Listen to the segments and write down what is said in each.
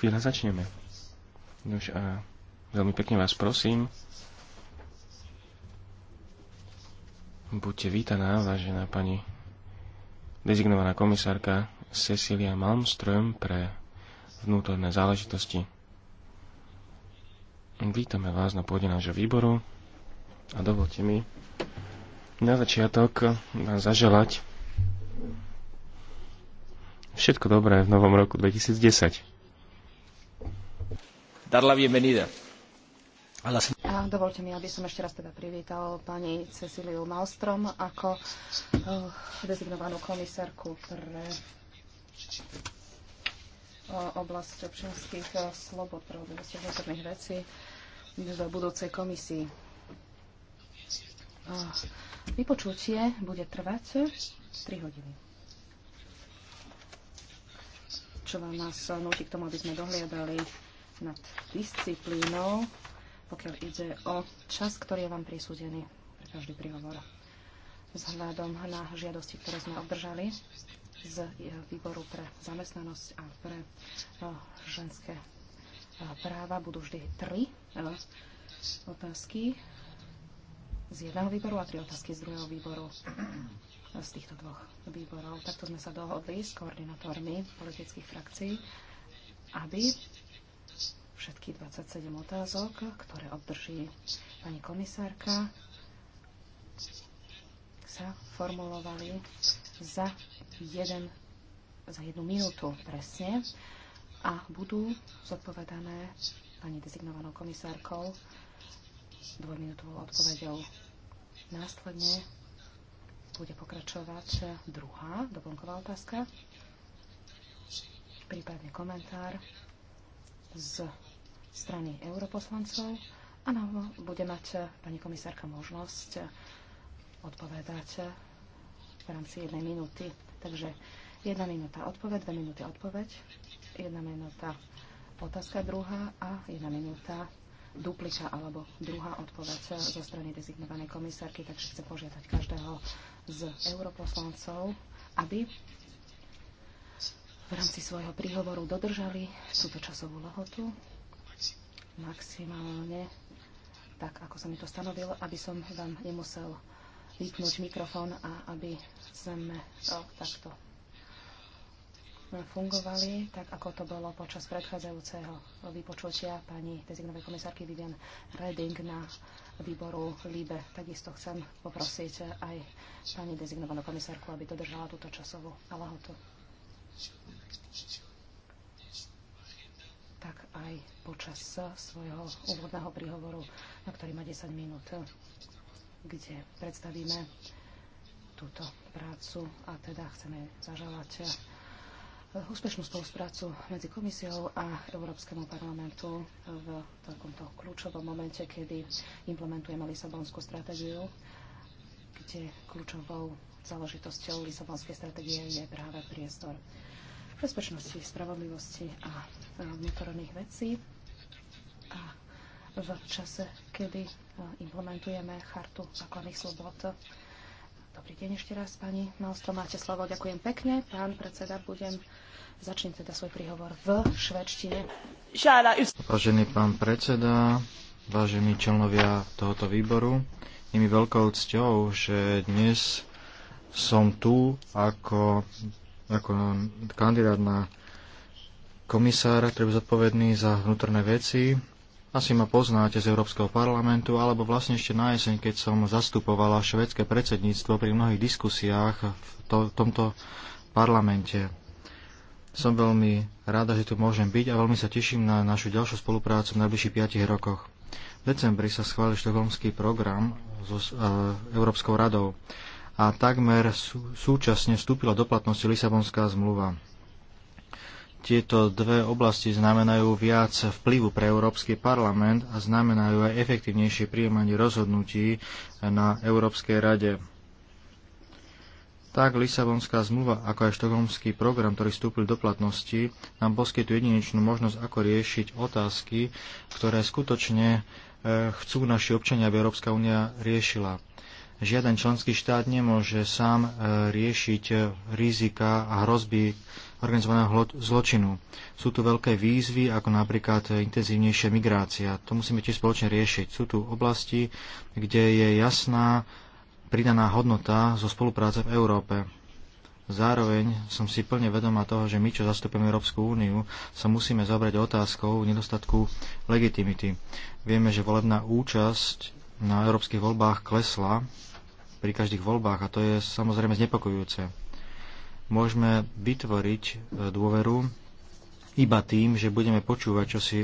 chvíľa začneme. Nož a veľmi pekne vás prosím, buďte vítaná, vážená pani dezignovaná komisárka Cecilia Malmström pre vnútorné záležitosti. Vítame vás na pôde nášho výboru a dovolte mi na začiatok vám zaželať všetko dobré v novom roku 2010 dar la bienvenida. A dovolte mi, aby som ešte raz teda privítal pani Ceciliu Malstrom ako eh, dezignovanú komisárku pre eh, oblasť občianských eh, slobod, pravodlivosti vnútorných vecí v budúcej komisii. Vypočutie bude trvať 3 hodiny. Čo vám nás nutí k tomu, aby sme dohliadali nad disciplínou, pokiaľ ide o čas, ktorý je vám prisúdený pre každý príhovor. Vzhľadom na žiadosti, ktoré sme obdržali z e, výboru pre zamestnanosť a pre e, ženské e, práva, budú vždy tri otázky z jedného výboru a tri otázky z druhého výboru z týchto dvoch výborov. Takto sme sa dohodli s koordinátormi politických frakcií, aby všetky 27 otázok, ktoré obdrží pani komisárka, sa formulovali za, jeden, za jednu minútu presne a budú zodpovedané pani dezignovanou komisárkou dvojminútovou odpovedou. Následne bude pokračovať druhá doplnková otázka, prípadne komentár z strany europoslancov a nám bude mať eh, pani komisárka možnosť eh, odpovedať eh, v rámci jednej minúty. Takže jedna minúta odpoveď, dve minúty odpoveď, jedna minúta otázka druhá a jedna minúta duplika alebo druhá odpoveď zo strany dezignovanej komisárky, takže chcem požiadať každého z europoslancov, aby v rámci svojho príhovoru dodržali túto časovú lehotu maximálne tak, ako som mi to stanovil, aby som vám nemusel vypnúť mikrofón a aby sme oh, takto fungovali, tak ako to bolo počas predchádzajúceho vypočutia pani dezignovej komisárky Vivian Reding na výboru LIBE. Takisto chcem poprosiť aj pani dezignovanú komisárku, aby dodržala túto časovú lehotu tak aj počas svojho úvodného príhovoru, na ktorý má 10 minút, kde predstavíme túto prácu a teda chceme zaželať úspešnú spoluprácu medzi komisiou a Európskemu parlamentu v takomto kľúčovom momente, kedy implementujeme Lisabonskú stratégiu, kde kľúčovou záležitosťou Lisabonskej stratégie je práve priestor bezpečnosti, spravodlivosti a e, vnútorných vecí. A v čase, kedy e, implementujeme chartu základných slobod. Dobrý deň ešte raz, pani Malsto, máte slovo. Ďakujem pekne. Pán predseda, budem začnem teda svoj príhovor v švedštine. Vážený pán predseda, vážení členovia tohoto výboru, je mi veľkou cťou, že dnes som tu ako ako kandidát na komisára, ktorý je zodpovedný za vnútorné veci. Asi ma poznáte z Európskeho parlamentu, alebo vlastne ešte na jeseň, keď som zastupovala švedské predsedníctvo pri mnohých diskusiách v to, tomto parlamente. Som veľmi rada, že tu môžem byť a veľmi sa teším na našu ďalšiu spoluprácu v najbližších 5 rokoch. V decembri sa schválil štokholmský program so uh, Európskou radou a takmer súčasne vstúpila do platnosti Lisabonská zmluva. Tieto dve oblasti znamenajú viac vplyvu pre Európsky parlament a znamenajú aj efektívnejšie prijímanie rozhodnutí na Európskej rade. Tak Lisabonská zmluva, ako aj štokholmský program, ktorý vstúpil do platnosti, nám poskytuje jedinečnú možnosť, ako riešiť otázky, ktoré skutočne eh, chcú naši občania, aby Európska únia riešila žiaden členský štát nemôže sám e, riešiť e, rizika a hrozby organizovaného zločinu. Sú tu veľké výzvy, ako napríklad intenzívnejšia migrácia. To musíme tiež spoločne riešiť. Sú tu oblasti, kde je jasná pridaná hodnota zo spolupráce v Európe. Zároveň som si plne vedomá toho, že my, čo zastupujeme Európsku úniu, sa musíme zabrať otázkou nedostatku legitimity. Vieme, že volebná účasť na európskych voľbách klesla pri každých voľbách a to je samozrejme znepokojujúce. Môžeme vytvoriť e, dôveru iba tým, že budeme počúvať, čo si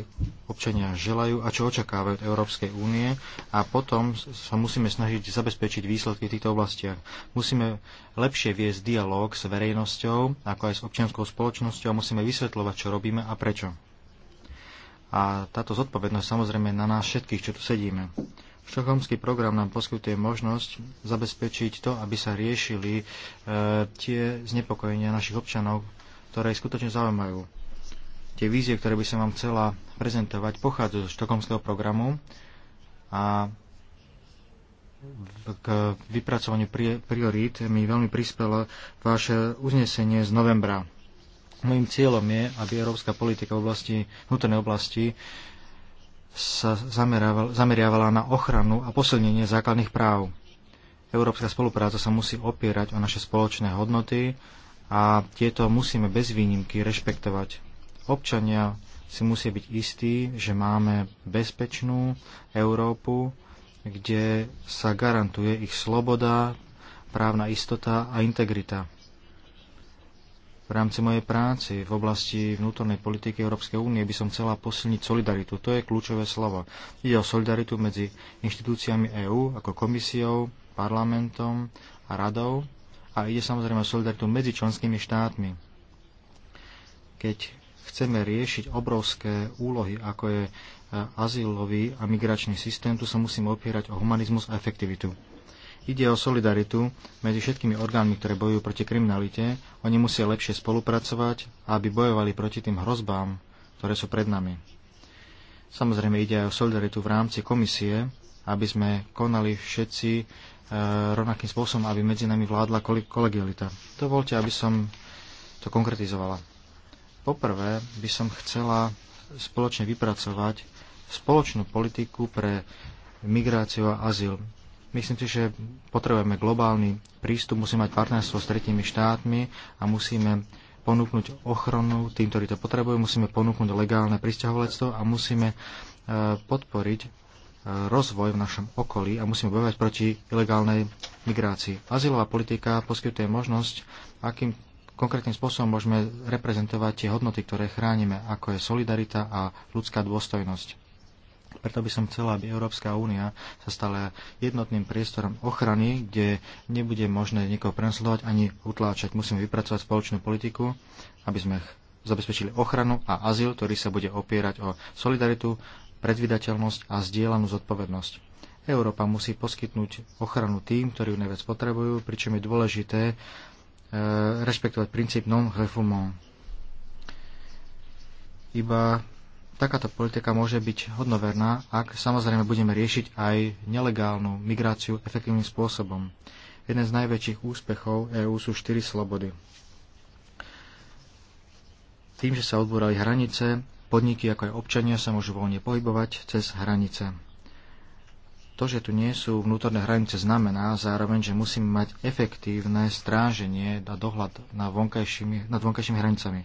občania želajú a čo očakávajú od Európskej únie a potom sa musíme snažiť zabezpečiť výsledky v týchto oblastiach. Musíme lepšie viesť dialog s verejnosťou, ako aj s občianskou spoločnosťou a musíme vysvetľovať, čo robíme a prečo. A táto zodpovednosť samozrejme na nás všetkých, čo tu sedíme. Štokholmský program nám poskytuje možnosť zabezpečiť to, aby sa riešili e, tie znepokojenia našich občanov, ktoré ich skutočne zaujímajú. Tie vízie, ktoré by som vám chcela prezentovať, pochádzajú zo štokholmského programu a k vypracovaniu priorít mi veľmi prispelo vaše uznesenie z novembra. Mojím cieľom je, aby európska politika v oblasti, vnútornej oblasti sa zameriavala na ochranu a posilnenie základných práv. Európska spolupráca sa musí opierať o naše spoločné hodnoty a tieto musíme bez výnimky rešpektovať. Občania si musia byť istí, že máme bezpečnú Európu, kde sa garantuje ich sloboda, právna istota a integrita v rámci mojej práce v oblasti vnútornej politiky Európskej únie by som chcela posilniť solidaritu. To je kľúčové slovo. Ide o solidaritu medzi inštitúciami EÚ, ako komisiou, parlamentom a radou a ide samozrejme o solidaritu medzi členskými štátmi. Keď chceme riešiť obrovské úlohy, ako je e, azylový a migračný systém, tu sa musíme opierať o humanizmus a efektivitu. Ide o solidaritu medzi všetkými orgánmi, ktoré bojujú proti kriminalite. Oni musia lepšie spolupracovať, aby bojovali proti tým hrozbám, ktoré sú pred nami. Samozrejme ide aj o solidaritu v rámci komisie, aby sme konali všetci e, rovnakým spôsobom, aby medzi nami vládla kolegialita. Dovolte, aby som to konkretizovala. Poprvé by som chcela spoločne vypracovať spoločnú politiku pre migráciu a azyl. Myslím si, že potrebujeme globálny prístup, musíme mať partnerstvo s tretími štátmi a musíme ponúknuť ochranu tým, ktorí to potrebujú, musíme ponúknuť legálne pristahovalectvo a musíme e, podporiť e, rozvoj v našom okolí a musíme bojovať proti ilegálnej migrácii. Azylová politika poskytuje možnosť, akým konkrétnym spôsobom môžeme reprezentovať tie hodnoty, ktoré chránime, ako je solidarita a ľudská dôstojnosť. Preto by som chcela, aby Európska únia sa stala jednotným priestorom ochrany, kde nebude možné niekoho prenasledovať ani utláčať. Musíme vypracovať spoločnú politiku, aby sme zabezpečili ochranu a azyl, ktorý sa bude opierať o solidaritu, predvydateľnosť a zdieľanú zodpovednosť. Európa musí poskytnúť ochranu tým, ktorí ju najviac potrebujú, pričom je dôležité e, rešpektovať princíp non-refoulement. Iba takáto politika môže byť hodnoverná, ak samozrejme budeme riešiť aj nelegálnu migráciu efektívnym spôsobom. Jeden z najväčších úspechov EÚ sú štyri slobody. Tým, že sa odbúrali hranice, podniky ako aj občania sa môžu voľne pohybovať cez hranice. To, že tu nie sú vnútorné hranice, znamená zároveň, že musíme mať efektívne stráženie a dohľad nad vonkajšími, nad vonkajšími hranicami.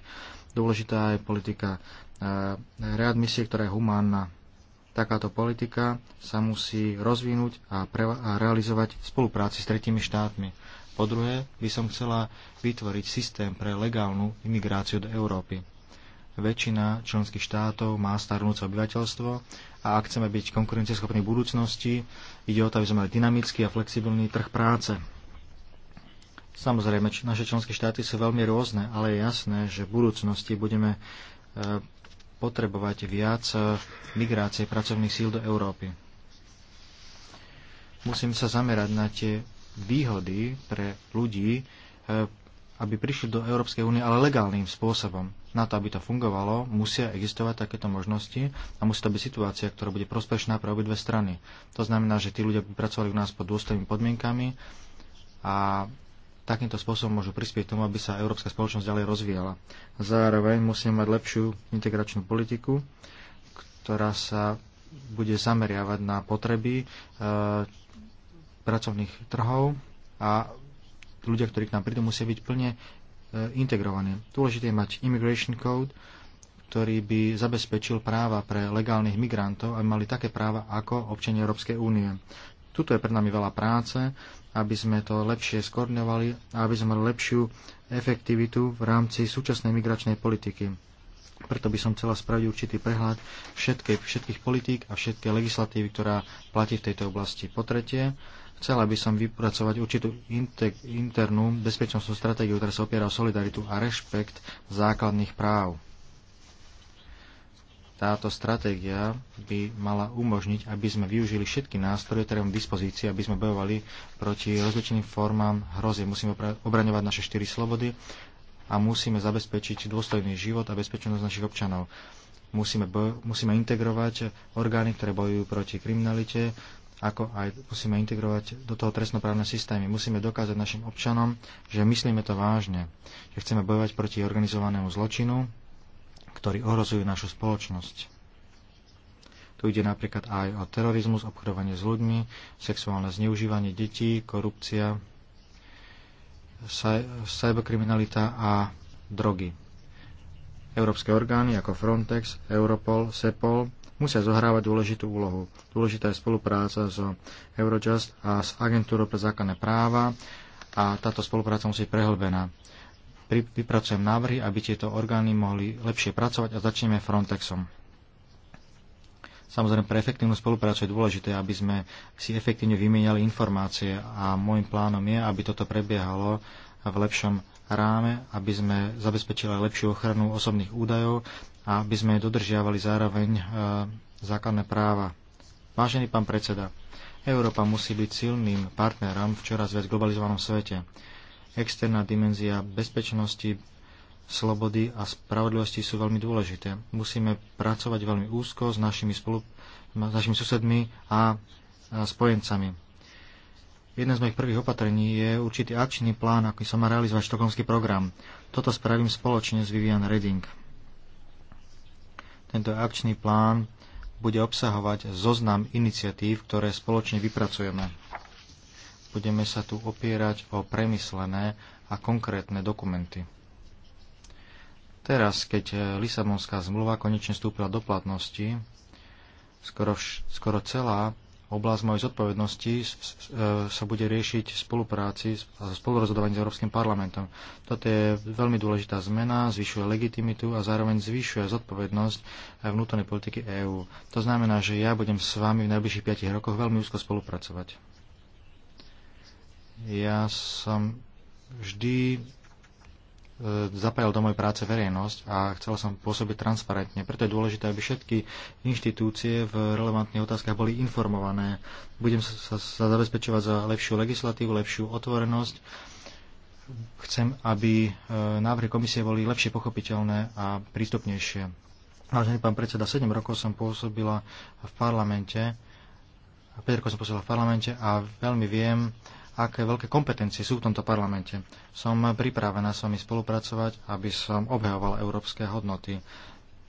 Dôležitá je politika readmisie, ktorá je humánna. Takáto politika sa musí rozvinúť a, a realizovať v spolupráci s tretími štátmi. Po druhé, by som chcela vytvoriť systém pre legálnu imigráciu do Európy. Väčšina členských štátov má starnúce obyvateľstvo a ak chceme byť konkurencieschopní v budúcnosti, ide o to, aby sme mali dynamický a flexibilný trh práce. Samozrejme, naše členské štáty sú veľmi rôzne, ale je jasné, že v budúcnosti budeme e, potrebovať viac eh, migrácie pracovných síl do Európy. Musím sa zamerať na tie výhody pre ľudí, eh, aby prišli do Európskej únie, ale legálnym spôsobom. Na to, aby to fungovalo, musia existovať takéto možnosti a musí to byť situácia, ktorá bude prospešná pre obidve strany. To znamená, že tí ľudia by pracovali u nás pod dôstojnými podmienkami a takýmto spôsobom môžu prispieť tomu, aby sa európska spoločnosť ďalej rozvíjala. Zároveň musíme mať lepšiu integračnú politiku, ktorá sa bude zameriavať na potreby e, pracovných trhov a ľudia, ktorí k nám prídu, musia byť plne e, integrovaní. Dôležité je mať Immigration Code, ktorý by zabezpečil práva pre legálnych migrantov, aby mali také práva ako občania Európskej únie. Tuto je pred nami veľa práce, aby sme to lepšie skoordinovali a aby sme mali lepšiu efektivitu v rámci súčasnej migračnej politiky. Preto by som chcela spraviť určitý prehľad všetkej, všetkých politík a všetkej legislatívy, ktorá platí v tejto oblasti. Po tretie, chcela by som vypracovať určitú internú bezpečnostnú stratégiu, ktorá sa opiera o solidaritu a rešpekt základných práv táto stratégia by mala umožniť, aby sme využili všetky nástroje, ktoré máme v dispozícii, aby sme bojovali proti rozličným formám hrozie. Musíme obraňovať naše štyri slobody a musíme zabezpečiť dôstojný život a bezpečnosť našich občanov. Musíme, musíme integrovať orgány, ktoré bojujú proti kriminalite, ako aj musíme integrovať do toho trestnoprávne systémy. Musíme dokázať našim občanom, že myslíme to vážne, že chceme bojovať proti organizovanému zločinu, ktorí ohrozujú našu spoločnosť. Tu ide napríklad aj o terorizmus, obchodovanie s ľuďmi, sexuálne zneužívanie detí, korupcia, cyberkriminalita a drogy. Európske orgány ako Frontex, Europol, Sepol musia zohrávať dôležitú úlohu. Dôležitá je spolupráca so Eurojust a s Agentúrou pre základné práva a táto spolupráca musí byť prehlbená vypracujem návrhy, aby tieto orgány mohli lepšie pracovať a začneme Frontexom. Samozrejme, pre efektívnu spoluprácu je dôležité, aby sme si efektívne vymieniali informácie a môjim plánom je, aby toto prebiehalo v lepšom ráme, aby sme zabezpečili lepšiu ochranu osobných údajov a aby sme dodržiavali zároveň e, základné práva. Vážený pán predseda, Európa musí byť silným partnerom v čoraz viac globalizovanom svete externá dimenzia bezpečnosti, slobody a spravodlivosti sú veľmi dôležité. Musíme pracovať veľmi úzko s našimi, spolu, s našimi susedmi a, spojencami. Jedné z mojich prvých opatrení je určitý akčný plán, aký sa má realizovať štokholmský program. Toto spravím spoločne s Vivian Reading. Tento akčný plán bude obsahovať zoznam iniciatív, ktoré spoločne vypracujeme. Budeme sa tu opierať o premyslené a konkrétne dokumenty. Teraz, keď Lisabonská zmluva konečne vstúpila do platnosti, skoro, skoro celá oblasť mojej zodpovednosti e, sa bude riešiť v spolupráci a spolurozhodovaní s Európskym parlamentom. Toto je veľmi dôležitá zmena, zvyšuje legitimitu a zároveň zvyšuje zodpovednosť aj e, vnútornej politiky EÚ. To znamená, že ja budem s vami v najbližších 5 rokoch veľmi úzko spolupracovať. Ja som vždy e, zapájal do mojej práce verejnosť a chcel som pôsobiť transparentne. Preto je dôležité, aby všetky inštitúcie v relevantných otázkach boli informované. Budem sa, sa zabezpečovať za lepšiu legislatívu, lepšiu otvorenosť. Chcem, aby e, návrhy komisie boli lepšie pochopiteľné a prístupnejšie. Vážený pán predseda, 7 rokov som pôsobila v parlamente, 5 rokov som pôsobila v parlamente a veľmi viem, aké veľké kompetencie sú v tomto parlamente. Som pripravená s vami spolupracovať, aby som obhajoval európske hodnoty.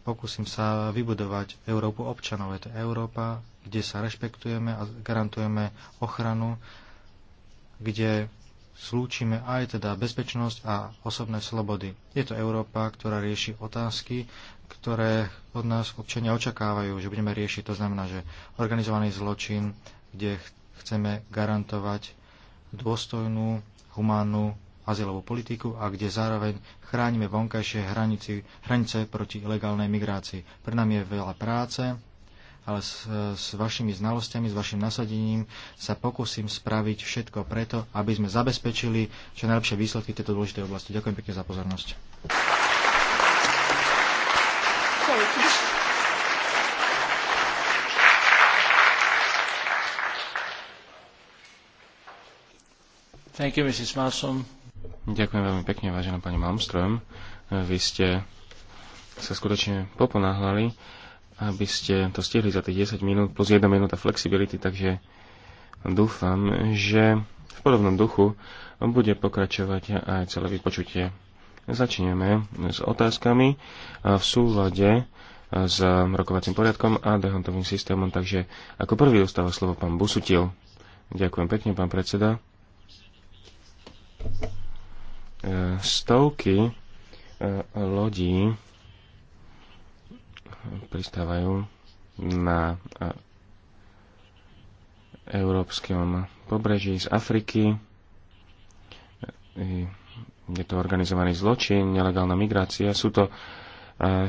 Pokúsim sa vybudovať Európu občanov. Je to Európa, kde sa rešpektujeme a garantujeme ochranu, kde slúčime aj teda bezpečnosť a osobné slobody. Je to Európa, ktorá rieši otázky, ktoré od nás občania očakávajú, že budeme riešiť. To znamená, že organizovaný zločin, kde chceme garantovať dôstojnú, humánnu azylovú politiku a kde zároveň chránime vonkajšie hranici, hranice proti ilegálnej migrácii. Pre nám je veľa práce, ale s, s vašimi znalosťami, s vašim nasadením sa pokúsim spraviť všetko preto, aby sme zabezpečili čo najlepšie výsledky tejto dôležitej oblasti. Ďakujem pekne za pozornosť. Sorry, Thank you, Mrs. Malmström. Ďakujem veľmi pekne, vážená pani Malmström. Vy ste sa skutočne poponáhľali, aby ste to stihli za tých 10 minút plus 1 minúta flexibility, takže dúfam, že v podobnom duchu bude pokračovať aj celé vypočutie. Začneme s otázkami v súlade s rokovacím poriadkom a dehontovým systémom, takže ako prvý dostáva slovo pán Busutil. Ďakujem pekne, pán predseda. E, stovky e, lodí pristávajú na e, európskom pobreží z Afriky. Je to organizovaný zločin, nelegálna migrácia. Sú to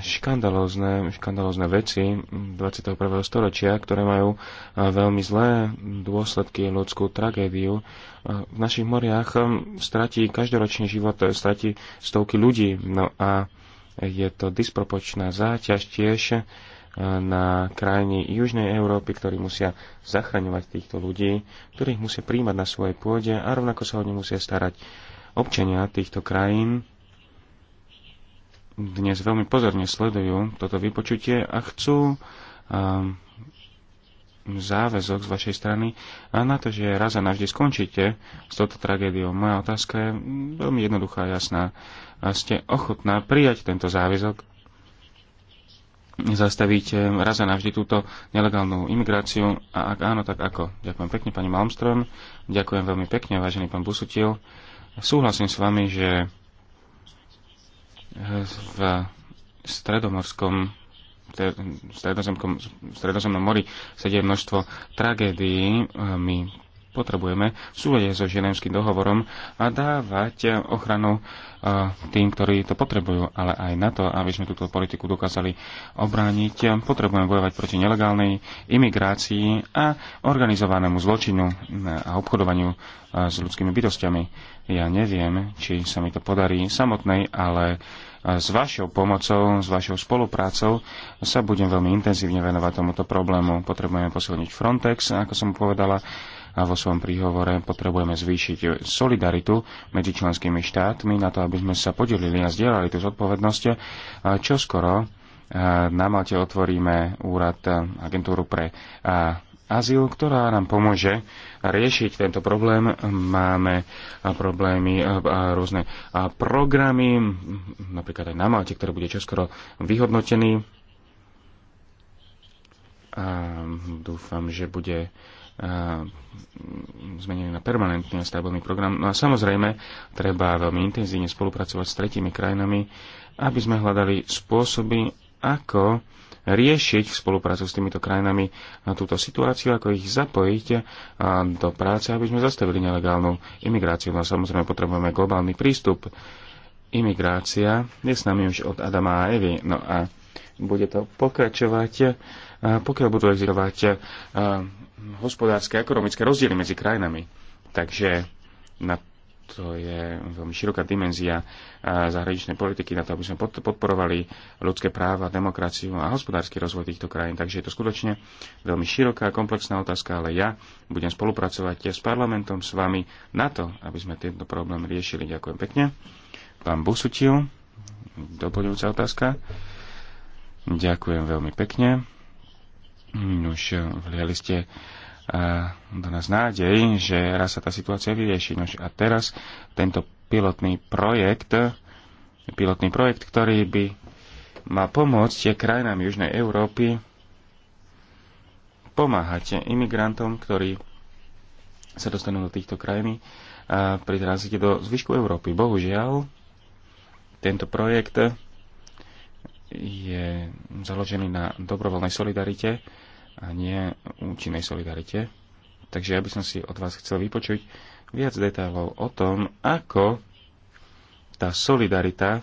škandalózne, škandalózne veci 21. storočia, ktoré majú veľmi zlé dôsledky ľudskú tragédiu. V našich moriach stratí každoročný život, stratí stovky ľudí. No a je to dispropočná záťaž tiež na krajiny Južnej Európy, ktorí musia zachraňovať týchto ľudí, ktorých musia príjmať na svojej pôde a rovnako sa o ne musia starať občania týchto krajín, dnes veľmi pozorne sledujú toto vypočutie a chcú um, záväzok z vašej strany a na to, že raz a navždy skončíte s touto tragédiou. Moja otázka je veľmi jednoduchá a jasná. A ste ochotná prijať tento záväzok? Zastavíte raz a navždy túto nelegálnu imigráciu a ak áno, tak ako? Ďakujem pekne, pani Malmström. Ďakujem veľmi pekne, vážený pán Busutil. Súhlasím s vami, že v stredomorskom v stredozemnom mori sedie deje množstvo tragédií. My potrebujeme v súlede so ženevským dohovorom a dávať ochranu e, tým, ktorí to potrebujú, ale aj na to, aby sme túto politiku dokázali obrániť, potrebujeme bojovať proti nelegálnej imigrácii a organizovanému zločinu a obchodovaniu e, s ľudskými bytostiami. Ja neviem, či sa mi to podarí samotnej, ale e, s vašou pomocou, s vašou spoluprácou sa budem veľmi intenzívne venovať tomuto problému. Potrebujeme posilniť Frontex, ako som povedala, vo svojom príhovore potrebujeme zvýšiť solidaritu medzi členskými štátmi na to, aby sme sa podelili a zdieľali tú zodpovednosť. Čo skoro na Malte otvoríme úrad agentúru pre azyl, ktorá nám pomôže riešiť tento problém. Máme problémy a rôzne programy, napríklad aj na Malte, ktorý bude čoskoro vyhodnotený. A dúfam, že bude Ehm, zmenili na permanentný a stabilný program. No a samozrejme, treba veľmi intenzívne spolupracovať s tretími krajinami, aby sme hľadali spôsoby, ako riešiť v spoluprácu s týmito krajinami túto situáciu, ako ich zapojiť do práce, aby sme zastavili nelegálnu imigráciu. No samozrejme potrebujeme globálny prístup. Imigrácia je s nami už od Adama a Evy. No a bude to pokračovať pokiaľ budú existovať e, hospodárske a ekonomické rozdiely medzi krajinami. Takže na to je veľmi široká dimenzia e, zahraničnej politiky na to, aby sme podporovali ľudské práva, demokraciu a hospodársky rozvoj týchto krajín. Takže je to skutočne veľmi široká a komplexná otázka, ale ja budem spolupracovať s parlamentom, s vami na to, aby sme tento problém riešili. Ďakujem pekne. Pán Busutil, doplňujúca otázka. Ďakujem veľmi pekne. Mm, už eh, vliali ste eh, do nás nádej, že raz sa tá situácia vyrieši. Nož a teraz tento pilotný projekt, pilotný projekt, ktorý by mal pomôcť krajinám Južnej Európy pomáhať imigrantom, ktorí sa dostanú do týchto krajín a eh, pritrásite do zvyšku Európy. Bohužiaľ, tento projekt je založený na dobrovoľnej solidarite a nie účinnej solidarite. Takže ja by som si od vás chcel vypočuť viac detailov o tom, ako tá solidarita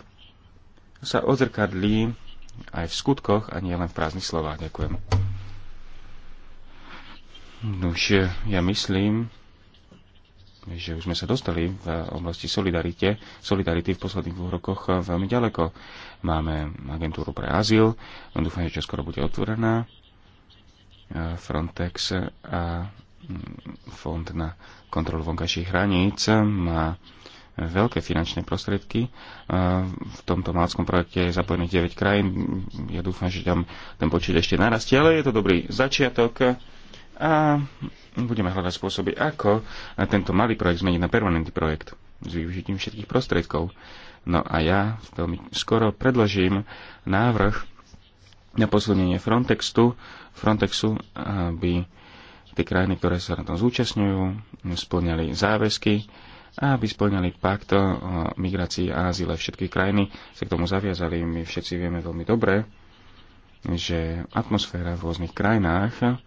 sa odzrkadlí aj v skutkoch a nie len v prázdnych slovách. Ďakujem. Nož, ja myslím, že už sme sa dostali v oblasti solidarite, solidarity v posledných dvoch rokoch veľmi ďaleko. Máme agentúru pre azyl, dúfam, že čo skoro bude otvorená. Frontex a mm, Fond na kontrolu vonkajších hraníc má veľké finančné prostriedky. V tomto malackom projekte je zapojených 9 krajín. Ja dúfam, že tam ten počet ešte narastie, ale je to dobrý začiatok a budeme hľadať spôsoby, ako tento malý projekt zmeniť na permanentný projekt s využitím všetkých prostriedkov. No a ja veľmi skoro predložím návrh na posunenie Frontextu Frontexu, aby tie krajiny, ktoré sa na tom zúčastňujú, splňali záväzky a aby splňali pakt o migrácii a azyle. Všetky krajiny sa k tomu zaviazali. My všetci vieme veľmi dobre, že atmosféra v rôznych krajinách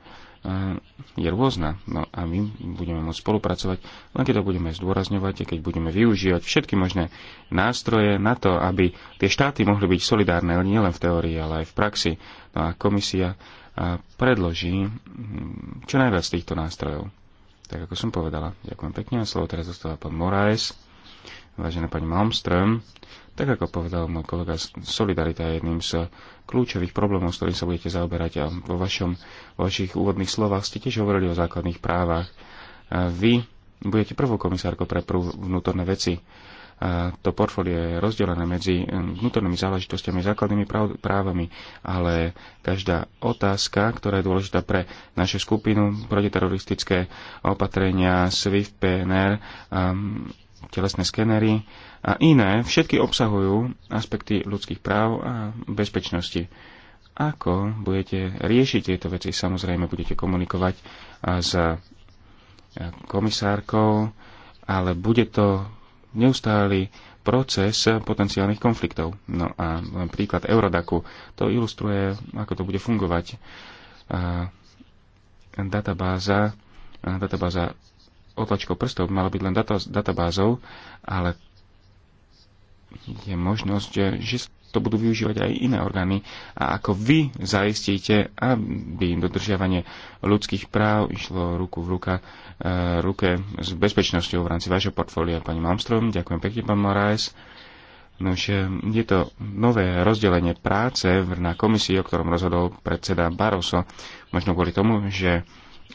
je rôzna. No a my budeme môcť spolupracovať, len keď to budeme zdôrazňovať, keď budeme využívať všetky možné nástroje na to, aby tie štáty mohli byť solidárne nielen v teórii, ale aj v praxi. No a komisia predloží hm, čo najviac týchto nástrojov. Tak ako som povedala, ďakujem pekne a slovo teraz zostáva pán Moraes, vážená pani Malmström. Tak ako povedal môj kolega, solidarita je jedným z kľúčových problémov, s ktorým sa budete zaoberať a vo, vašom, vo vašich úvodných slovách ste tiež hovorili o základných právach. Vy budete prvou komisárkou pre vnútorné veci to portfólio je rozdelené medzi hm, vnútornými záležitostiami a základnými práv, právami, ale každá otázka, ktorá je dôležitá pre našu skupinu, protiteroristické opatrenia, SWIFT, PNR, um, hm, telesné skenery a iné, všetky obsahujú aspekty ľudských práv a bezpečnosti. Ako budete riešiť tieto veci? Samozrejme, budete komunikovať s e, komisárkou, ale bude to neustály proces potenciálnych konfliktov. No a príklad Eurodaku to ilustruje, ako to bude fungovať. A databáza, databáza otlačkov prstov mala byť len data, databázou, ale je možnosť, že to budú využívať aj iné orgány a ako vy zaistíte, aby dodržiavanie ľudských práv išlo ruku v ruka, e, ruke s bezpečnosťou v rámci vašho portfólia. Pani Malmström, ďakujem pekne, pán Moraes. že je to nové rozdelenie práce na komisii, o ktorom rozhodol predseda Barroso, možno kvôli tomu, že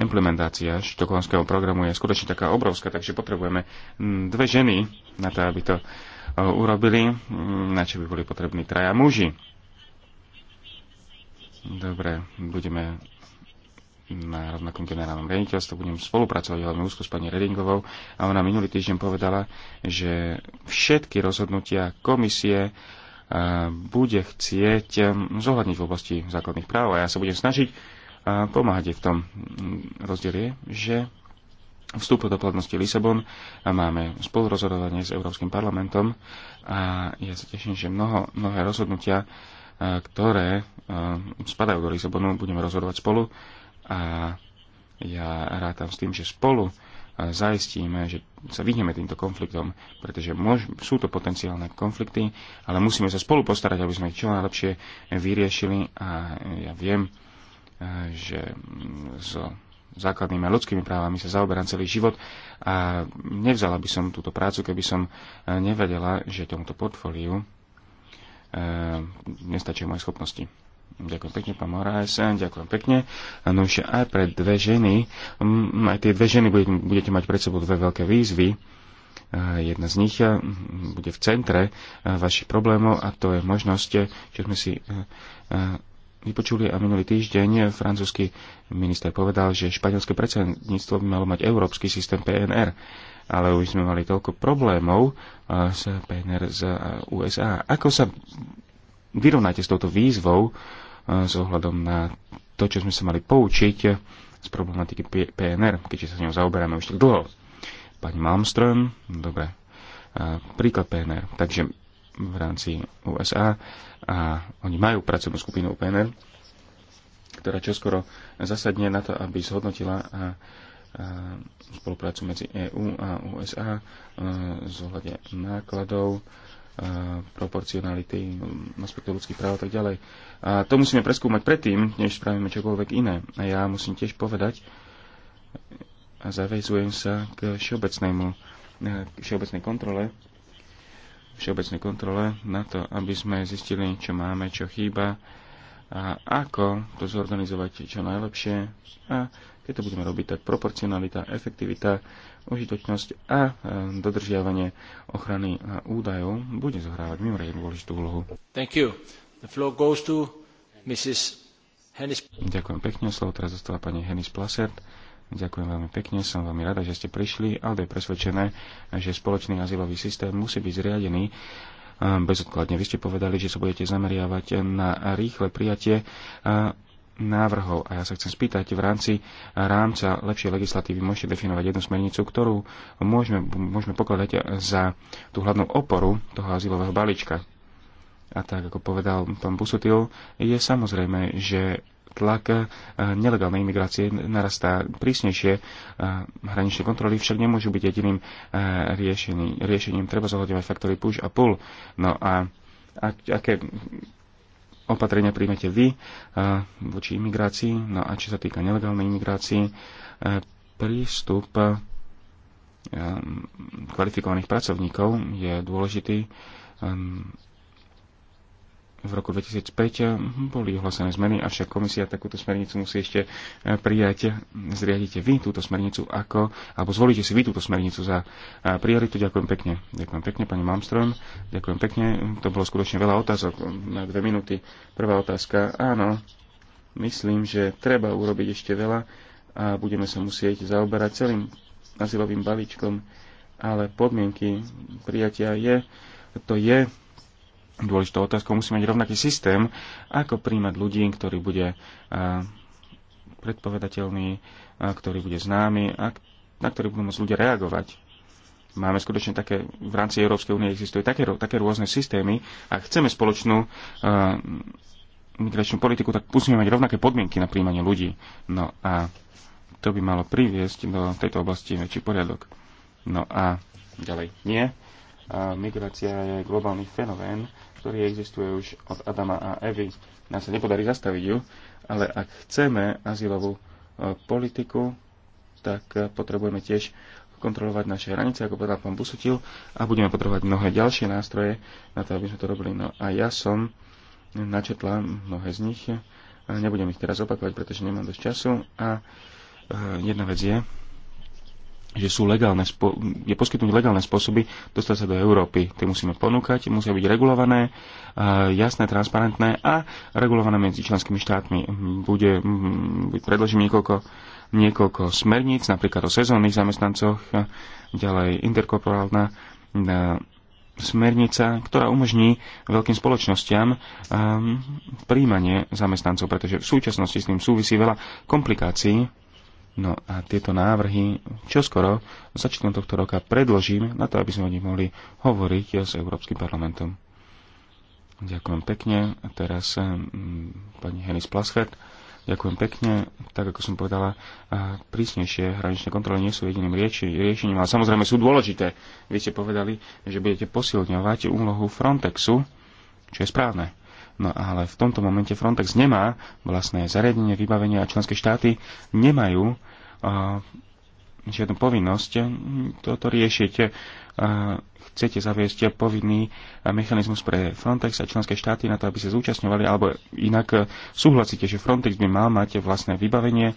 implementácia štokholmského programu je skutočne taká obrovská, takže potrebujeme dve ženy na to, aby to urobili, mm, na čo by boli potrební traja muži. Dobre, budeme na rovnakom generálnom riaditeľstve, budem spolupracovať veľmi úzko s pani Redingovou a ona minulý týždeň povedala, že všetky rozhodnutia komisie e, bude chcieť e, zohľadniť v oblasti základných práv a ja sa budem snažiť e, pomáhať jej v tom. rozdielie, že vstupu do platnosti Lisabon a máme spolurozhodovanie s Európskym parlamentom a ja sa teším, že mnoho, mnohé rozhodnutia, ktoré spadajú do Lisabonu, budeme rozhodovať spolu a ja rátam s tým, že spolu zaistíme, že sa vyhneme týmto konfliktom, pretože môž, sú to potenciálne konflikty, ale musíme sa spolu postarať, aby sme ich čo najlepšie vyriešili a ja viem, že so základnými a ľudskými právami sa zaoberám celý život a nevzala by som túto prácu, keby som e, nevedela, že tomuto portfóliu e, nestačia moje schopnosti. Ďakujem pekne, pán Moraes, ďakujem pekne. No už aj pre dve ženy, aj tie dve ženy budete mať pred sebou dve veľké výzvy. E, jedna z nich e, bude v centre vašich problémov a to je možnosť, čo sme si vypočuli a minulý týždeň francúzsky minister povedal, že španielské predsedníctvo by malo mať európsky systém PNR, ale už sme mali toľko problémov eh, s PNR z eh, USA. Ako sa vyrovnáte s touto výzvou eh, s ohľadom na to, čo sme sa mali poučiť z problematiky PNR, keďže sa s ňou zaoberáme už tak dlho? Pani Malmström, dobre, príklad PNR. Takže v rámci USA a oni majú pracovnú skupinu PNR, ktorá čoskoro zasadne na to, aby zhodnotila a, a spoluprácu medzi EÚ a USA e, z ohľade nákladov, e, proporcionality, aspektov ľudských práv a tak ďalej. A to musíme preskúmať predtým, než spravíme čokoľvek iné. A ja musím tiež povedať a zavezujem sa k všeobecnému, e, k všeobecnej kontrole všeobecnej kontrole na to, aby sme zistili, čo máme, čo chýba a ako to zorganizovať čo najlepšie. A keď to budeme robiť, tak proporcionalita, efektivita, užitočnosť a e, dodržiavanie ochrany a údajov bude zohrávať mimoriadne dôležitú úlohu. Thank you. The floor goes to Mrs. Hennis. Ďakujem pekne. Slovo teraz zostáva pani Hennis Plasert. Ďakujem veľmi pekne, som veľmi rada, že ste prišli, ale je presvedčené, že spoločný azylový systém musí byť zriadený bezodkladne. Vy ste povedali, že sa budete zameriavať na rýchle prijatie návrhov. A ja sa chcem spýtať, v rámci rámca lepšej legislatívy môžete definovať jednu smernicu, ktorú môžeme, môžeme pokladať za tú hlavnú oporu toho azylového balíčka. A tak, ako povedal pán Busutil, je samozrejme, že tlak e, nelegálnej imigrácie narastá prísnejšie. E, hraničné kontroly však nemôžu byť jediným e, riešením. riešením. Treba zohľadňovať faktory push a pull. No a, aké opatrenia príjmete vy voči imigrácii? No a čo sa týka nelegálnej imigrácii, prístup kvalifikovaných pracovníkov je dôležitý ehm, v roku 2005 eh, boli ohlasené zmeny, avšak komisia takúto smernicu musí ešte eh, prijať. Zriadite vy túto smernicu ako, alebo zvolíte si vy túto smernicu za eh, prioritu. Ďakujem pekne. Ďakujem pekne, pani Malmström. Ďakujem pekne. To bolo skutočne veľa otázok na dve minúty. Prvá otázka. Áno, myslím, že treba urobiť ešte veľa a budeme sa musieť zaoberať celým azylovým balíčkom, ale podmienky prijatia je, to je dôležitou otázkou. Musíme mať rovnaký systém, ako príjmať ľudí, ktorý bude eh, predpovedateľný, eh, ktorý bude známy a na ktorý budú môcť ľudia reagovať. Máme skutočne také, v rámci Európskej únie existujú také, také rôzne systémy a chceme spoločnú eh, migračnú politiku, tak musíme mať rovnaké podmienky na príjmanie ľudí. No a to by malo priviesť do tejto oblasti väčší poriadok. No a ďalej nie. A migrácia je globálny fenomén ktorý existuje už od Adama a Evy. Nám sa nepodarí zastaviť ju, ale ak chceme azylovú e, politiku, tak e, potrebujeme tiež kontrolovať naše hranice, ako povedal pán Busutil, a budeme potrebovať mnohé ďalšie nástroje na to, aby sme to robili. No a ja som načetla mnohé z nich, nebudem ich teraz opakovať, pretože nemám dosť času. A e, jedna vec je, že sú legálne, je poskytnúť legálne spôsoby dostať sa do Európy. Tie musíme ponúkať, musia byť regulované, e, jasné, transparentné a regulované medzi členskými štátmi. Bude, predložím niekoľko, niekoľko smerníc, napríklad o sezónnych zamestnancoch, e, ďalej interkorporálna e, smernica, ktorá umožní veľkým spoločnosťam um, príjmanie zamestnancov, pretože v súčasnosti s tým súvisí veľa komplikácií, No a tieto návrhy čoskoro začiatkom tohto roka predložím na to, aby sme o nich mohli hovoriť s Európskym parlamentom. Ďakujem pekne. A teraz mm, pani Henis Plaschert. Ďakujem pekne. Tak ako som povedala, prísnejšie hraničné kontroly nie sú jediným riešením, ale samozrejme sú dôležité. Vy ste povedali, že budete posilňovať úlohu Frontexu, čo je správne. No ale v tomto momente Frontex nemá vlastné zariadenie, vybavenie a členské štáty nemajú uh, žiadnu povinnosť toto riešiť. Chcete zaviesť povinný mechanizmus pre Frontex a členské štáty na to, aby sa zúčastňovali, alebo inak súhlasíte, že Frontex by mal mať vlastné vybavenie,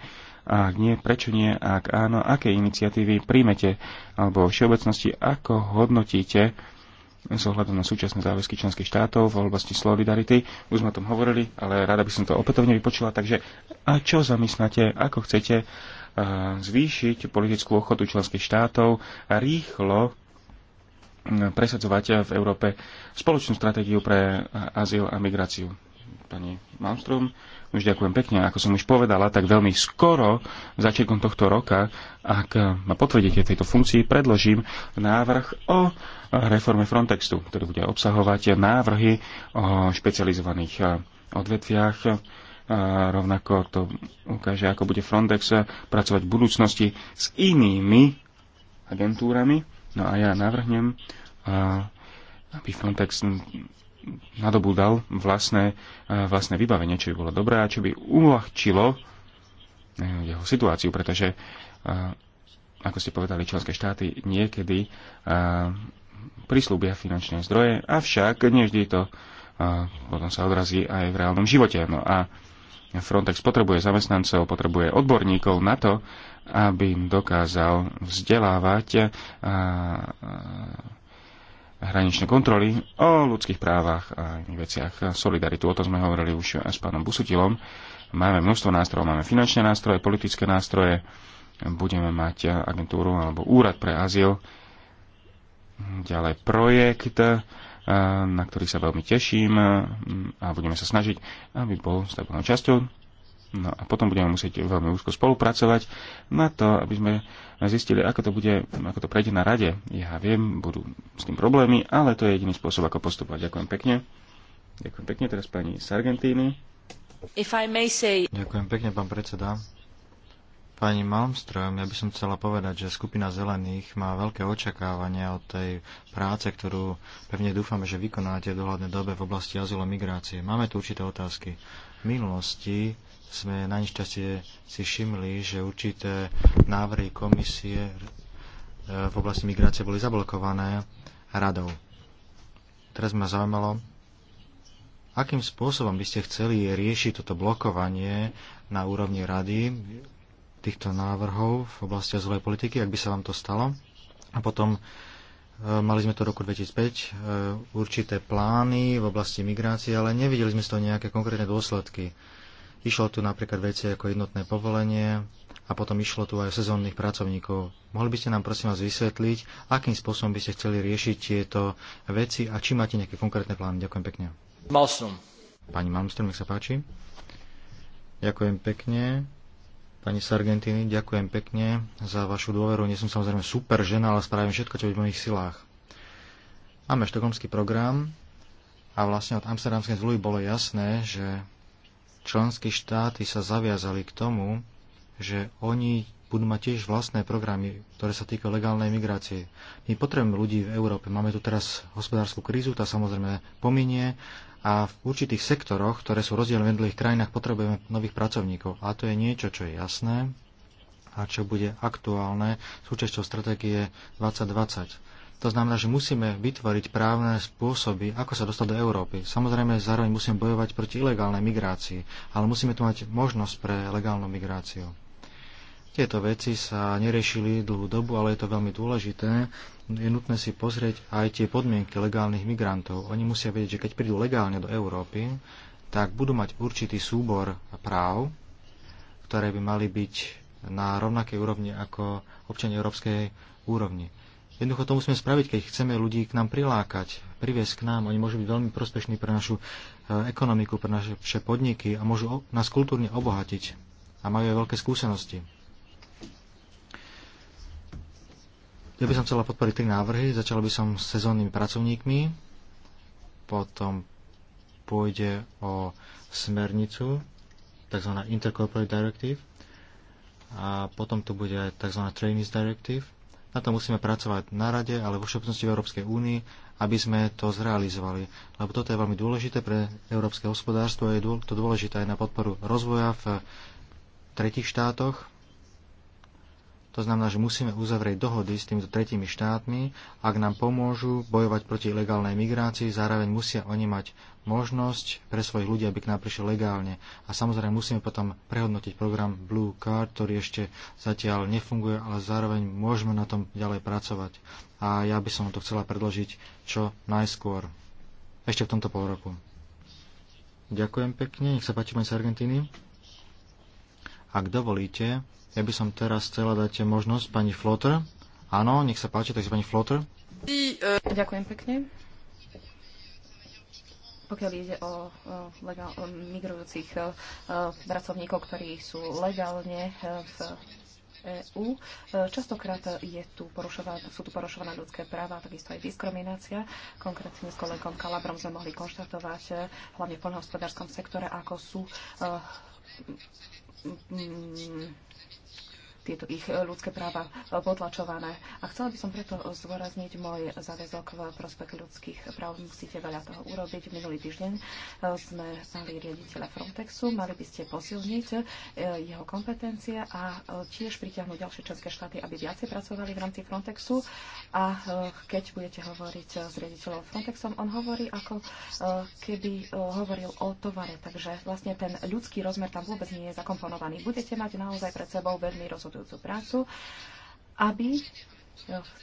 a ak nie, prečo nie, a ak áno, aké iniciatívy príjmete, alebo v všeobecnosti, ako hodnotíte uh, s ohľadom na súčasné záväzky členských štátov v oblasti solidarity. Už sme o tom hovorili, ale rada by som to opätovne vypočula. Takže a čo zamysnáte, ako chcete zvýšiť politickú ochotu členských štátov a rýchlo presadzovať v Európe spoločnú stratégiu pre azyl a migráciu. Pani Malmström, už ďakujem pekne. Ako som už povedala, tak veľmi skoro, začiatkom tohto roka, ak ma potvrdíte tejto funkcii, predložím návrh o reforme Frontextu, ktorý bude obsahovať návrhy o špecializovaných eh, odvetviach eh, rovnako to ukáže, ako bude Frontex eh, pracovať v budúcnosti s inými agentúrami. No a ja navrhnem, aby Frontex nadobúdal vlastné, e, vlastné vybavenie, čo by bolo dobré a čo by uľahčilo e, jeho situáciu, pretože e, ako ste povedali, členské štáty niekedy prislúbia finančné zdroje, avšak nie vždy to potom sa odrazí aj v reálnom živote. No a Frontex potrebuje zamestnancov, potrebuje odborníkov na to, aby im dokázal vzdelávať a hraničné kontroly o ľudských právach a iných veciach. Solidaritu, o tom sme hovorili už s pánom Busutilom. Máme množstvo nástrojov, máme finančné nástroje, politické nástroje, budeme mať agentúru alebo úrad pre azyl, ďalej projekt, eh, na ktorý sa veľmi teším eh, a budeme sa snažiť, aby bol stabilnou časťou No a potom budeme musieť veľmi úzko spolupracovať na to, aby sme zistili, ako to bude, ako to prejde na rade. Ja viem, budú s tým problémy, ale to je jediný spôsob, ako postupovať. Ďakujem pekne. Ďakujem pekne teraz pani Sargentini. If I may say... Ďakujem pekne, pán predseda. Pani Malmström, ja by som chcela povedať, že skupina zelených má veľké očakávania od tej práce, ktorú pevne dúfame, že vykonáte v dohľadnej dobe v oblasti azylo migrácie. Máme tu určité otázky. V minulosti sme na nešťastie si všimli, že určité návrhy komisie e, v oblasti migrácie boli zablokované radou. Teraz ma zaujímalo, akým spôsobom by ste chceli riešiť toto blokovanie na úrovni rady týchto návrhov v oblasti azylovej politiky, ak by sa vám to stalo. A potom e, Mali sme to v roku 2005 e, určité plány v oblasti migrácie, ale nevideli sme z toho nejaké konkrétne dôsledky. Išlo tu napríklad veci ako jednotné povolenie a potom išlo tu aj o sezónnych pracovníkov. Mohli by ste nám prosím vás vysvetliť, akým spôsobom by ste chceli riešiť tieto veci a či máte nejaké konkrétne plány. Ďakujem pekne. Malstrom. Pani Malmström, nech sa páči. Ďakujem pekne. Pani Sargentini, ďakujem pekne za vašu dôveru. Nie som samozrejme super žena, ale spravím všetko, čo je v mojich silách. Máme štokholmský program a vlastne od Amsterdamskej zmluvy bolo jasné, že členské štáty sa zaviazali k tomu, že oni budú mať tiež vlastné programy, ktoré sa týkajú legálnej migrácie. My potrebujeme ľudí v Európe. Máme tu teraz hospodárskú krízu, tá samozrejme pominie a v určitých sektoroch, ktoré sú rozdielne v jednotlivých krajinách, potrebujeme nových pracovníkov. A to je niečo, čo je jasné a čo bude aktuálne súčasťou stratégie 2020 to znamená, že musíme vytvoriť právne spôsoby, ako sa dostať do Európy. Samozrejme, zároveň musíme bojovať proti ilegálnej migrácii, ale musíme tu mať možnosť pre legálnu migráciu. Tieto veci sa neriešili dlhú dobu, ale je to veľmi dôležité. Je nutné si pozrieť aj tie podmienky legálnych migrantov. Oni musia vedieť, že keď prídu legálne do Európy, tak budú mať určitý súbor práv, ktoré by mali byť na rovnakej úrovni ako občania európskej úrovni. Jednoducho to musíme spraviť, keď chceme ľudí k nám prilákať, priviesť k nám. Oni môžu byť veľmi prospešní pre našu eh, ekonomiku, pre naše podniky a môžu nás kultúrne obohatiť a majú aj veľké skúsenosti. Ja by som chcela podporiť tri návrhy. začal by som s sezónnymi pracovníkmi, potom pôjde o smernicu, tzv. Intercorporate Directive, a potom tu bude aj tzv. Trainees Directive, na to musíme pracovať na rade, ale vo všeobecnosti v Európskej únii, aby sme to zrealizovali. Lebo toto je veľmi dôležité pre európske hospodárstvo a je to dôležité aj na podporu rozvoja v tretich štátoch. To znamená, že musíme uzavrieť dohody s týmito tretími štátmi, ak nám pomôžu bojovať proti ilegálnej migrácii, zároveň musia oni mať možnosť pre svojich ľudí, aby k nám prišli legálne. A samozrejme musíme potom prehodnotiť program Blue Card, ktorý ešte zatiaľ nefunguje, ale zároveň môžeme na tom ďalej pracovať. A ja by som to chcela predložiť čo najskôr. Ešte v tomto pol roku. Ďakujem pekne, nech sa páči, pani z Argentíny. Ak dovolíte, ja by som teraz chcela dať možnosť pani Flotter. Áno, nech sa páči, takže pani Flotter. Ďakujem pekne. Pokiaľ ide o, legál, o migrujúcich pracovníkov, ktorí sú legálne e, v EÚ. E, častokrát je tu sú tu porušované ľudské práva, takisto aj diskriminácia. Konkrétne s kolegom Kalabrom sme mohli konštatovať, e, hlavne v poľnohospodárskom sektore, ako sú uh, tieto ich e, ľudské práva e, potlačované. A chcela by som preto zdôrazniť môj záväzok v prospech ľudských práv. Musíte veľa toho urobiť. Minulý týždeň e, sme mali riaditeľa Frontexu, mali by ste posilniť jeho kompetencie a tiež pritiahnuť ďalšie členské štáty, aby viacej pracovali v rámci Frontexu. A keď budete hovoriť s riaditeľom Frontexom, on hovorí ako keby hovoril o tovare. Takže vlastne ten ľudský rozmer tam vôbec nie je zakomponovaný. Budete mať naozaj pred sebou veľmi rozhodný rozhodujúcu prácu, aby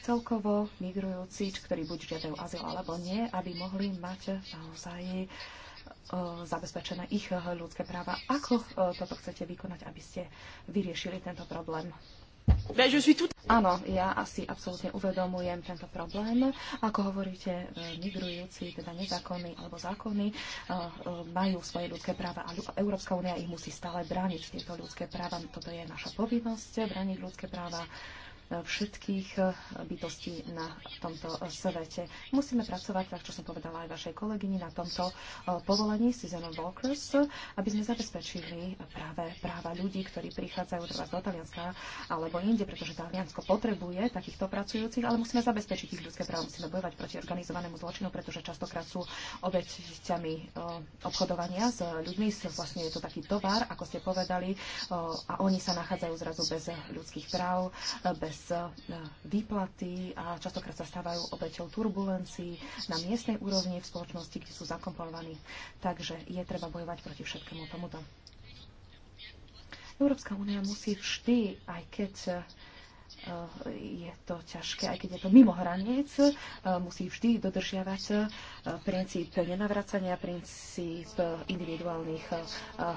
celkovo migrujúci, ktorí buď žiadajú azyl alebo nie, aby mohli mať naozaj e, zabezpečené ich ľudské práva. Ako e, toto chcete vykonať, aby ste vyriešili tento problém? Áno, ja asi absolútne uvedomujem tento problém. Ako hovoríte, e, migrujúci, teda nezákonní alebo zákonní, e, e, majú svoje ľudské práva a Európska únia ich musí stále brániť, tieto ľudské práva. Toto je naša povinnosť, brániť ľudské práva všetkých eh, bytostí na tomto svete. Musíme pracovať, tak čo som povedala aj vašej kolegyni, na tomto eh, povolení Season of Walkers, aby sme zabezpečili práve práva ľudí, ktorí prichádzajú vás do Talianska alebo inde, pretože Taliansko potrebuje takýchto pracujúcich, ale musíme zabezpečiť ich ľudské práva, musíme bojovať proti organizovanému zločinu, pretože častokrát sú obeťami eh, obchodovania s ľuďmi. Vlastne je to taký tovar, ako ste povedali, a oni sa nachádzajú zrazu bez ľudských práv, bez bez e, výplaty a častokrát sa stávajú obeťou turbulencií na miestnej úrovni v spoločnosti, kde sú zakomponovaní. Takže je treba bojovať proti všetkému tomuto. Európska únia musí vždy, aj keď Eh, je to ťažké, aj keď je to mimo hraníc, eh, musí vždy dodržiavať eh, princíp nenavracania, princíp individuálnych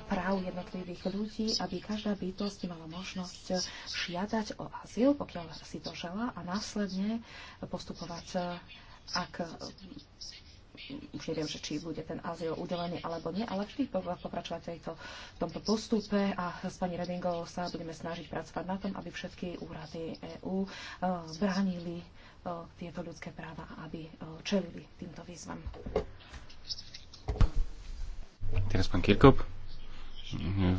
práv jednotlivých ľudí, aby každá bytosť mala možnosť žiadať o azyl, pokiaľ si to žela, a následne postupovať, ak už neviem, že či bude ten azyl udelený alebo nie, ale vždy pokračovať to, v tomto postupe a s pani Redingovou sa budeme snažiť pracovať na tom, aby všetky úrady EÚ e, bránili e, tieto ľudské práva, aby e, čelili týmto výzvam. Teraz pán Kirkup.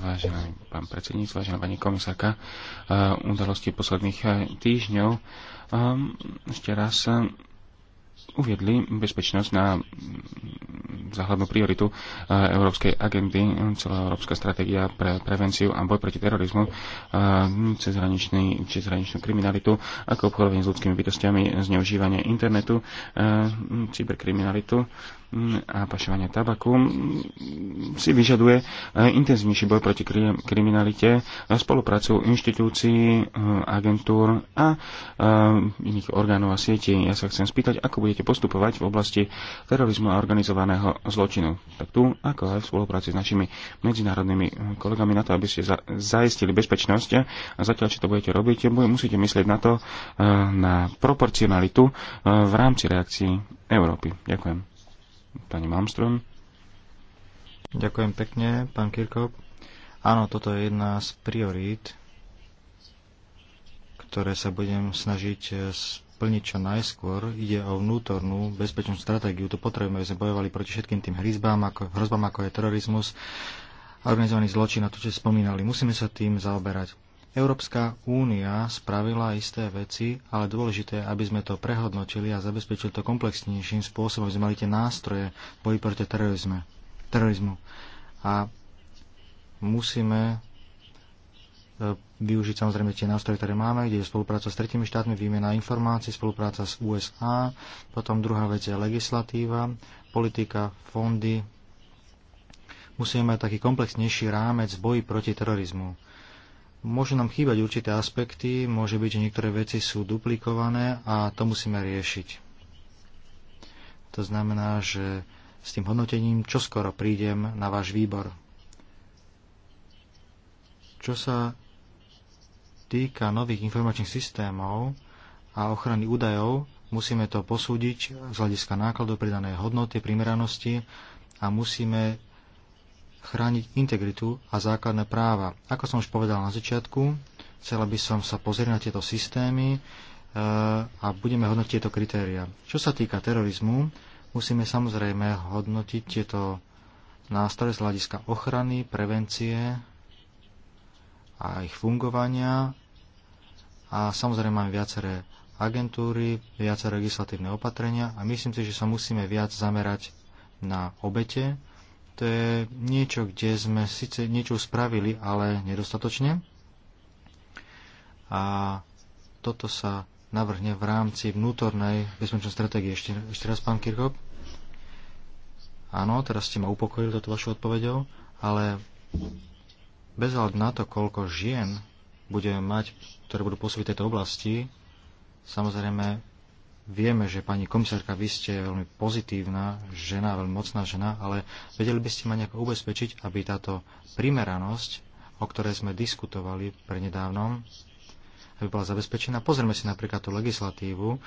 Vážená pán predsedníc, vážená pani komisárka, udalosti posledných týždňov ešte raz uviedli bezpečnosť na záhľadnú prioritu eh, Európskej agendy, celá Európska stratégia pre prevenciu a boj proti terorizmu, eh, cezhraničnú kriminalitu, ako obchodovanie s ľudskými bytostiami, zneužívanie internetu, eh, cyberkriminalitu, a pašovania tabaku si vyžaduje e, intenzívnejší boj proti kriminalite, e, spoluprácu inštitúcií, e, agentúr a iných orgánov a sietí. Ja sa chcem spýtať, ako budete postupovať v oblasti terorizmu a organizovaného zločinu. Tak tu, ako aj v spolupráci s našimi medzinárodnými kolegami na to, aby ste zaistili bezpečnosť a zatiaľ, čo to budete robiť, musíte myslieť na to, na proporcionalitu v rámci reakcií Európy. Ďakujem pani Malmström. Ďakujem pekne, pán Kirkov. Áno, toto je jedna z priorít, ktoré sa budem snažiť eh, splniť čo najskôr. Ide o vnútornú bezpečnú stratégiu. To potrebujeme, aby sme bojovali proti všetkým tým hrozbám, ako, hrozbám, ako je terorizmus, organizovaný zločin a to, čo spomínali. Musíme sa tým zaoberať. Európska únia spravila isté veci, ale dôležité, aby sme to prehodnotili a zabezpečili to komplexnejším spôsobom, aby sme mali tie nástroje boji proti terorizme, terorizmu. A musíme e, využiť samozrejme tie nástroje, ktoré máme, kde je spolupráca s tretími štátmi, výmena informácií, spolupráca s USA, potom druhá vec je legislatíva, politika, fondy. Musíme mať taký komplexnejší rámec boji proti terorizmu môžu nám chýbať určité aspekty, môže byť, že niektoré veci sú duplikované a to musíme riešiť. To znamená, že s tým hodnotením čoskoro prídem na váš výbor. Čo sa týka nových informačných systémov a ochrany údajov, musíme to posúdiť z hľadiska nákladov pridanej hodnoty, primeranosti a musíme chrániť integritu a základné práva. Ako som už povedal na začiatku, chcela by som sa pozrieť na tieto systémy e, a budeme hodnotiť tieto kritéria. Čo sa týka terorizmu, musíme samozrejme hodnotiť tieto nástroje z hľadiska ochrany, prevencie a ich fungovania. A samozrejme máme viaceré agentúry, viaceré legislatívne opatrenia a myslím si, že sa musíme viac zamerať na obete to je niečo, kde sme síce niečo spravili, ale nedostatočne. A toto sa navrhne v rámci vnútornej bezpečnostnej stratégie. Ešte, ešte raz, pán Kirchhoff. Áno, teraz ste ma upokojili toto vašou odpovedou, ale bez hľadu na to, koľko žien budeme mať, ktoré budú pôsobiť tejto oblasti, samozrejme Vieme, že pani komisárka, vy ste veľmi pozitívna žena, veľmi mocná žena, ale vedeli by ste ma nejako ubezpečiť, aby táto primeranosť, o ktorej sme diskutovali nedávnom, aby bola zabezpečená. Pozrieme si napríklad tú legislatívu, e,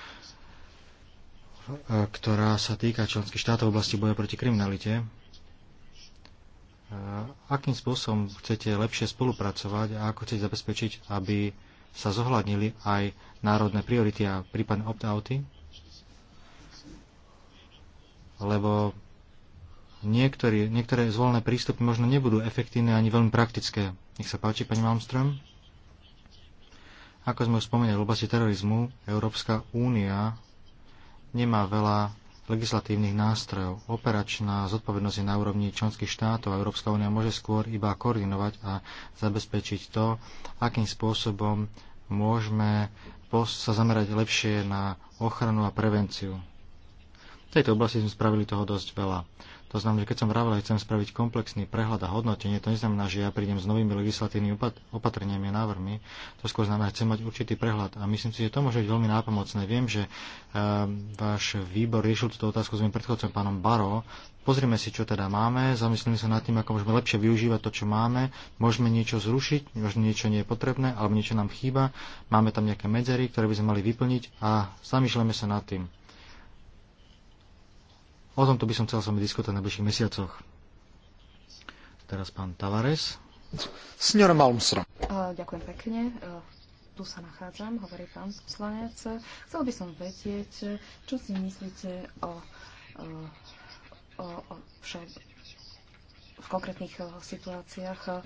ktorá sa týka členských štátov v oblasti boja proti kriminalite. E, akým spôsobom chcete lepšie spolupracovať a ako chcete zabezpečiť, aby sa zohľadnili aj národné priority a prípadne opt-outy, lebo niektorí, niektoré zvolené prístupy možno nebudú efektívne ani veľmi praktické. Nech sa páči, pani Malmström. Ako sme už spomenuli, v oblasti terorizmu Európska únia nemá veľa legislatívnych nástrojov. Operačná zodpovednosť je na úrovni členských štátov a Európska únia môže skôr iba koordinovať a zabezpečiť to, akým spôsobom môžeme sa zamerať lepšie na ochranu a prevenciu. V tejto oblasti sme spravili toho dosť veľa. To znamená, že keď som že chcem spraviť komplexný prehľad a hodnotenie, to neznamená, že ja prídem s novými legislatívnymi opatreniami a návrhmi. To skôr znamená, že chcem mať určitý prehľad. A myslím si, že to môže byť veľmi nápomocné. Viem, že ehm, váš výbor riešil túto otázku s mým predchodcom pánom Baro. Pozrime si, čo teda máme, zamyslíme sa nad tým, ako môžeme lepšie využívať to, čo máme. Môžeme niečo zrušiť, možno niečo nie je potrebné, alebo niečo nám chýba. Máme tam nejaké medzery, ktoré by sme mali vyplniť a zamýšľame sa nad tým. O tomto by som chcel som diskutovať na bližších mesiacoch. Teraz pán Tavares. Sňor Malmström. Ďakujem pekne. E, tu sa nachádzam, hovorí pán poslanec. Chcel by som vedieť, čo si myslíte o, e, o, o vše, v konkrétnych e, situáciách.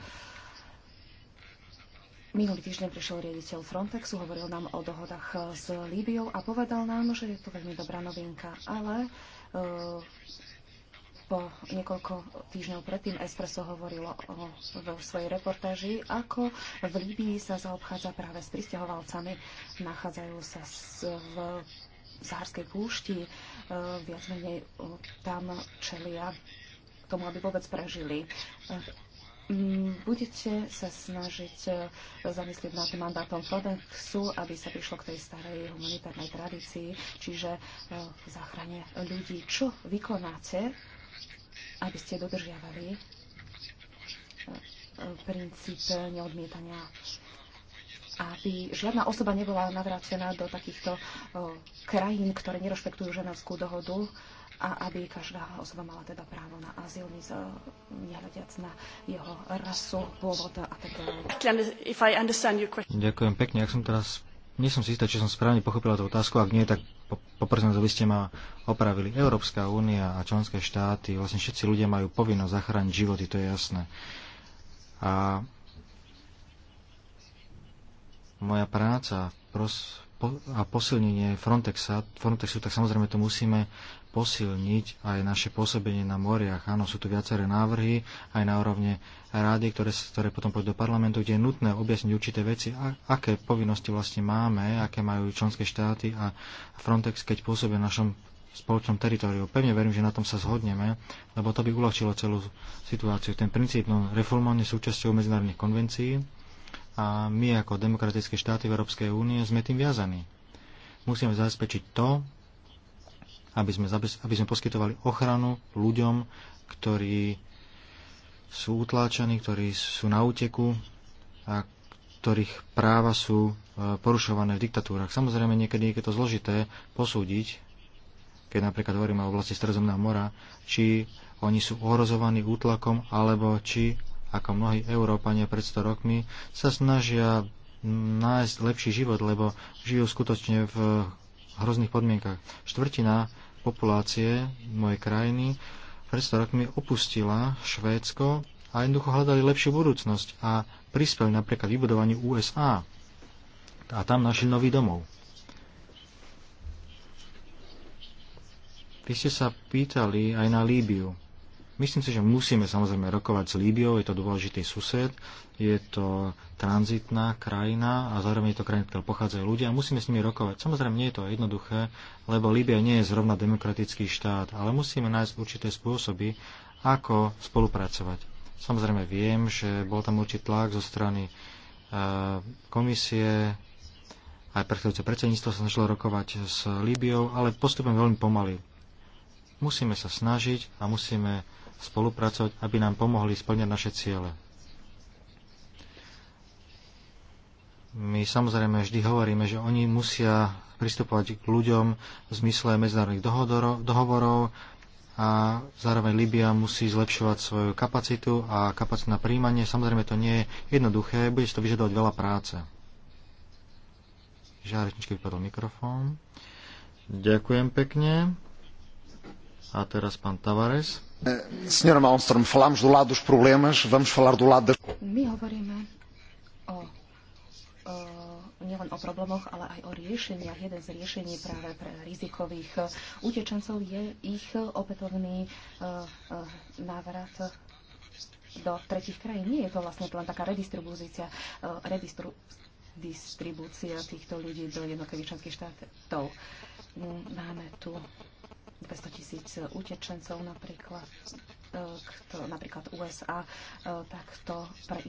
Minulý týždeň prišiel riaditeľ Frontexu, hovoril nám o dohodách s Líbiou a povedal nám, že je to veľmi dobrá novinka, ale uh, Eh, po niekoľko týždňov predtým Espresso hovorilo o, vo svojej reportáži, ako v Líbii sa zaobchádza práve s pristahovalcami. Nachádzajú sa s, v Zárskej púšti, eh, viac menej eh, tam čelia tomu, aby vôbec prežili. Mm, budete sa snažiť e, zamyslieť nad mandátom Fodexu, aby sa prišlo k tej starej humanitárnej tradícii, čiže e, v záchrane ľudí. Čo vykonáte, aby ste dodržiavali e, princíp neodmietania aby žiadna osoba nebola navrátená do takýchto krajín, ktoré nerešpektujú ženevskú dohodu, a aby každá osoba mala teda právo na azyl, eh, nehľadiac na jeho rasu, pôvod a tak ďalej. Ďakujem pekne. Ak som teraz nie som si istá, či som správne pochopila tú otázku. Ak nie, tak poprosím, aby ste ma opravili. Európska únia a členské štáty, vlastne všetci ľudia majú povinnosť zachrániť životy, to je jasné. A moja práca pros, po, a posilnenie Frontexa, Frontexu, tak samozrejme to musíme posilniť aj naše pôsobenie na moriach. Áno, sú tu viaceré návrhy aj na úrovne rády, ktoré, ktoré potom pôjdu do parlamentu, kde je nutné objasniť určité veci, a, aké povinnosti vlastne máme, aké majú členské štáty a Frontex, keď pôsobia na našom spoločnom teritoriu. Pevne verím, že na tom sa zhodneme, lebo to by uľahčilo celú situáciu. Ten princíp no, reformálne súčasťou medzinárodných konvencií a my ako demokratické štáty v Európskej únie sme tým viazaní. Musíme zabezpečiť to, aby sme, aby sme poskytovali ochranu ľuďom, ktorí sú utláčaní, ktorí sú na úteku a ktorých práva sú e, porušované v diktatúrach. Samozrejme, niekedy je to zložité posúdiť, keď napríklad hovoríme o oblasti Stredozemného mora, či oni sú ohrozovaní útlakom, alebo či, ako mnohí Európania pred 100 rokmi, sa snažia nájsť lepší život, lebo žijú skutočne v hrozných podmienkach. Štvrtina populácie mojej krajiny pred 100 rokmi opustila Švédsko a jednoducho hľadali lepšiu budúcnosť a prispeli napríklad vybudovaniu USA a tam našli nový domov. Vy ste sa pýtali aj na Líbiu. Myslím si, že musíme samozrejme rokovať s Líbiou, je to dôležitý sused, je to tranzitná krajina a zároveň je to krajina, ktorá pochádzajú ľudia a musíme s nimi rokovať. Samozrejme, nie je to jednoduché, lebo Líbia nie je zrovna demokratický štát, ale musíme nájsť určité spôsoby, ako spolupracovať. Samozrejme, viem, že bol tam určitý tlak zo strany e, komisie, aj predchádzajúce predsedníctvo sa našlo rokovať s Líbiou, ale postupom veľmi pomaly. Musíme sa snažiť a musíme spolupracovať, aby nám pomohli splňať naše ciele. My samozrejme vždy hovoríme, že oni musia pristupovať k ľuďom v zmysle medzinárodných dohovorov a zároveň Libia musí zlepšovať svoju kapacitu a kapacitu na príjmanie. Samozrejme to nie je jednoduché, bude to vyžadovať veľa práce. Žárečničky vypadol mikrofón. Ďakujem pekne. A teraz pán Tavares. Eh, senhora Malmström, falámos do lado dos problemas, vamos falar do lado das... My hovoríme o, o nielen o problémoch, ale aj o riešeniach. Jeden z riešení práve pre rizikových eh, utečencov je ich eh, opätovný uh, uh, návrat do tretich krajín. Nie je to vlastne len taká redistribúcia, uh, týchto ľudí do jednotlivých členských štátov. Mm, máme tu 200 tisíc utečencov napríklad, e, kto, napríklad USA e, takto pre,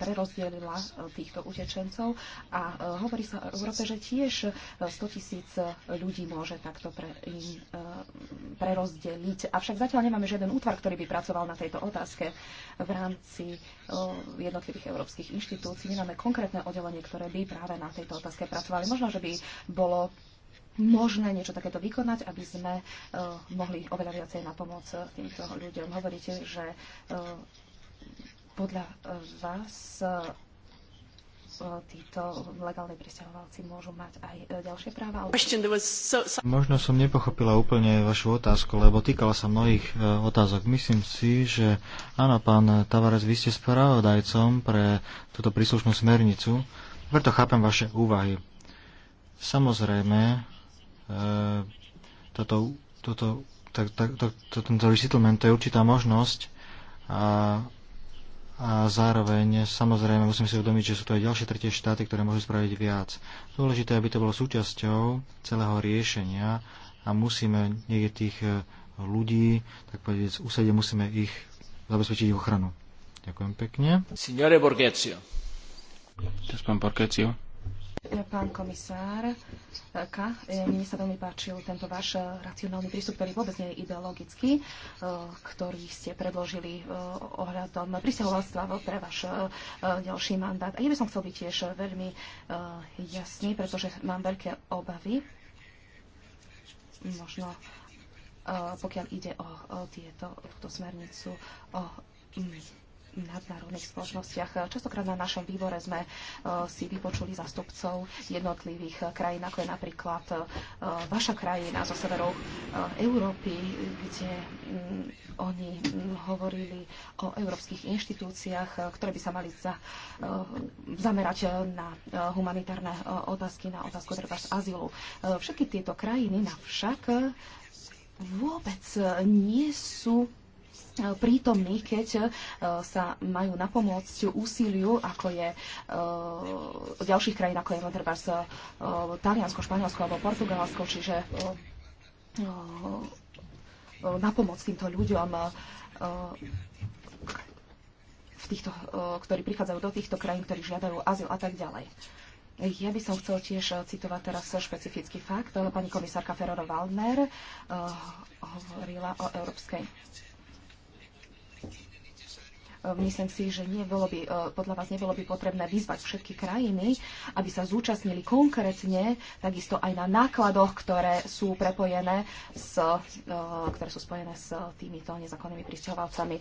prerozdelila e, týchto utečencov a hovorí sa o Európe, že tiež 100 tisíc ľudí môže takto pre, im, prerozdeliť. Avšak zatiaľ nemáme žiaden útvar, ktorý by pracoval na tejto otázke v rámci jednotlivých európskych inštitúcií. Nemáme konkrétne oddelenie, ktoré by práve na tejto otázke pracovali. Možno, že by bolo možné niečo takéto vykonať, aby sme e, mohli oveľa viacej na pomoc e, týmto ľuďom. Hovoríte, že e, podľa vás títo legálni pristahovalci môžu mať aj ďalšie práva? Ale... Možno som nepochopila úplne vašu otázku, lebo týkala sa mnohých otázok. Myslím si, že áno, pán Tavares, vy ste spravodajcom pre túto príslušnú smernicu, preto chápem vaše úvahy. Samozrejme, E, toto, toto, tak, tak, tak, to, tento resettlement to je určitá možnosť a, a zároveň samozrejme musíme si uvedomiť, že sú to aj ďalšie tretie štáty, ktoré môžu spraviť viac. Dôležité, aby to bolo súčasťou celého riešenia a musíme niekde tých e, ľudí, tak povedať, usadie musíme ich zabezpečiť ochranu. Ďakujem pekne. Signore Borgezio. Teraz pán Borgezio. Pán komisár, Ka, e, mne sa veľmi páčil tento váš e, racionálny prístup, ktorý vôbec nie je ideologický, e, ktorý ste predložili ohľadom prísahovalstva pre váš ďalší mandát. A ja by som chcel byť tiež veľmi jasný, pretože mám veľké obavy, možno pokiaľ ide o, o tieto, túto smernicu, o mm, nadnárodných spoločnostiach. Častokrát na našom výbore sme e, si vypočuli zastupcov jednotlivých e, krajín, ako je napríklad e, vaša krajina zo severov Európy, kde mm, oni mm, hovorili o európskych inštitúciách, ktoré by sa mali za, zamerať na humanitárne otázky, na otázku treba azylu. Všetky tieto krajiny navšak vôbec nie sú prítomní, keď e, sa majú pomoc úsiliu, ako je e, v ďalších krajín, ako je treba uh, e, Taliansko, Španielsko alebo Portugalsko, čiže na pomoc týmto ľuďom v týchto, ktorí prichádzajú do týchto krajín, ktorí žiadajú azyl a tak ďalej. Ja by som chcel tiež citovať teraz špecifický fakt. Pani komisárka Ferrero Waldner uh, hovorila o Európskej Ehm, myslím si, že nebolo by, ehm, podľa vás nebolo by potrebné vyzvať všetky krajiny, aby sa zúčastnili konkrétne, takisto aj na nákladoch, ktoré sú prepojené s, ehm, ktoré sú spojené s týmito nezákonnými pristahovalcami.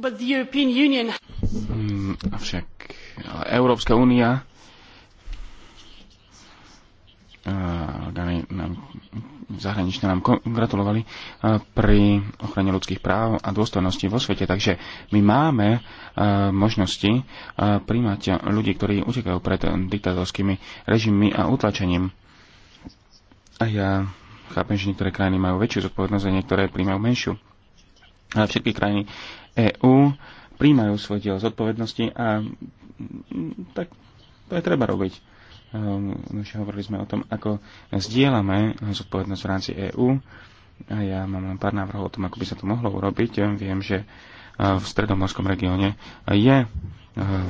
But the European Union... Mm, avšak Európska únia uh, nám zahraničné nám gratulovali eh, pri ochrane ľudských práv a dôstojnosti vo svete. Takže my máme eh, možnosti eh, príjmať ľudí, ktorí utekajú pred diktatorskými režimmi a utlačením. A ja chápem, že niektoré krajiny majú väčšiu zodpovednosť a niektoré príjmajú menšiu. Ale všetky krajiny EÚ príjmajú svoj diel zodpovednosti a mm, tak to je treba robiť. Ehm, už hovorili sme o tom, ako zdieľame zodpovednosť v rámci EÚ. A ja mám len pár návrhov o tom, ako by sa to mohlo urobiť. Ehm, viem, že ehm, v stredomorskom regióne je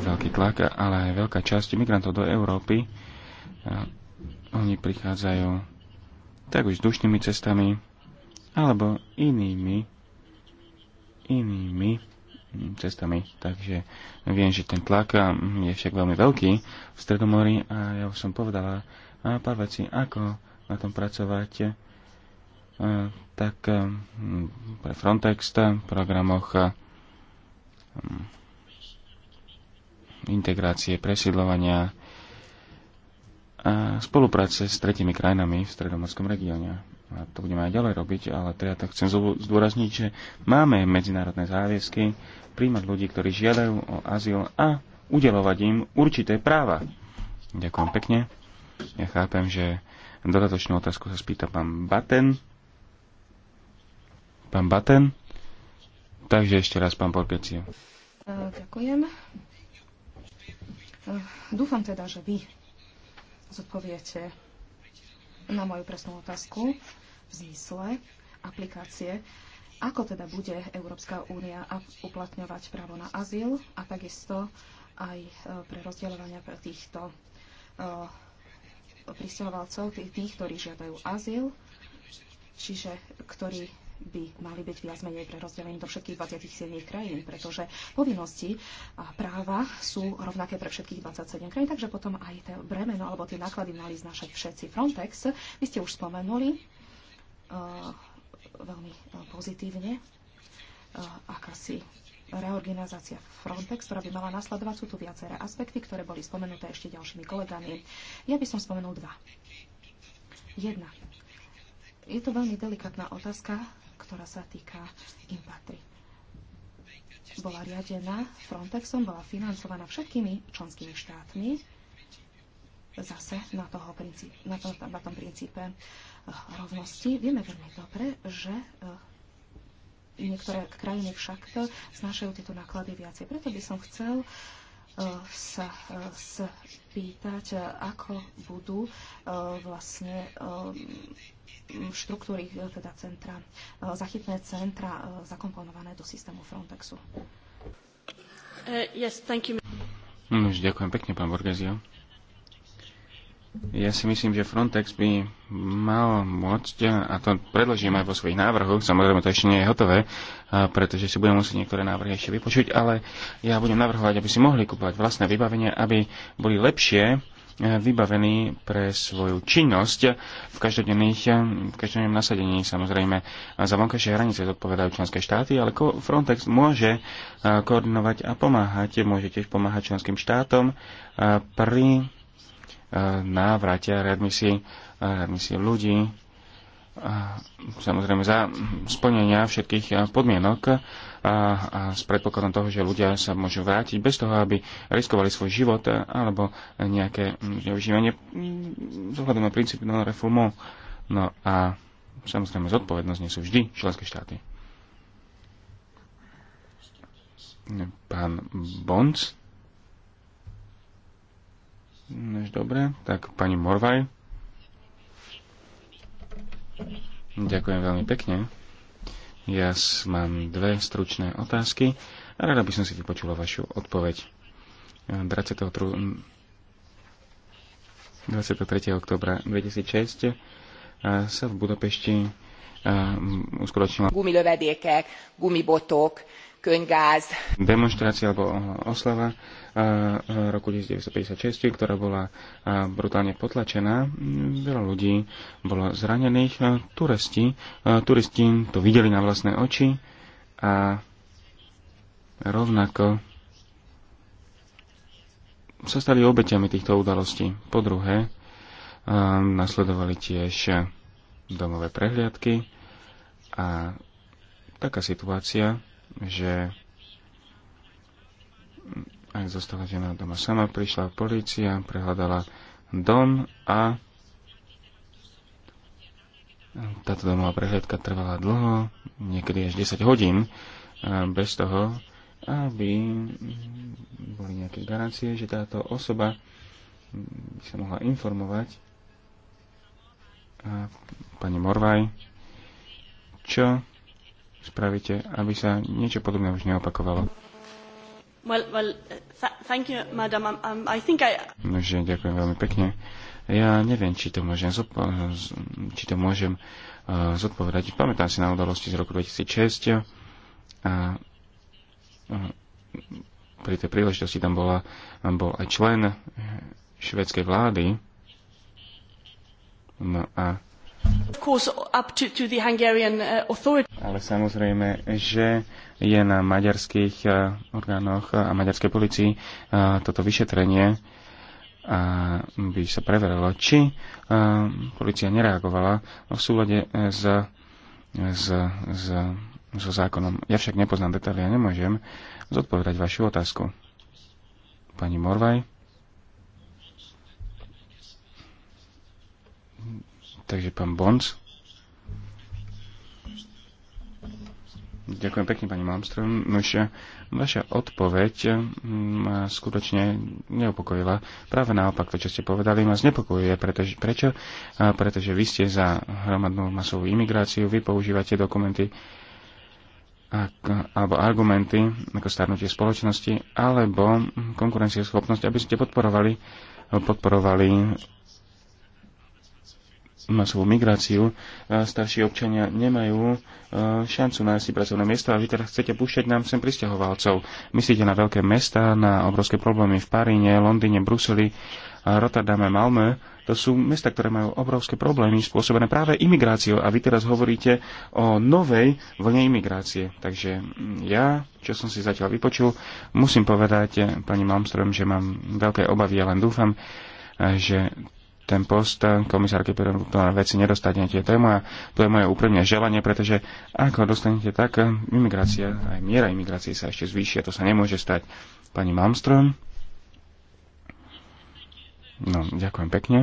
veľký tlak, ale aj veľká časť migrantov do Európy. Oni prichádzajú tak už dušnými cestami alebo inými inými cestami. Takže viem, že ten tlak je však veľmi veľký v Stredomori a ja už som povedala pár vecí, ako na tom pracovať, tak pre Frontex, programoch integrácie, presídlovania a spolupráce s tretimi krajinami v stredomorskom regióne a to budeme aj ďalej robiť, ale teda tak chcem zdôrazniť, že máme medzinárodné záväzky príjmať ľudí, ktorí žiadajú o azyl a udelovať im určité práva. Ďakujem pekne. Ja chápem, že dodatočnú otázku sa spýta pán Baten. Pán Baten. Takže ešte raz pán Porpecio. E, ďakujem. E, dúfam teda, že vy zodpoviete na moju presnú otázku v zísle aplikácie, ako teda bude Európska únia uplatňovať právo na azyl a takisto aj e, pre pre týchto e, pristahovalcov, tých, tých, ktorí žiadajú azyl, čiže ktorí by mali byť viac menej prerozdelení do všetkých 27 krajín, pretože povinnosti a práva sú rovnaké pre všetkých 27 krajín, takže potom aj to bremeno alebo tie náklady mali znašať všetci. Frontex, vy ste už spomenuli, Eh, veľmi eh, pozitívne eh, akási reorganizácia Frontex, ktorá by mala nasledovať. Sú tu viaceré aspekty, ktoré boli spomenuté ešte ďalšími kolegami. Ja by som spomenul dva. Jedna. Je to veľmi delikatná otázka, ktorá sa týka Impatry. Bola riadená Frontexom, bola financovaná všetkými členskými štátmi, zase na, toho princíp, na, to, na tom princípe uh, rovnosti. Vieme veľmi dobre, že eh, niektoré krajiny však eh, znášajú tieto náklady viacej. Preto by som chcel eh, sa spýtať, ako budú vlastne štruktúry, teda centra, zachytné centra zakomponované do systému Frontexu. Uh, yes, thank you. No, ďakujem pekne, pán Borgesio. Ja si myslím, že Frontex by mal môcť, a to predložím aj vo svojich návrhoch, samozrejme to ešte nie je hotové, pretože si budem musieť niektoré návrhy ešte vypočuť, ale ja budem navrhovať, aby si mohli kúpovať vlastné vybavenie, aby boli lepšie e, vybavení pre svoju činnosť v každodenných, v každodenném nasadení samozrejme. Za vonkajšie hranice zodpovedajú členské štáty, ale Frontex môže e, koordinovať a pomáhať, môže tiež pomáhať členským štátom e, pri návrate readmisii, readmisii ľudí, samozrejme za splnenia všetkých podmienok a, a s predpokladom toho, že ľudia sa môžu vrátiť bez toho, aby riskovali svoj život alebo nejaké zneužívanie zohľadom na princíp non reformu. No a samozrejme zodpovednosť nie sú vždy členské štáty. Pán Bonds. Než dobre, tak pani Morvaj. Ďakujem veľmi pekne. Ja mám dve stručné otázky a rada by som si vypočula vašu odpoveď. 23. oktobra 2006 eh, sa v Budapešti eh, uskutočnila gumilovedékek, gumibotok, könygáz. Demonstrácia alebo oslava eh, eh, roku 1956, ktorá bola eh, brutálne potlačená. Veľa ľudí bolo zranených. Turisti, turisti to videli na vlastné oči a rovnako sa stali obeťami týchto udalostí. Po druhé, nasledovali tiež domové prehliadky a taká situácia že ak zostala žena doma sama, prišla policia, prehľadala dom a táto domová prehľadka trvala dlho, niekedy až 10 hodín, bez toho, aby boli nejaké garancie, že táto osoba by sa mohla informovať a pani Morvaj, čo spravíte, aby sa niečo podobné už neopakovalo? Well, well, th- thank you, madam. Um, um I think I... Nože, ďakujem veľmi pekne. Ja neviem, či to môžem, zodpo- či to môžem uh, zodpovedať. Pamätám si na udalosti z roku 2006 a a pri tej príležitosti tam bola, bol aj člen švedskej vlády. No a Uh, Ale samozrejme, že je na maďarských uh, orgánoch a maďarskej policii uh, toto vyšetrenie a by sa preverilo, či policia nereagovala v súlade s, s, s, so zákonom. Ja však nepoznám detaily a ja nemôžem zodpovedať vašu otázku. Pani Morvaj? Takže pán Bons. Ďakujem pekne, pani Malmström. Nož, vaša odpoveď mm, ma skutočne neupokojila. Práve naopak, to, čo ste povedali, ma znepokojuje. Pretože, prečo? Pretože vy ste za hromadnú masovú imigráciu, vy používate dokumenty ak, alebo argumenty ako starnutie spoločnosti, alebo konkurencieschopnosť, aby ste podporovali, podporovali masovú migráciu, starší občania nemajú e, šancu nájsť si pracovné miesto a vy teraz chcete púšťať nám sem pristahovalcov. Myslíte na veľké mesta, na obrovské problémy v Paríne, Londýne, Bruseli, Rotterdame, Malme. To sú mesta, ktoré majú obrovské problémy spôsobené práve imigráciou a vy teraz hovoríte o novej vlne imigrácie. Takže mm, ja, čo som si zatiaľ vypočul, musím povedať eh, pani Malmström, že mám veľké obavy a len dúfam, eh, že ten post komisárky pre vnútorné veci nedostanete. To je, moja, to je moje úprimné želanie, pretože ako dostanete, tak imigrácia, aj miera imigrácie sa ešte zvýši a to sa nemôže stať. Pani Malmström. No, ďakujem pekne.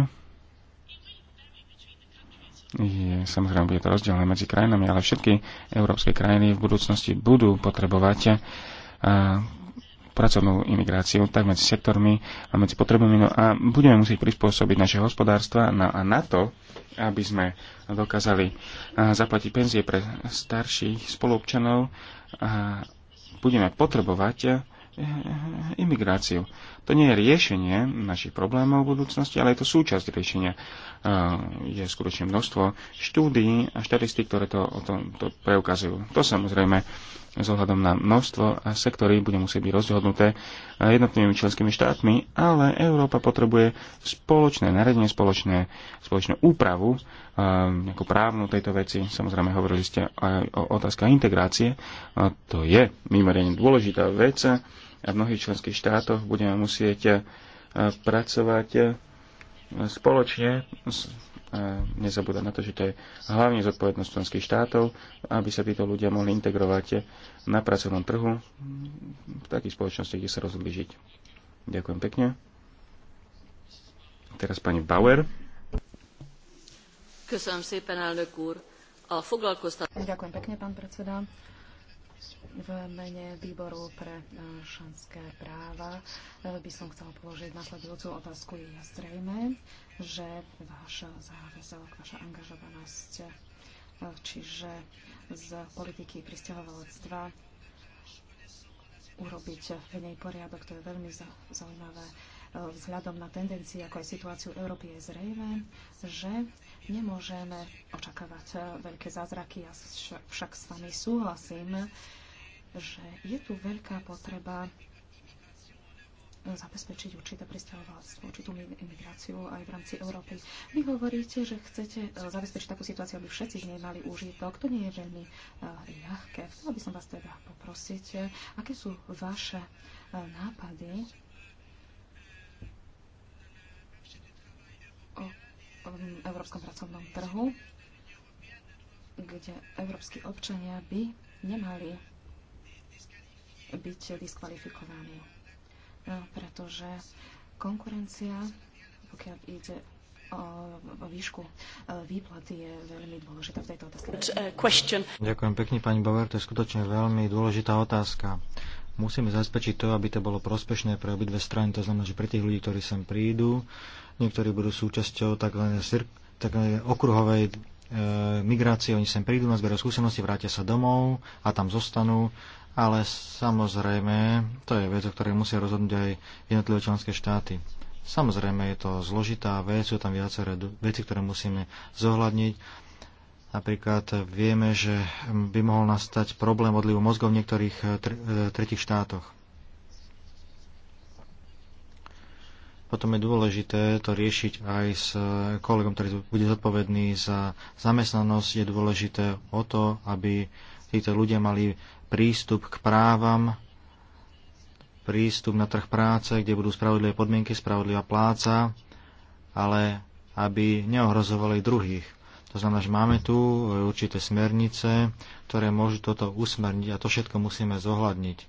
Je, samozrejme, bude to rozdielne medzi krajinami, ale všetky európske krajiny v budúcnosti budú potrebovať a, pracovnú imigráciou tak medzi sektormi a medzi potrebami. No a budeme musieť prispôsobiť naše hospodárstva na, no a na to, aby sme dokázali zaplatiť penzie pre starších spolupčanov, a budeme potrebovať e, e, imigráciu. To nie je riešenie našich problémov v budúcnosti, ale je to súčasť riešenia. E, je skutočne množstvo štúdií a štatistík, ktoré to, o tom to preukazujú. To samozrejme z ohľadom na množstvo a sektory bude musieť byť rozhodnuté jednotnými členskými štátmi, ale Európa potrebuje spoločné naredenie, spoločné, spoločnú úpravu, nejakú právnu tejto veci. Samozrejme, hovorili ste aj o otázka integrácie. A to je mimoriadne dôležitá vec a v mnohých členských štátoch budeme musieť pracovať spoločne s nezabúdať na to, že to je hlavne zodpovednosť členských štátov, aby sa títo ľudia mohli integrovať na pracovnom trhu v takých spoločnosti, kde sa rozhodli žiť. Ďakujem pekne. Teraz pani Bauer. Ďakujem pekne, pán predseda v mene výboru pre šanské e, práva e, by som chcela položiť nasledujúcu otázku. Je zrejme, že váš záväzok, vaša angažovanosť, e, čiže z politiky pristahovalectva urobiť v nej poriadok, to je veľmi zaujímavé. E, vzhľadom na tendencii, ako aj situáciu Európy, je zrejme, že nemôžeme očakávať e, veľké zázraky. Ja však s vami súhlasím, že je tu veľká potreba zabezpečiť určité pristahovalstvo, určitú imigráciu aj v rámci Európy. Vy hovoríte, že chcete e, zabezpečiť takú situáciu, aby všetci z nej mali užitok. To nie je veľmi e, ľahké. Chcela by som vás teda poprosiť, aké sú vaše e, nápady o európskom pracovnom trhu, kde európsky občania by nemali byť diskvalifikovaní pretože konkurencia, pokiaľ ide o výšku e, výplaty je veľmi dôležitá v tejto otázke. E, Ďakujem pekne, pani Bauer, to je skutočne veľmi dôležitá otázka. Musíme zabezpečiť to, aby to bolo prospešné pre obidve strany, to znamená, že pre tých ľudí, ktorí sem prídu, niektorí budú súčasťou takzvanej tak okruhovej e, migrácie, oni sem prídu, nazberú skúsenosti, vrátia sa domov a tam zostanú ale samozrejme to je vec, o ktorej musia rozhodnúť aj jednotlivé členské štáty. Samozrejme je to zložitá vec, sú tam viaceré veci, ktoré musíme zohľadniť. Napríklad vieme, že by mohol nastať problém odlivu mozgov v niektorých eh, eh, tretich štátoch. Potom je dôležité to riešiť aj s eh, kolegom, ktorý bude zodpovedný za zamestnanosť. Je dôležité o to, aby títo ľudia mali prístup k právam, prístup na trh práce, kde budú spravodlivé podmienky, spravodlivá pláca, ale aby neohrozovali druhých. To znamená, že máme tu určité smernice, ktoré môžu toto usmerniť a to všetko musíme zohľadniť.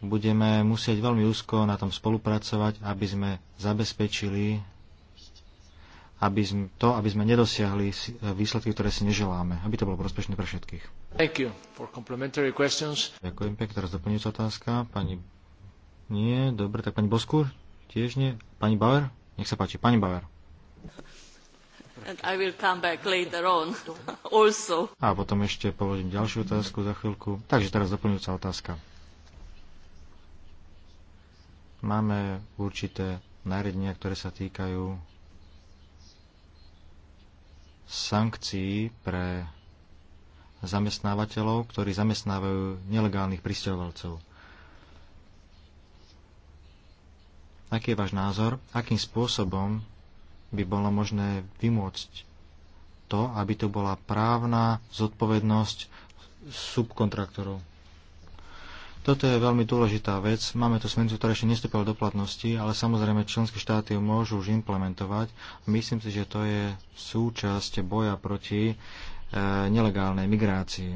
Budeme musieť veľmi úzko na tom spolupracovať, aby sme zabezpečili aby sme, to, aby sme nedosiahli e, výsledky, ktoré si neželáme, aby to bolo prospešné pre všetkých. Ďakujem pekne. Teraz doplňujúca otázka. Pani... Nie, dobre, tak pani Boskur? Tiež nie. Pani Bauer? Nech sa páči, pani Bauer. A potom ešte položím ďalšiu otázku za chvíľku. Takže teraz doplňujúca otázka. Máme určité nariadenia, ktoré sa týkajú sankcií pre zamestnávateľov, ktorí zamestnávajú nelegálnych pristahovalcov. Aký je váš názor? Akým spôsobom by bolo možné vymôcť to, aby tu bola právna zodpovednosť subkontraktorov? Toto je veľmi dôležitá vec. Máme tu smernicu, ktorá ešte nestúpila do platnosti, ale samozrejme členské štáty ju môžu už implementovať. Myslím si, že to je súčasť boja proti e, nelegálnej migrácii.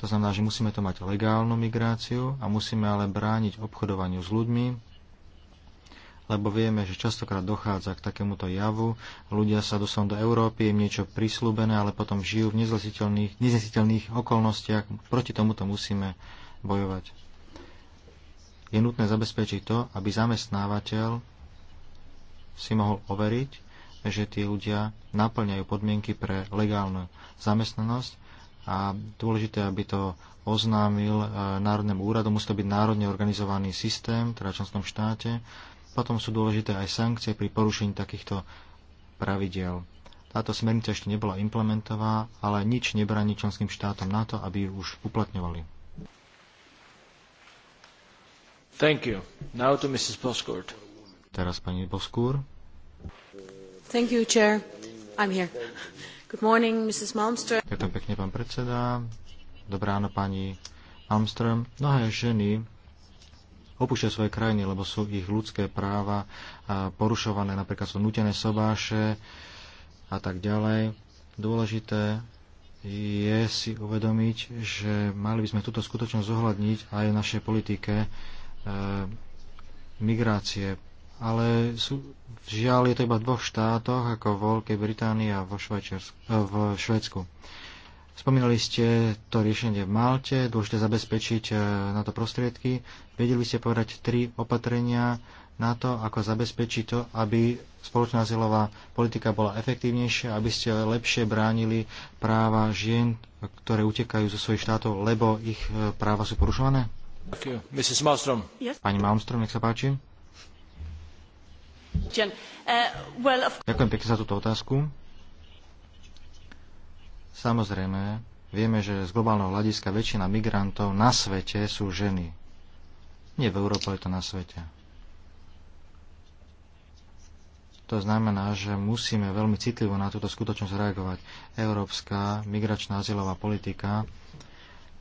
To znamená, že musíme to mať legálnu migráciu a musíme ale brániť obchodovaniu s ľuďmi, lebo vieme, že častokrát dochádza k takémuto javu. Ľudia sa dostanú do Európy, im niečo prislúbené, ale potom žijú v neznesiteľných, neznesiteľných okolnostiach. Proti tomuto musíme bojovať. Je nutné zabezpečiť to, aby zamestnávateľ si mohol overiť, že tí ľudia naplňajú podmienky pre legálnu zamestnanosť a dôležité, aby to oznámil e, Národnému úradu. Musí to byť národne organizovaný systém, teda v členskom štáte. Potom sú dôležité aj sankcie pri porušení takýchto pravidel. Táto smernica ešte nebola implementovaná, ale nič nebraní členským štátom na to, aby ju už uplatňovali. Thank you. Now to Mrs. Boskurt. Teraz pani Boskúr. Thank you, Chair. I'm here. Good morning, Mrs. Malmström. Ďakujem pekne, pán predseda. ráno, pani Malmström. Mnohé ženy opúšťajú svoje krajiny, lebo sú ich ľudské práva porušované, napríklad sú nutené sobáše a tak ďalej. Dôležité je si uvedomiť, že mali by sme túto skutočnosť zohľadniť aj v našej politike Eh, migrácie. Ale sú, žiaľ je to iba v dvoch štátoch, ako v Veľkej Británii a vo eh, v Švedsku. Spomínali ste to riešenie v Malte, dôležité zabezpečiť eh, na to prostriedky. Vedeli ste povedať tri opatrenia na to, ako zabezpečiť to, aby spoločná zielová politika bola efektívnejšia, aby ste lepšie bránili práva žien, ktoré utekajú zo svojich štátov, lebo ich práva sú porušované? Pani Malmström, nech sa páči. Eh, Ďakujem pekne za túto otázku. Samozrejme, vieme, že z globálneho hľadiska väčšina migrantov na svete sú ženy. Nie v Európe, ale to na svete. To znamená, že musíme veľmi citlivo na túto skutočnosť reagovať. Európska migračná azylová politika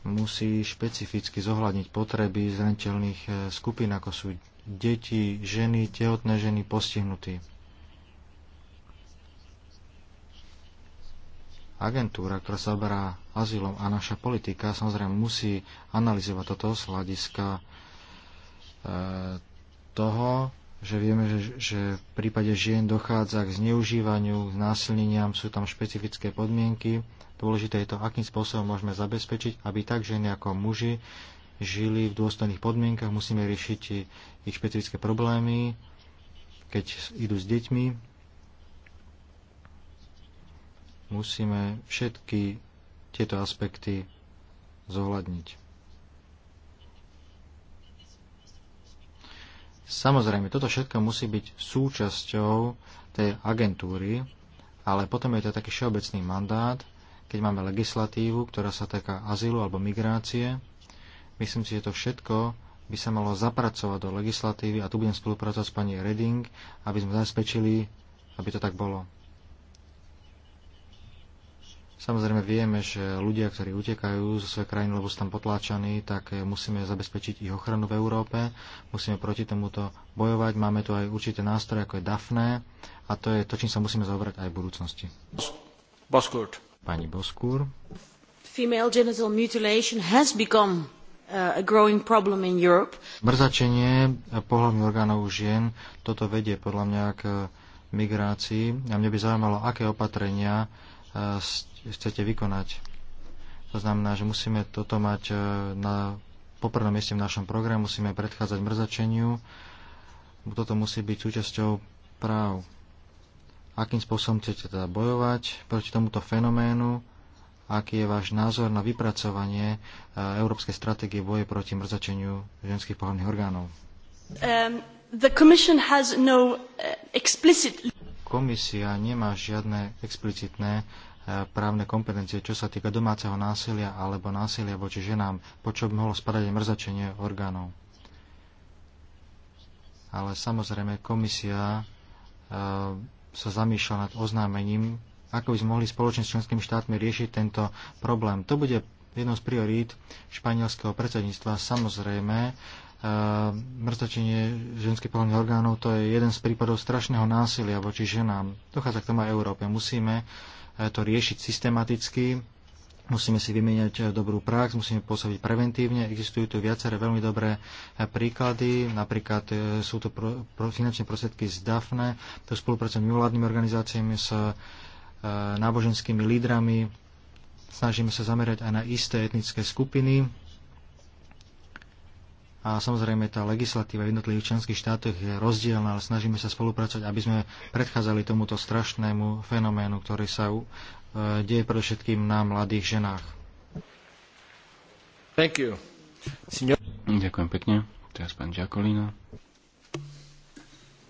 musí špecificky zohľadniť potreby zraniteľných eh, skupín, ako sú deti, ženy, tehotné ženy, postihnutí. Agentúra, ktorá sa oberá azylom a naša politika samozrejme musí analyzovať toto z hľadiska eh, toho, že vieme, že, že v prípade žien dochádza k zneužívaniu, k násilneniam, sú tam špecifické podmienky Dôležité je to, akým spôsobom môžeme zabezpečiť, aby tak ženy ako muži žili v dôstojných podmienkach, musíme riešiť ich špecifické problémy, keď idú s deťmi. Musíme všetky tieto aspekty zohľadniť. Samozrejme, toto všetko musí byť súčasťou tej agentúry, ale potom je to taký všeobecný mandát, keď máme legislatívu, ktorá sa týka azylu alebo migrácie. Myslím si, že to všetko by sa malo zapracovať do legislatívy a tu budem spolupracovať s pani Reding, aby sme zabezpečili, aby to tak bolo. Samozrejme vieme, že ľudia, ktorí utekajú zo svojej krajiny, lebo sú tam potláčaní, tak eh, musíme zabezpečiť ich ochranu v Európe, musíme proti tomuto bojovať. Máme tu aj určité nástroje, ako je DAFNE a to je to, čím sa musíme zaoberať aj v budúcnosti. Boskurt. Pani Boskúr. Female genital mutilation has become uh, a growing problem in Europe. Mrzačenie pohľadných orgánov žien, toto vedie podľa mňa k uh, migrácii. A mne by zaujímalo, aké opatrenia uh, chcete vykonať. To znamená, že musíme toto mať na poprvom mieste v našom programe, musíme predchádzať mrzačeniu. Toto musí byť súčasťou práv akým spôsobom chcete teda bojovať proti tomuto fenoménu, aký je váš názor na vypracovanie e, Európskej stratégie boje proti mrzačeniu ženských pohľadných orgánov. Um, no uh, explicit... Komisia nemá žiadne explicitné e, právne kompetencie, čo sa týka domáceho násilia alebo násilia voči ženám, po čo by mohlo spadať aj mrzačenie orgánov. Ale samozrejme komisia uh, sa zamýšľa nad oznámením, ako by sme mohli spoločne s členskými štátmi riešiť tento problém. To bude jednou z priorít španielského predsedníctva. Samozrejme, e, mrzačenie ženských pohľadných orgánov to je jeden z prípadov strašného násilia voči ženám. Dochádza k tomu aj Európe. Musíme e, to riešiť systematicky, Musíme si vymeniať eh, dobrú prax, musíme pôsobiť preventívne. Existujú tu viaceré veľmi dobré eh, príklady, napríklad eh, sú to pro, pro, finančné prostriedky z DAFNE, to spolupracujem s mimovládnymi organizáciami, s e, náboženskými lídrami. Snažíme sa zamerať aj na isté etnické skupiny, a samozrejme tá legislatíva v jednotlivých členských štátoch je rozdielna, ale snažíme sa spolupracovať, aby sme predchádzali tomuto strašnému fenoménu, ktorý sa e, deje predovšetkým na mladých ženách. Thank you. Signor... Ďakujem pekne. Teraz pán Giacolino.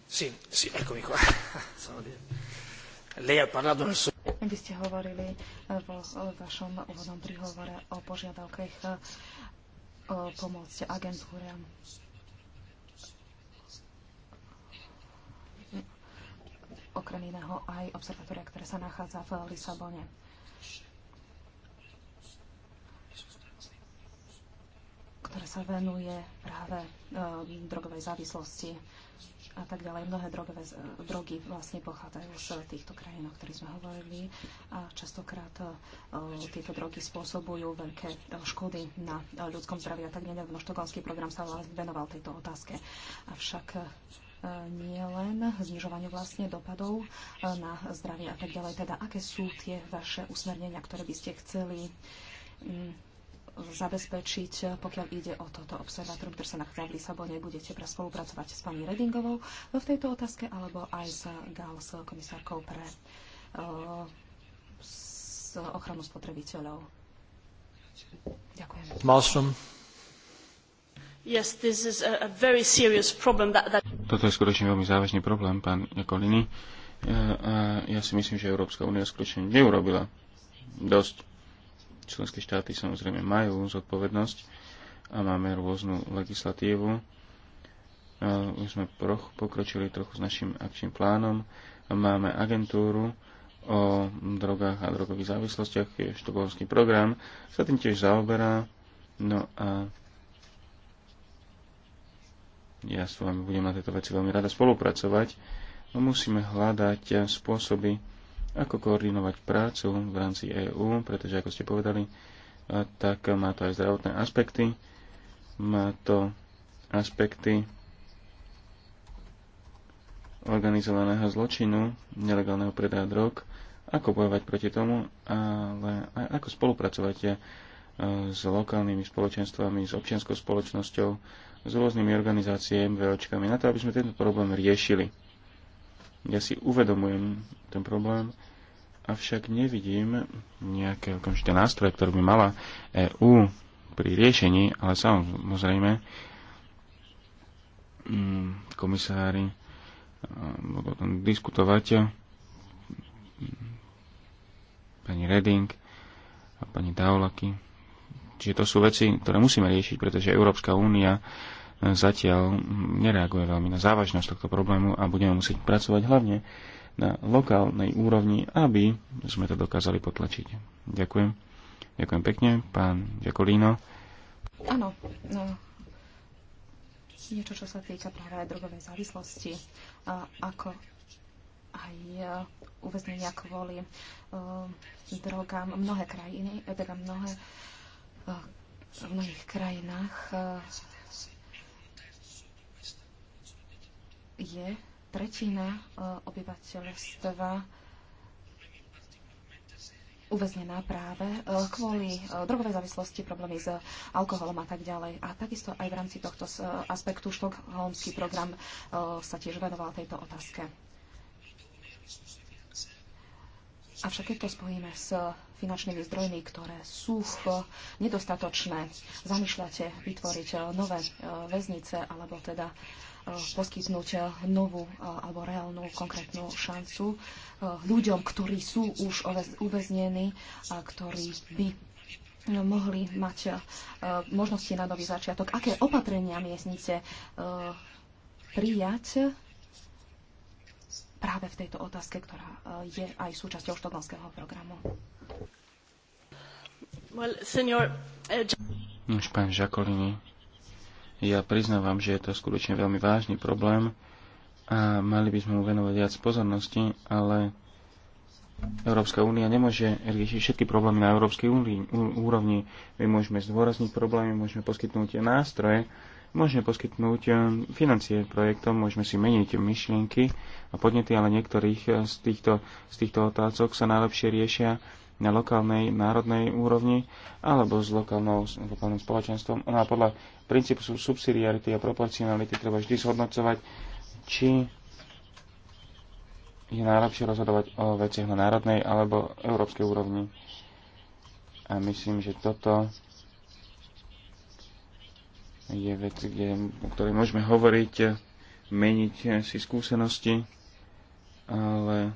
Sì, sì, eccomi qua. Lei ha parlato nel suo... Vy ste hovorili e, vo vašom úvodnom prihovore o požiadavkách e, pomôcť agentúram. Okrem iného aj observatória, ktoré sa nachádza v Lisabone. ktoré sa venuje práve e, drogovej závislosti a tak ďalej. Mnohé drogové, drogy vlastne pochádzajú z týchto krajín, o ktorých sme hovorili a častokrát e, tieto drogy spôsobujú veľké e, škody na e, ľudskom zdraví a tak nedávno štokholmský program sa venoval tejto otázke. Avšak nie len znižovanie vlastne dopadov na zdravie a tak ďalej. Teda aké sú tie vaše usmernenia, ktoré by ste chceli mm, zabezpečiť, pokiaľ ide o toto observatórium, ktoré sa nachádza v Lisabone. Budete pre spolupracovať s pani Redingovou v tejto otázke alebo aj s GAUS komisárkou pre uh, s ochranu spotrebiteľov. Ďakujem. Malstrom. Yes, this is a, very serious problem that, that... Toto je skutočne veľmi závažný problém, pán Jakolini. Ja, eh, ja si myslím, že Európska únia skutočne neurobila dosť Členské štáty samozrejme majú zodpovednosť a máme rôznu legislatívu. Už sme pokročili trochu s našim akčným plánom. Máme agentúru o drogách a drogových závislostiach, je štokholmský program, sa tým tiež zaoberá. No a ja s vami budem na tejto veci veľmi rada spolupracovať. No musíme hľadať spôsoby, ako koordinovať prácu v rámci EÚ, pretože ako ste povedali, tak má to aj zdravotné aspekty, má to aspekty organizovaného zločinu, nelegálneho predaja drog, ako bojovať proti tomu, ale aj ako spolupracovať s lokálnymi spoločenstvami, s občianskou spoločnosťou, s rôznymi organizáciami, VOčkami, na to, aby sme tento problém riešili. Ja si uvedomujem ten problém, avšak nevidím nejaké okamžité nástroje, ktoré by mala EÚ pri riešení, ale samozrejme mm, komisári e, budú tam diskutovať pani Reding a pani Daulaky. Čiže to sú veci, ktoré musíme riešiť, pretože Európska únia zatiaľ nereaguje veľmi na závažnosť tohto problému a budeme musieť pracovať hlavne na lokálnej úrovni, aby sme to dokázali potlačiť. Ďakujem. Ďakujem pekne, pán Jakolíno. Áno, no, niečo, čo sa týka práve drogovej závislosti, ako aj e, uväznenia kvôli e, drogám. Mnohé krajiny, e, teda mnohé v mnohých krajinách je tretina e, obyvateľstva uväznená práve e, kvôli e, drogovej závislosti, problémy s alkoholom a tak ďalej. A takisto aj v rámci tohto aspektu štokholmský program sa tiež venoval tejto otázke. Avšak keď to spojíme s finančnými zdrojmi, ktoré sú nedostatočné, zamýšľate vytvoriť nové väznice alebo teda poskytnúť e, novú e, alebo reálnu konkrétnu šancu e, ľuďom, ktorí sú už uväznení a ktorí by mohli mať možnosti na nový začiatok. Aké opatrenia miestnice prijať práve v tejto otázke, ktorá je aj súčasťou štokholmského programu? Well, senior, uh, Už pán Žakolini, ja priznávam, že je to skutočne veľmi vážny problém a mali by sme mu venovať viac pozornosti, ale Európska únia nemôže riešiť všetky problémy na európskej úrovni. My môžeme zdôrazniť problémy, môžeme poskytnúť nástroje, môžeme poskytnúť e, financie projektom, môžeme si meniť myšlienky a podnety, ale niektorých e, z týchto, z týchto otázok sa najlepšie riešia na lokálnej, národnej úrovni alebo s lokálnou, lokálnym spoločenstvom. No a podľa princíp subsidiarity a proporcionality treba vždy zhodnocovať, či je najlepšie rozhodovať o veciach na národnej alebo európskej úrovni. A myslím, že toto je vec, kde, o ktorej môžeme hovoriť, meniť si skúsenosti, ale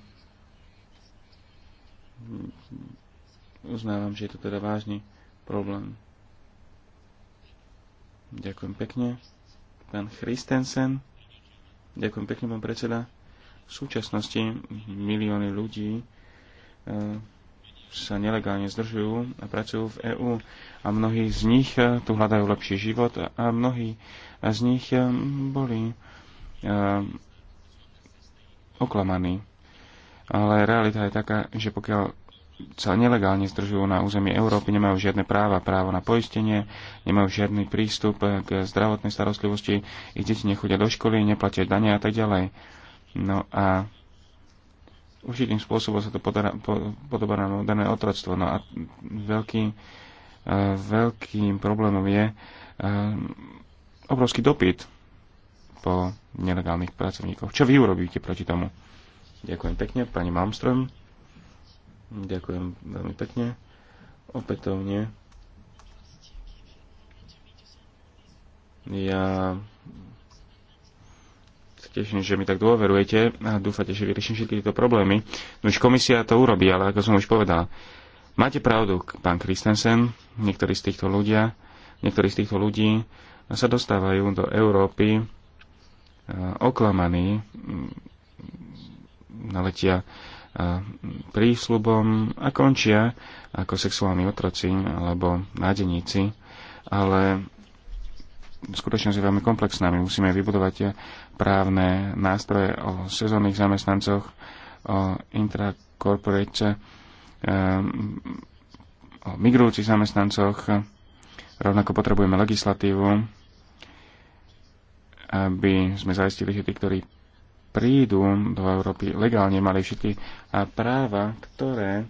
uznávam, že je to teda vážny problém. Ďakujem pekne. Pán Christensen. Ďakujem pekne, pán predseda. V súčasnosti milióny ľudí eh, sa nelegálne zdržujú a pracujú v EÚ a mnohí z nich eh, tu hľadajú lepší život a mnohí z nich eh, boli oklamaní. Ale realita je taká, že pokiaľ sa nelegálne zdržujú na území Európy, nemajú žiadne práva, právo na poistenie, nemajú žiadny prístup k zdravotnej starostlivosti, ich deti nechodia do školy, neplatia dania a tak ďalej. No a určitým spôsobom sa to podara, po, podobá na moderné otroctvo. No a veľký, e, veľkým problémom je e, obrovský dopyt po nelegálnych pracovníkoch. Čo vy urobíte proti tomu? Ďakujem pekne, pani Malmström. Ďakujem veľmi pekne. Opätovne. Ja sa teším, že mi tak dôverujete a dúfate, že vyrieším všetky tieto problémy. No už komisia to urobí, ale ako som už povedal, máte pravdu, pán Kristensen, niektorí z týchto ľudia, niektorí z týchto ľudí sa dostávajú do Európy e, oklamaní, naletia prísľubom a končia ako sexuálni otroci alebo nádeníci, ale skutočnosť je veľmi komplexná. My musíme vybudovať právne nástroje o sezónnych zamestnancoch, o intrakorporate, ehm, o migrujúcich zamestnancoch. Rovnako potrebujeme legislatívu, aby sme zaistili, že tí, ktorí prídu do Európy legálne, mali všetky práva, ktoré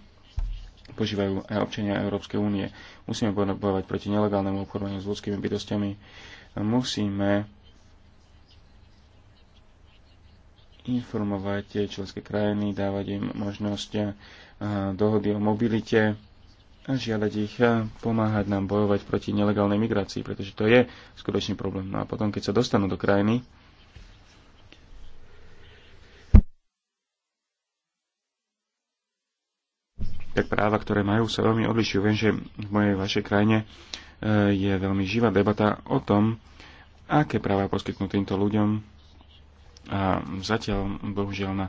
požívajú aj občania Európskej únie. Musíme bojovať proti nelegálnemu obchodovaniu s ľudskými bytostiami. Musíme informovať členské krajiny, dávať im možnosť dohody o mobilite a žiadať ich pomáhať nám bojovať proti nelegálnej migrácii, pretože to je skutočný problém. No a potom, keď sa dostanú do krajiny, tak práva, ktoré majú, sa veľmi odlišujú. Viem, že v mojej vašej krajine e, je veľmi živá debata o tom, aké práva poskytnú týmto ľuďom. A zatiaľ, bohužiaľ, na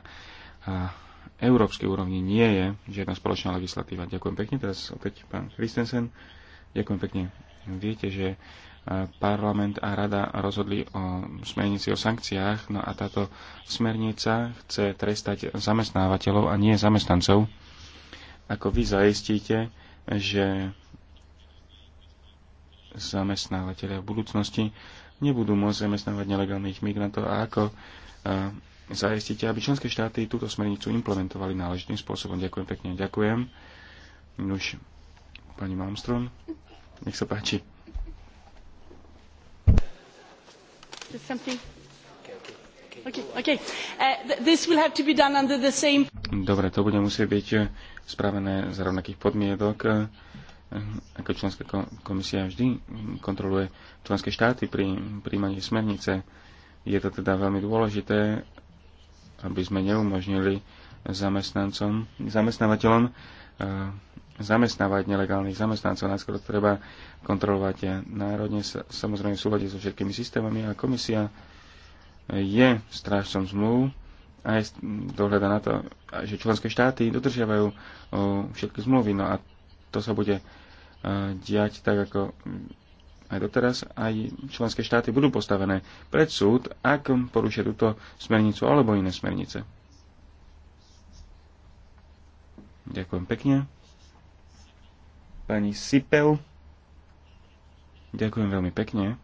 európskej úrovni nie je žiadna spoločná legislatíva. Ďakujem pekne. Teraz opäť pán Christensen. Ďakujem pekne. Viete, že e, parlament a rada rozhodli o smernici o sankciách, no a táto smernica chce trestať zamestnávateľov a nie zamestnancov ako vy zaistíte, že zamestnávateľia v budúcnosti nebudú môcť zamestnávať nelegálnych migrantov a ako zaistíte, aby členské štáty túto smernicu implementovali náležitým spôsobom. Ďakujem pekne. Ďakujem. Už pani Malmström, nech sa páči. Something. Uh, Dobre, to bude musieť byť uh, spravené za rovnakých podmienok. Uh, ako členská komisia vždy kontroluje členské štáty pri príjmaní smernice. Je to teda veľmi dôležité, aby sme neumožnili zamestnancom, zamestnávateľom zamestnávať nelegálnych zamestnancov. Najskôr treba kontrolovať národne, samozrejme v súlade so všetkými systémami a komisia je strážcom zmluv a je dohľada na to, že členské štáty dodržiavajú všetky zmluvy. No a to sa bude diať tak, ako mm, aj doteraz, aj členské štáty budú postavené pred súd, ak porušia túto smernicu alebo iné smernice. Ďakujem pekne. Pani Sipel. Ďakujem veľmi pekne.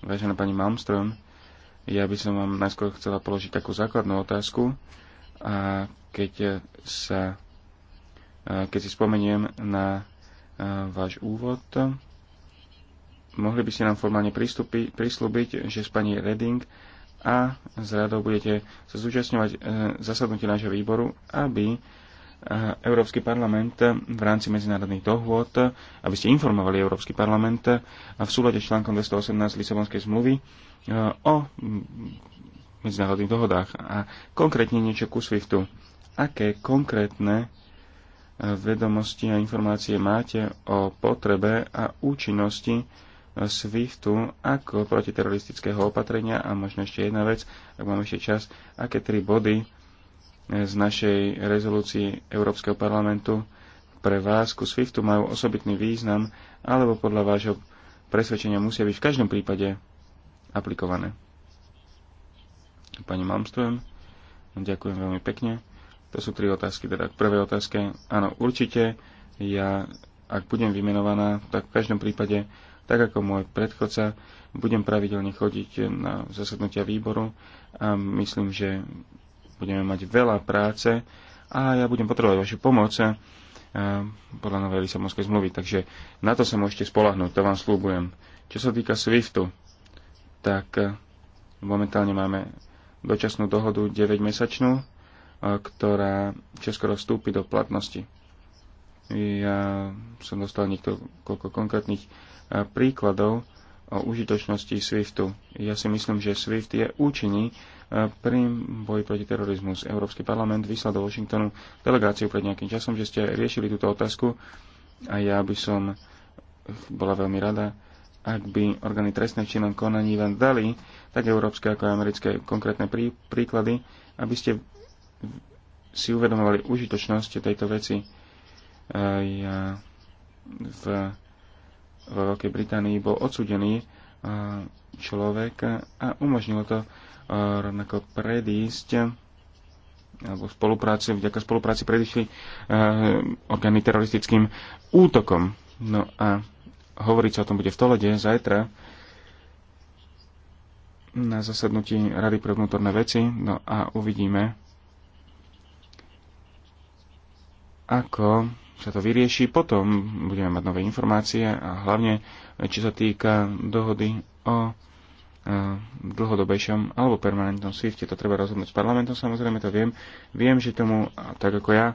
Vážená pani Malmström, ja by som vám najskôr chcela položiť takú základnú otázku. A keď sa keď si spomeniem na váš úvod, mohli by ste nám formálne prislúbiť, že s pani Reding a s radou budete sa zúčastňovať e, zasadnutie nášho výboru, aby Európsky parlament v rámci medzinárodných dohôd, aby ste informovali Európsky parlament v súlade s článkom 218 Lisabonskej zmluvy e, o medzinárodných dohodách a konkrétne niečo ku SWIFTu. Aké konkrétne e, vedomosti a informácie máte o potrebe a účinnosti e, SWIFTu ako protiteroristického opatrenia a možno ešte jedna vec, ak mám ešte čas, aké tri body z našej rezolúcii Európskeho parlamentu pre vás ku SWIFTu majú osobitný význam alebo podľa vášho presvedčenia musia byť v každom prípade aplikované. Pani Malmström, ďakujem veľmi pekne. To sú tri otázky. Teda k prvej otázke, áno, určite ja, ak budem vymenovaná, tak v každom prípade, tak ako môj predchodca, budem pravidelne chodiť na zasadnutia výboru a myslím, že budeme mať veľa práce a ja budem potrebovať vašu pomoc eh, podľa novej Lisabonskej zmluvy. Takže na to sa môžete spolahnúť, to vám slúbujem. Čo sa týka SWIFTu, tak eh, momentálne máme dočasnú dohodu 9-mesačnú, eh, ktorá čoskoro vstúpi do platnosti. Ja som dostal niekoľko konkrétnych príkladov o užitočnosti SWIFTu. Ja si myslím, že SWIFT je účinný pri boji proti terorizmu. Európsky parlament vyslal do Washingtonu delegáciu pred nejakým časom, že ste riešili túto otázku a ja by som bola veľmi rada, ak by orgány trestné činom konaní vám dali tak európske ako aj americké konkrétne prí, príklady, aby ste si uvedomovali užitočnosť tejto veci. Ja v, vo Veľkej Británii bol odsudený človek a umožnilo to rovnako predísť alebo spolupráci, vďaka spolupráci predišli e, orgány teroristickým útokom. No a hovoriť sa o tom bude v Tolede zajtra na zasadnutí Rady pre vnútorné veci. No a uvidíme, ako sa to vyrieši. Potom budeme mať nové informácie a hlavne, či sa týka dohody o v dlhodobejšom alebo permanentnom svifte. To treba rozhodnúť s parlamentom, samozrejme to viem. Viem, že tomu, tak ako ja,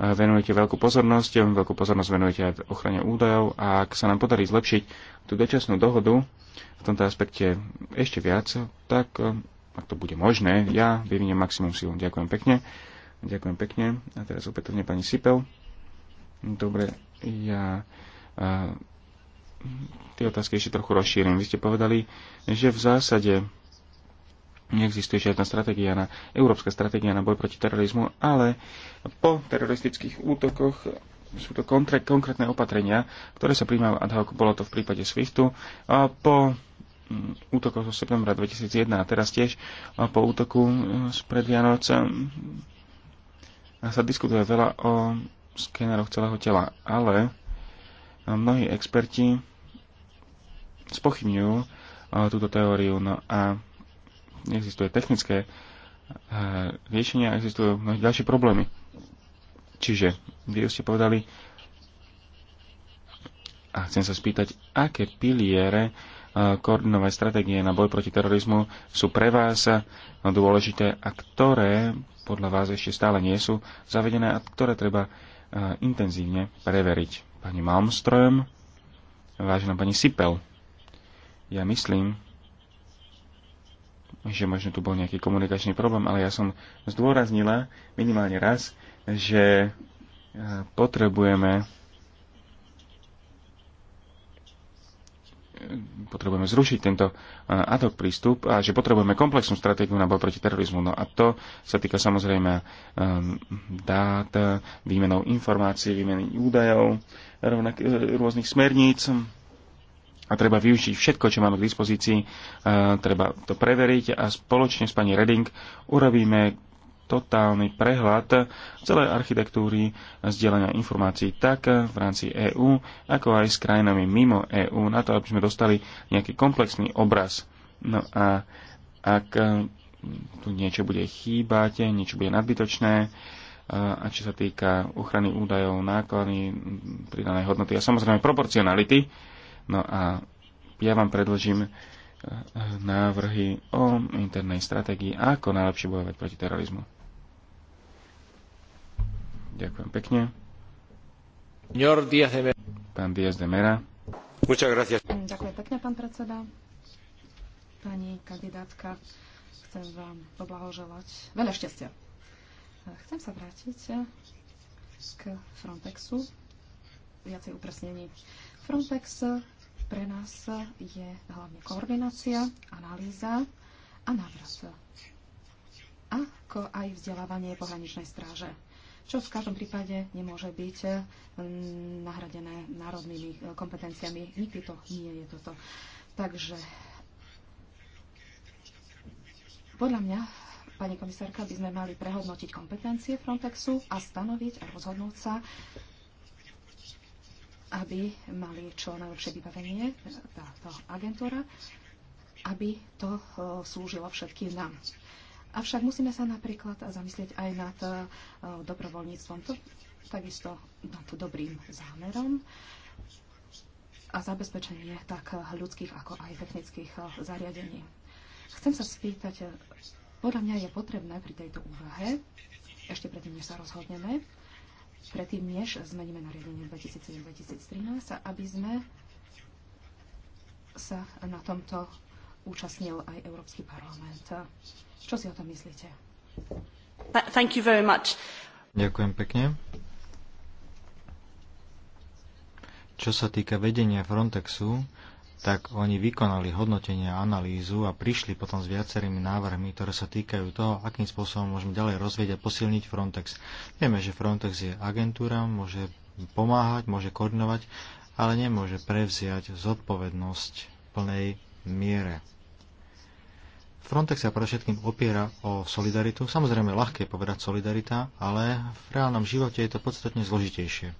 venujete veľkú pozornosť, veľkú pozornosť venujete aj ochrane údajov a ak sa nám podarí zlepšiť tú dočasnú dohodu v tomto aspekte ešte viac, tak ak to bude možné, ja vyviniem maximum síl. Ďakujem pekne. Ďakujem pekne. A teraz opätovne pani Sipel. Dobre, ja tie otázky ešte trochu rozšírim. Vy ste povedali, že v zásade neexistuje žiadna stratégia na, európska stratégia na boj proti terorizmu, ale po teroristických útokoch sú to kontre, konkrétne opatrenia, ktoré sa príjmajú ad hoc, bolo to v prípade SWIFTu, a po mm, útokoch zo septembra 2001 a teraz tiež a po útoku mm, spred Vianoce mm, sa diskutuje veľa o skéneroch celého tela, ale mnohí experti spochybňujú túto teóriu. No a existuje technické riešenia, existujú mnohé ďalšie problémy. Čiže vy ste povedali, a chcem sa spýtať, aké piliere koordinovať stratégie na boj proti terorizmu sú pre vás dôležité a ktoré podľa vás ešte stále nie sú zavedené a ktoré treba intenzívne preveriť pani Malmström, vážená pani Sipel. Ja myslím, že možno tu bol nejaký komunikačný problém, ale ja som zdôraznila minimálne raz, že e, potrebujeme potrebujeme zrušiť tento e, ad hoc prístup a že potrebujeme komplexnú stratégiu na boj proti terorizmu. No a to sa týka samozrejme e, dát, výmenou informácií, výmeny údajov, rovnak, e, rôznych smerníc a treba využiť všetko, čo máme k dispozícii, e, treba to preveriť a spoločne s pani Reding urobíme totálny prehľad celej architektúry zdieľania informácií tak v rámci EÚ, ako aj s krajinami mimo EÚ, na to, aby sme dostali nejaký komplexný obraz. No a ak tu niečo bude chýbať, niečo bude nadbytočné, a čo sa týka ochrany údajov, náklady, pridanej hodnoty a samozrejme proporcionality. No a ja vám predložím e, návrhy o internej stratégii, ako najlepšie bojovať proti terorizmu. Ďakujem pekne. Pán Díaz de Mera. Ďakujem pekne, pán predseda. Pani kandidátka, chcem vám poblahoželať veľa šťastia Chcem sa vrátiť k Frontexu. Viacej upresnení. Frontex pre nás je hlavne koordinácia, analýza a návrat. Ako aj vzdelávanie pohraničnej stráže čo v každom prípade nemôže byť nahradené národnými e, kompetenciami. Nikdy to nie je toto. Takže podľa mňa pani komisárka, by sme mali prehodnotiť kompetencie Frontexu a stanoviť a rozhodnúť sa, aby mali čo najlepšie vybavenie táto agentúra, aby to e, slúžilo všetkým nám. Avšak musíme sa napríklad zamyslieť aj nad e, dobrovoľníctvom, to, takisto nad dobrým zámerom a zabezpečenie tak ľudských, ako aj technických e, zariadení. Chcem sa spýtať podľa mňa je potrebné pri tejto úvahe, ešte predtým, než sa rozhodneme, predtým, než zmeníme nariadenie 2007-2013, aby sme sa na tomto účastnil aj Európsky parlament. Čo si o tom myslíte? Thank you very much. Ďakujem pekne. Čo sa týka vedenia Frontexu, tak oni vykonali hodnotenie a analýzu a prišli potom s viacerými návrhmi, ktoré sa týkajú toho, akým spôsobom môžeme ďalej rozvieť a posilniť Frontex. Vieme, že Frontex je agentúra, môže pomáhať, môže koordinovať, ale nemôže prevziať zodpovednosť v plnej miere. Frontex sa všetkým opiera o solidaritu. Samozrejme, ľahké je povedať solidarita, ale v reálnom živote je to podstatne zložitejšie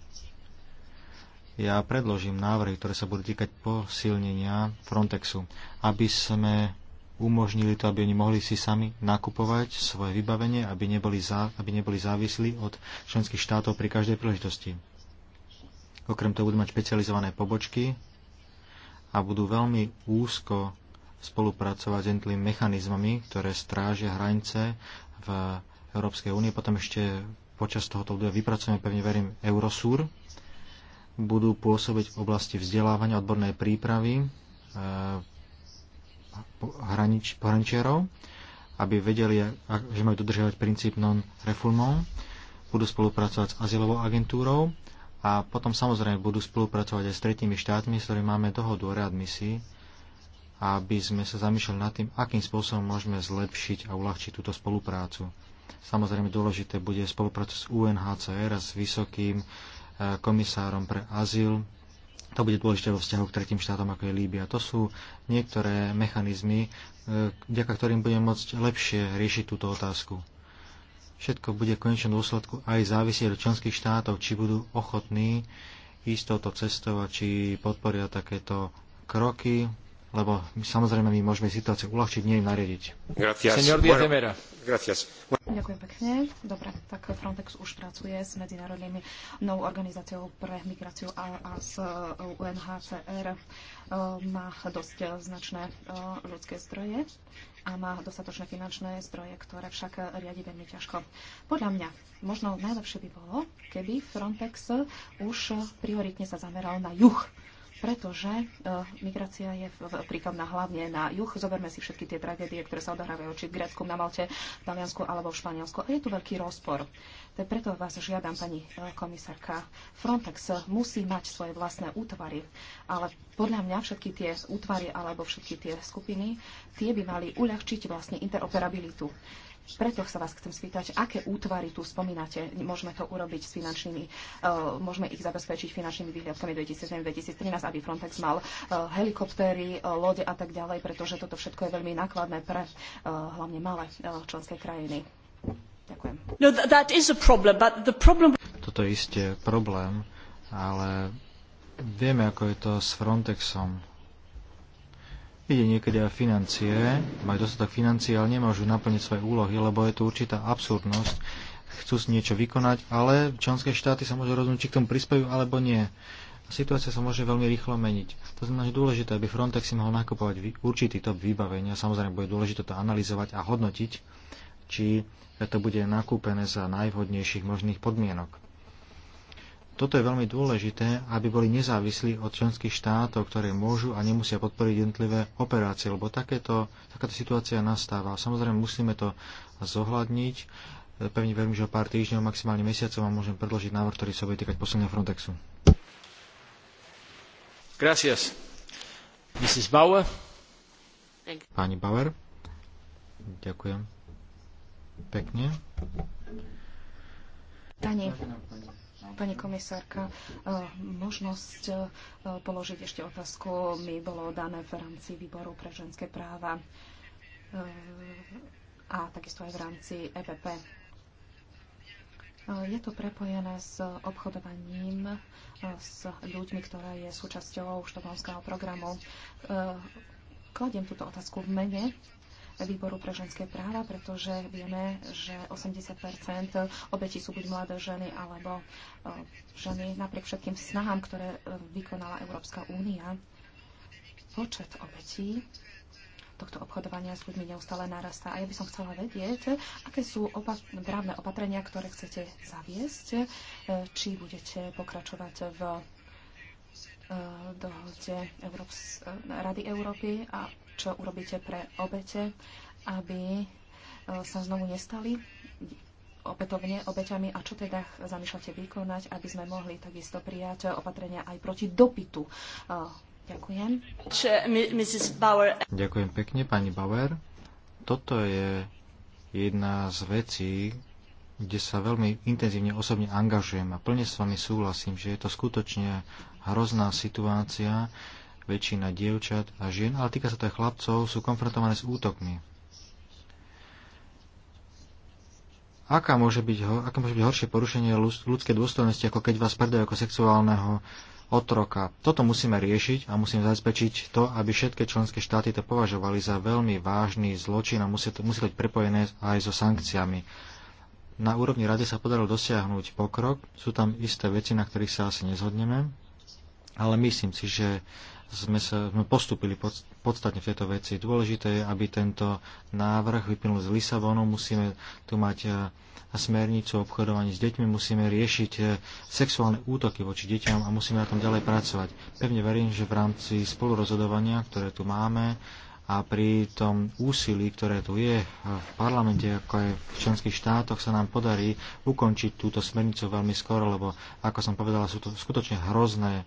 ja predložím návrhy, ktoré sa budú týkať posilnenia Frontexu, aby sme umožnili to, aby oni mohli si sami nakupovať svoje vybavenie, aby neboli, za, aby neboli závislí od členských štátov pri každej príležitosti. Okrem toho budú mať špecializované pobočky a budú veľmi úzko spolupracovať s jednotlivými mechanizmami, ktoré strážia hranice v Európskej únie. Potom ešte počas tohoto obdobia vypracujeme, pevne verím, Eurosur, budú pôsobiť v oblasti vzdelávania odbornej prípravy e, pohraničiarov, aby vedeli, že majú dodržiavať princíp non refoulement, budú spolupracovať s azylovou agentúrou a potom samozrejme budú spolupracovať aj s tretími štátmi, s ktorými máme dohodu o readmisii, aby sme sa zamýšľali nad tým, akým spôsobom môžeme zlepšiť a uľahčiť túto spoluprácu. Samozrejme dôležité bude spolupráca s UNHCR a s vysokým komisárom pre azyl. To bude dôležité vo vzťahu k tretím štátom, ako je Líbia. To sú niektoré mechanizmy, e, vďaka ktorým budeme môcť lepšie riešiť túto otázku. Všetko bude v konečnom dôsledku aj závisieť od členských štátov, či budú ochotní ísť touto cestou a či podporia takéto kroky, lebo my, samozrejme my môžeme situáciu uľahčiť, nie im nariadiť. Senior Ďakujem pekne. Dobre, tak Frontex už pracuje s medzinárodnými novou organizáciou pre migráciu a, a s e, UNHCR. E, má dosť značné e, ľudské zdroje a má dostatočné finančné zdroje, ktoré však riadi veľmi ťažko. Podľa mňa možno najlepšie by bolo, keby Frontex už prioritne sa zameral na juh pretože e, migrácia je prítomná hlavne na juh. Zoberme si všetky tie tragédie, ktoré sa odohrávajú či v Grécku, na Malte, v Taliansku alebo v Španielsku. A je tu veľký rozpor. Preto vás žiadam, pani e, komisárka, Frontex musí mať svoje vlastné útvary, ale podľa mňa všetky tie útvary alebo všetky tie skupiny, tie by mali uľahčiť vlastne interoperabilitu. Preto sa vás chcem spýtať, aké útvary tu spomínate. Môžeme to urobiť s finančnými, uh, môžeme ich zabezpečiť finančnými výhľadkami 2007-2013, aby Frontex mal uh, helikoptéry, uh, lode a tak ďalej, pretože toto všetko je veľmi nákladné pre uh, hlavne malé uh, členské krajiny. Ďakujem. No, that is a problem, but the problem... Toto je isté problém, ale vieme, ako je to s Frontexom Ide niekedy aj financie, majú dostatok financie ale nemôžu naplniť svoje úlohy, lebo je tu určitá absurdnosť. Chcú si niečo vykonať, ale členské štáty sa môžu rozhodnúť, či k tomu prispajú alebo nie. Situácia sa môže veľmi rýchlo meniť. To znamená, že dôležité, aby Frontex si mohol nakupovať určitý top vybavenia. Samozrejme, bude dôležité to analyzovať a hodnotiť, či to bude nakúpené za najvhodnejších možných podmienok. Toto je veľmi dôležité, aby boli nezávislí od členských štátov, ktoré môžu a nemusia podporiť jednotlivé operácie, lebo takéto, takáto situácia nastáva. Samozrejme, musíme to zohľadniť. Pevne verím, že o pár týždňov, maximálne mesiacov vám môžem predložiť návrh, ktorý sa bude týkať posledného Frontexu. Gracias. Mrs. Bauer. Pani Bauer. Ďakujem. Pekne. Pani. Pani komisárka, e, možnosť e, položiť ešte otázku mi bolo dané v rámci výboru pre ženské práva e, a takisto aj v rámci EPP. Je to prepojené s obchodovaním s ľuďmi, ktorá je súčasťou štokholmského programu. Kladiem túto otázku v mene výboru pre ženské práva, pretože vieme, že 80 obetí sú buď mladé ženy alebo e, ženy napriek všetkým snahám, ktoré e, vykonala Európska únia. Počet obetí tohto obchodovania s ľuďmi neustále narastá. A ja by som chcela vedieť, aké sú opat- právne opatrenia, ktoré chcete zaviesť, e, či budete pokračovať v dohode Európs- Rady Európy a čo urobíte pre obete, aby e, sa znovu nestali opätovne obeťami a čo teda zamýšľate vykonať, aby sme mohli takisto prijať e, opatrenia aj proti dopytu. E, ďakujem. Ďakujem pekne, pani Bauer. Toto je jedna z vecí, kde sa veľmi intenzívne osobne angažujem a plne s vami súhlasím, že je to skutočne hrozná situácia, väčšina dievčat a žien, ale týka sa to aj chlapcov, sú konfrontované s útokmi. Aká môže byť, aké môže byť horšie porušenie ľudskej dôstojnosti, ako keď vás predajú ako sexuálneho otroka? Toto musíme riešiť a musíme zabezpečiť to, aby všetky členské štáty to považovali za veľmi vážny zločin a musí to, musí to byť prepojené aj so sankciami. Na úrovni rady sa podarilo dosiahnuť pokrok, sú tam isté veci, na ktorých sa asi nezhodneme, ale myslím si, že sme, sa, sme postupili pod, podstatne v tejto veci. Dôležité je, aby tento návrh vyplnul z Lisabonu. Musíme tu mať e, smernicu o obchodovaní s deťmi, musíme riešiť e, sexuálne útoky voči deťam a musíme na tom ďalej pracovať. Pevne verím, že v rámci spolurozhodovania, ktoré tu máme, a pri tom úsilí, ktoré tu je eh, v parlamente, ako aj v členských štátoch, sa nám podarí ukončiť túto smernicu veľmi skoro, lebo, ako som povedala, sú to skutočne hrozné e,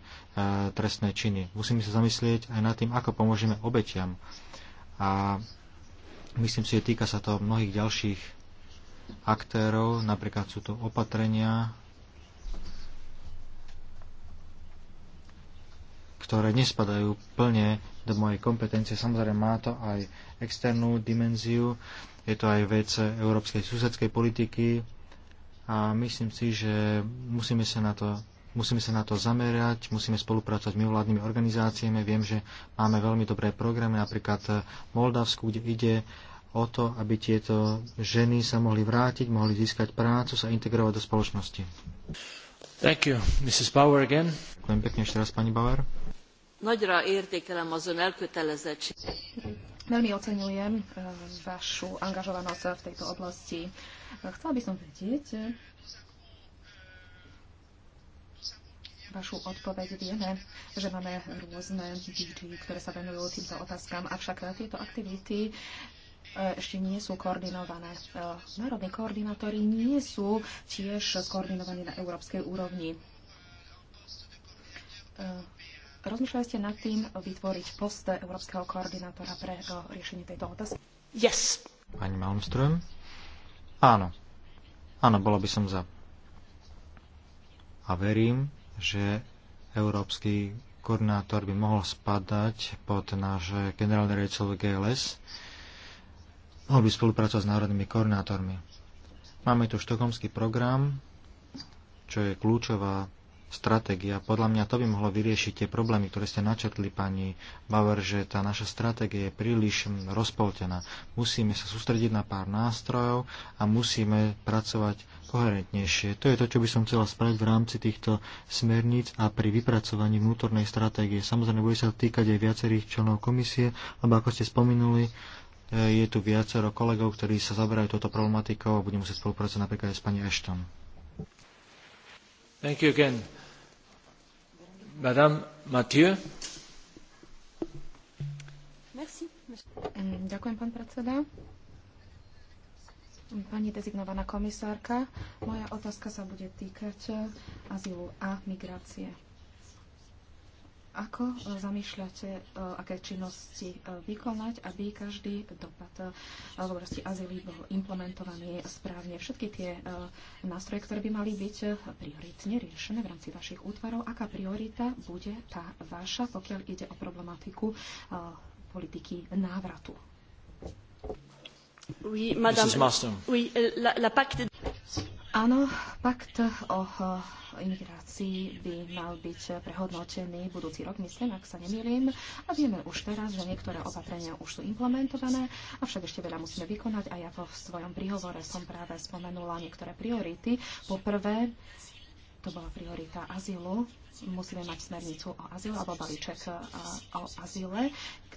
trestné činy. Musíme sa zamyslieť aj nad tým, ako pomôžeme obetiam. A myslím si, že týka sa to mnohých ďalších aktérov, napríklad sú to opatrenia, ktoré nespadajú plne do mojej kompetencie. Samozrejme má to aj externú dimenziu, je to aj vec európskej susedskej politiky a myslím si, že musíme sa na to Musíme sa na to zamerať, musíme spolupracovať s mimovládnymi organizáciami. Viem, že máme veľmi dobré programy, napríklad v Moldavsku, kde ide o to, aby tieto ženy sa mohli vrátiť, mohli získať prácu, sa integrovať do spoločnosti. Thank you, Mrs. Bauer again. Ďakujem pekne ešte raz, pani Bauer. Nagyra értékelem azon elkötelezettséget. Veľmi oceňujem eh, vašu angažovanosť v tejto oblasti. Eh, chcela by som vedieť eh, vašu odpoveď. Vieme, že máme rôzne DG, ktoré sa venujú týmto otázkam, avšak tieto aktivity ešte nie sú koordinované. Národní koordinátori nie sú tiež koordinovaní na európskej úrovni Rozmýšľali ste nad tým vytvoriť post Európskeho koordinátora pre e, riešenie tejto otázky? Yes. Pani Malmström? Áno. Áno, bolo by som za. A verím, že Európsky koordinátor by mohol spadať pod náš generálny rejcov GLS. Mohol by spolupracovať s národnými koordinátormi. Máme tu štokholmský program, čo je kľúčová stratégia. Podľa mňa to by mohlo vyriešiť tie problémy, ktoré ste načrtli, pani Bauer, že tá naša stratégia je príliš rozpoltená. Musíme sa sústrediť na pár nástrojov a musíme pracovať koherentnejšie. To je to, čo by som chcela spraviť v rámci týchto smerníc a pri vypracovaní vnútornej stratégie. Samozrejme, bude sa týkať aj viacerých členov komisie, lebo ako ste spomenuli, eh, je tu viacero kolegov, ktorí sa zaberajú touto problematikou a budem musieť spolupracovať napríklad aj s pani Ashton. Thank you again. Madame Mathieu. Merci. Ďakujem, pán predseda. Pani dezignovaná komisárka, moja otázka sa bude týkať azylu a migrácie. Ako e, zamýšľate, e, aké činnosti e, vykonať, aby každý dopad v oblasti azyly bol implementovaný správne? Všetky tie nástroje, ktoré by mali byť prioritne riešené v rámci vašich útvarov, aká priorita bude tá vaša, pokiaľ ide o problematiku politiky návratu? Oui, madame. Oui, la, la pacte... Áno, pakt o imigrácii by mal byť prehodnotený budúci rok, myslím, ak sa nemýlim. A vieme už teraz, že niektoré opatrenia už sú implementované, avšak ešte veľa musíme vykonať a ja vo svojom príhovore som práve spomenula niektoré priority. Poprvé, to bola priorita azylu. Musíme mať smernicu o azylu alebo balíček o azyle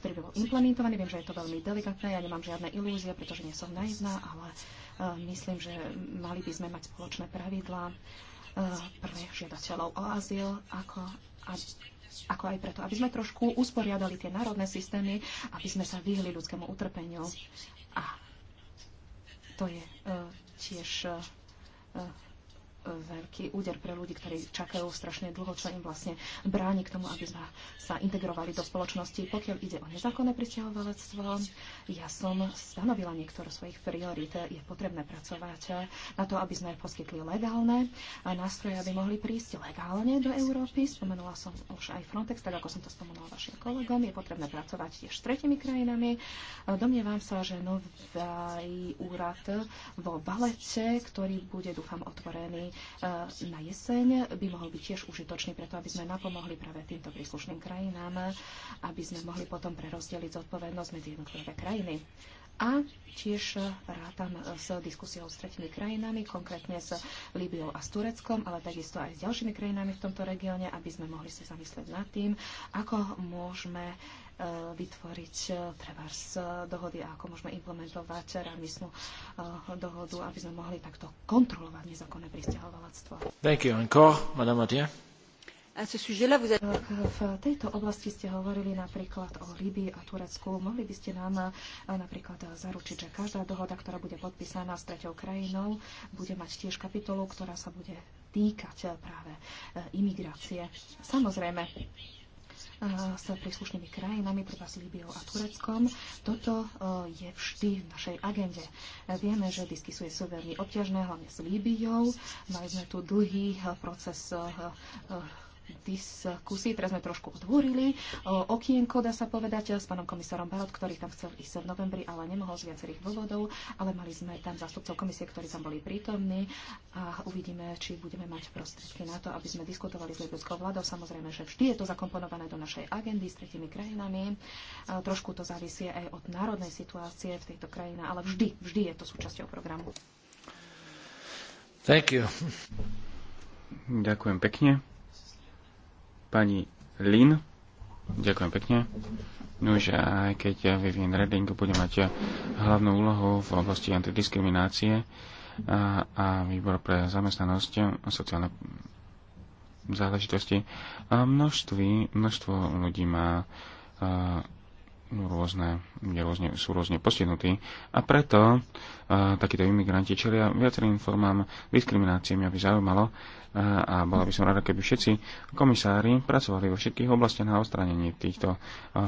ktorý bol implementovaný. Viem, že je to veľmi delikatné, ja nemám žiadne ilúzie, pretože nie som naivná, ale eh, myslím, že mali by sme mať spoločné pravidlá eh, pre žiadateľov o azyl, ako, ako aj preto, aby sme trošku usporiadali tie národné systémy, aby sme sa vyhli ľudskému utrpeniu. A to je eh, tiež veľký úder pre ľudí, ktorí čakajú strašne dlho, čo im vlastne bráni k tomu, aby sme sa integrovali do spoločnosti. Pokiaľ ide o nezákonné pristahovalectvo, ja som stanovila niektoré svojich priorít. Je potrebné pracovať na to, aby sme poskytli legálne nástroje, aby mohli prísť legálne do Európy. Spomenula som už aj Frontex, tak ako som to spomenula vašim kolegom. Je potrebné pracovať tiež s tretimi krajinami. Domnievam sa, že nový úrad vo balete, ktorý bude, dúfam, otvorený Eh, na jeseň by mohol byť tiež užitočný preto, aby sme napomohli práve týmto príslušným krajinám, aby sme mohli potom prerozdeliť zodpovednosť medzi jednotlivé krajiny a tiež rátam s diskusiou s tretimi krajinami, konkrétne s Líbiou a s Tureckom, ale takisto aj s ďalšími krajinami v tomto regióne, aby sme mohli sa zamyslieť nad tým, ako môžeme Eh, vytvoriť eh, trebárs dohody a ako môžeme implementovať rámysnú eh, dohodu, aby sme mohli takto kontrolovať nezákonné pristahovalactvo. Thank you. Encore, Madame Mathieu. V tejto oblasti ste hovorili napríklad o Libii a Turecku. Mohli by ste nám napríklad zaručiť, že každá dohoda, ktorá bude podpísaná s treťou krajinou, bude mať tiež kapitolu, ktorá sa bude týkať práve imigrácie. Samozrejme, s príslušnými krajinami, treba s Líbiou a Tureckom. Toto e, je vždy v našej agende. E, vieme, že diskusie sú veľmi obťažné, hlavne s Líbiou. Mali sme tu dlhý e, proces diskusii. Teraz sme trošku zdvorili okienko, dá sa povedať, s pánom komisárom Barot, ktorý tam chcel ísť v novembri, ale nemohol z viacerých dôvodov, ale mali sme tam zástupcov komisie, ktorí tam boli prítomní a uvidíme, či budeme mať prostriedky na to, aby sme diskutovali s libyskou vládou. Samozrejme, že vždy je to zakomponované do našej agendy s tretimi krajinami. trošku to závisí aj od národnej situácie v tejto krajine, ale vždy, vždy je to súčasťou programu. Thank you. Ďakujem pekne. Pani Lin, ďakujem pekne. Nuž, no aj keď Vivian Redding bude mať hlavnú úlohu v oblasti antidiskriminácie a, a výbor pre zamestnanosť a sociálne záležitosti, a množství, množstvo ľudí má a, rôzne, rôzne, sú rôzne postihnutí a preto a, takíto imigranti čelia viacerým formám diskriminácie. Mňa by zaujímalo a, a bola by som rada, keby všetci komisári pracovali vo všetkých oblastiach na odstránenie týchto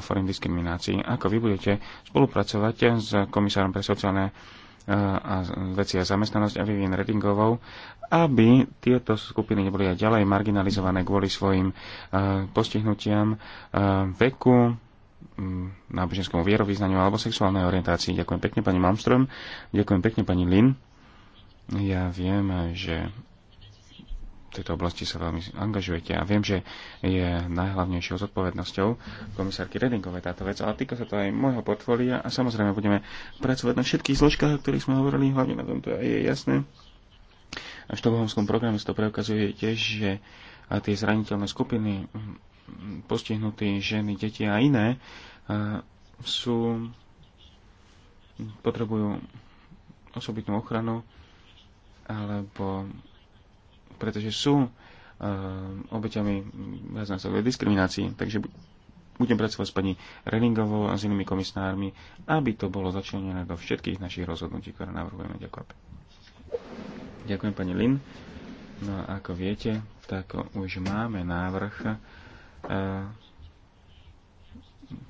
form diskriminácií. Ako vy budete spolupracovať s komisárom pre sociálne a veci a zamestnanosť a Vivian Redingovou, aby tieto skupiny neboli aj ďalej marginalizované kvôli svojim postihnutiam, veku, Mm, náboženskému vierovýznaniu alebo sexuálnej orientácii. Ďakujem pekne pani Malmström, ďakujem pekne pani Lin. Ja viem, že v tejto oblasti sa veľmi angažujete a viem, že je najhlavnejšou zodpovednosťou komisárky Redingovej táto vec, ale týka sa to aj môjho portfólia a samozrejme budeme pracovať na všetkých zložkách, o ktorých sme hovorili, hlavne na tomto je jasné. A v štokholmskom programe sa to preukazuje tiež, že a tie zraniteľné skupiny postihnutí ženy, deti a iné e, sú, potrebujú osobitnú ochranu alebo pretože sú e, obeťami viacnásobnej diskriminácii. Takže budem pracovať s pani Relingovou a s inými komisnármi, aby to bolo začlenené do všetkých našich rozhodnutí, ktoré navrhujeme. Ďakujem. Ďakujem pani Lin. No a ako viete, tak už máme návrh E,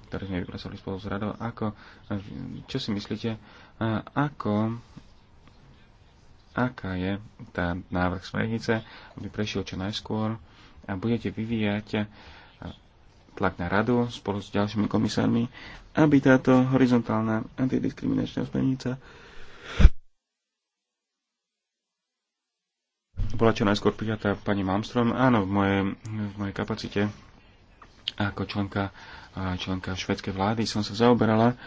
ktoré sme vypracovali spolu s radou, ako, e, čo si myslíte, e, ako, aká je tá návrh smernice, aby prešiel čo najskôr a budete vyvíjať tlak na radu spolu s ďalšími komisármi, aby táto horizontálna antidiskriminačná smernica bola čo najskôr prijatá pani Malmström. Áno, v mojej, v mojej kapacite ako členka, členka švedskej vlády som sa zaoberala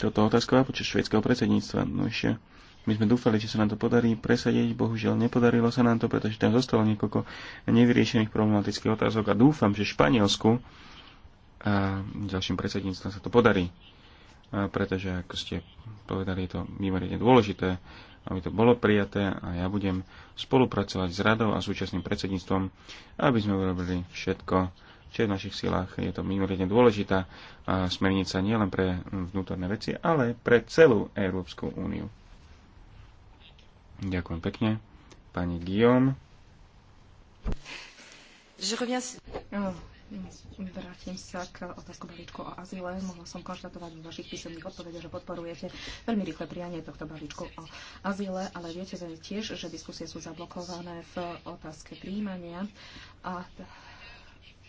toto otázkou počas švedského predsedníctva. No ešte my sme dúfali, že sa nám to podarí presadiť, bohužiaľ nepodarilo sa nám to, pretože tam zostalo niekoľko nevyriešených problematických otázok a dúfam, že Španielsku a ďalším predsedníctvom sa to podarí. A pretože, ako ste povedali, je to mimoriadne dôležité, aby to bolo prijaté a ja budem spolupracovať s radou a súčasným predsedníctvom, aby sme urobili všetko čo je v našich silách. Je to mimoriadne dôležitá smernica nielen pre vnútorné veci, ale pre celú Európsku úniu. Ďakujem pekne. Pani Guillaume. Je reviens... Vrátim sa k otázku balíčku o azyle. Mohla som konštatovať v vašich písomných odpovediach, že podporujete veľmi rýchle prijanie tohto balíčku o azyle, ale viete tiež, že diskusie sú zablokované v otázke príjmania a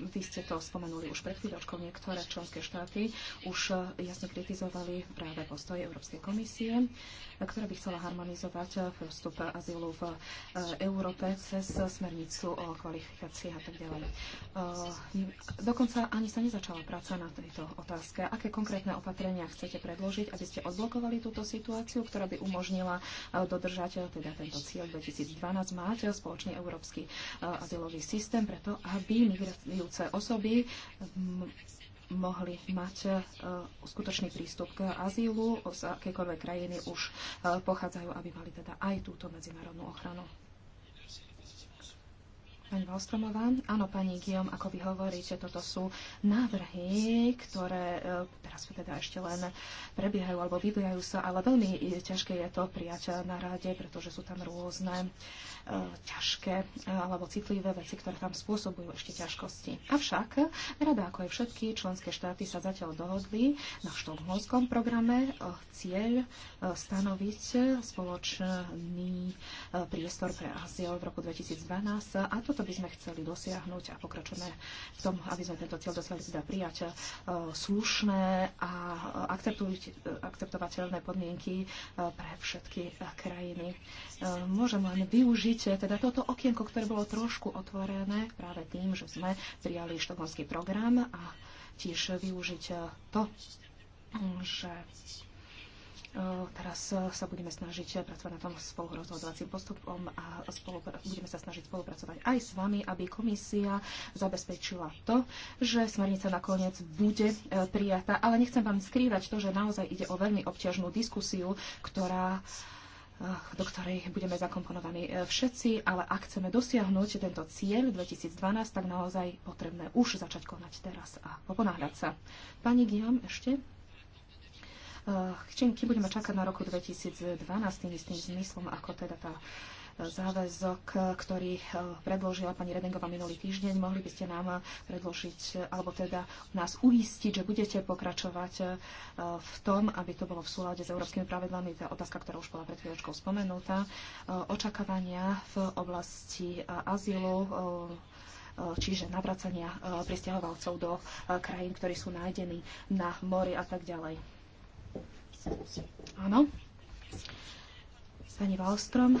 vy ste to spomenuli už pred chvíľočkou, niektoré členské štáty už eh, jasne kritizovali práve postoj Európskej komisie, ktorá by chcela harmonizovať eh, vstup azylu v eh, Európe cez smernicu o kvalifikácii a tak ďalej. Dokonca ani sa nezačala práca na tejto otázke. Aké konkrétne opatrenia chcete predložiť, aby ste odblokovali túto situáciu, ktorá by umožnila dodržať teda tento cieľ 2012 máte spoločný európsky azylový systém, preto aby migráciu pracujúce osoby mohli mať e, skutočný prístup k azylu z akékoľvek krajiny už e, pochádzajú, aby mali teda aj túto medzinárodnú ochranu. Pani Valstromová, áno, pani Guillaume, ako vy hovoríte, toto sú návrhy, ktoré e, teraz teda ešte len prebiehajú alebo vyvíjajú sa, ale veľmi ťažké je to prijať na rade, pretože sú tam rôzne e, ťažké e, alebo citlivé veci, ktoré tam spôsobujú ešte ťažkosti. Avšak rada, ako aj všetky členské štáty, sa zatiaľ dohodli na štokholmskom programe cieľ stanoviť spoločný priestor pre azyl v roku 2012 a to toto by sme chceli dosiahnuť a pokračujeme v tom, aby sme tento cieľ dosiahli, teda prijať e, slušné a akceptovateľné podmienky e, pre všetky krajiny. E, môžem len využiť teda toto okienko, ktoré bolo trošku otvorené práve tým, že sme prijali štokholmský program a tiež využiť to, že Teraz sa budeme snažiť pracovať na tom spolurozhodovacím postupom a budeme sa snažiť spolupracovať aj s vami, aby komisia zabezpečila to, že smernica nakoniec bude e, prijatá. Ale nechcem vám skrývať to, že naozaj ide o veľmi obťažnú diskusiu, ktorá e, do ktorej budeme zakomponovaní e, všetci, ale ak chceme dosiahnuť tento cieľ 2012, tak naozaj potrebné už začať konať teraz a poponáhľať sa. Pani Guillaume, ešte? Kým, kým budeme čakať na roku 2012 tým istým zmyslom, ako teda tá e, záväzok, e, ktorý e, predložila pani Redengova minulý týždeň. Mohli by ste nám predložiť, alebo teda nás uistiť, že budete pokračovať v tom, aby to bolo v súlade s európskymi pravidlami. Tá otázka, ktorá už bola pred chvíľočkou spomenutá. Očakávania v oblasti azylu čiže navracania pristahovalcov do krajín, ktorí sú nájdení na mori a tak ďalej. Áno. Pani Wallström,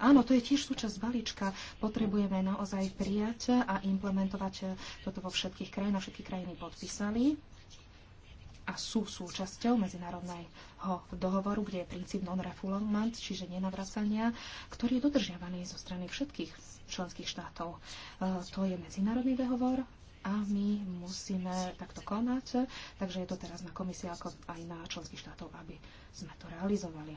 Áno, to je tiež súčasť balíčka. Potrebujeme naozaj prijať a implementovať toto vo všetkých krajinách. Všetky krajiny podpísali a sú súčasťou medzinárodného dohovoru, kde je princíp non-refoulement, čiže nenavracania, ktorý je dodržiavaný zo strany všetkých členských štátov. E, to je medzinárodný dohovor a my musíme takto konať. Takže je to teraz na Komisie ako aj na členských štátov, aby sme to realizovali.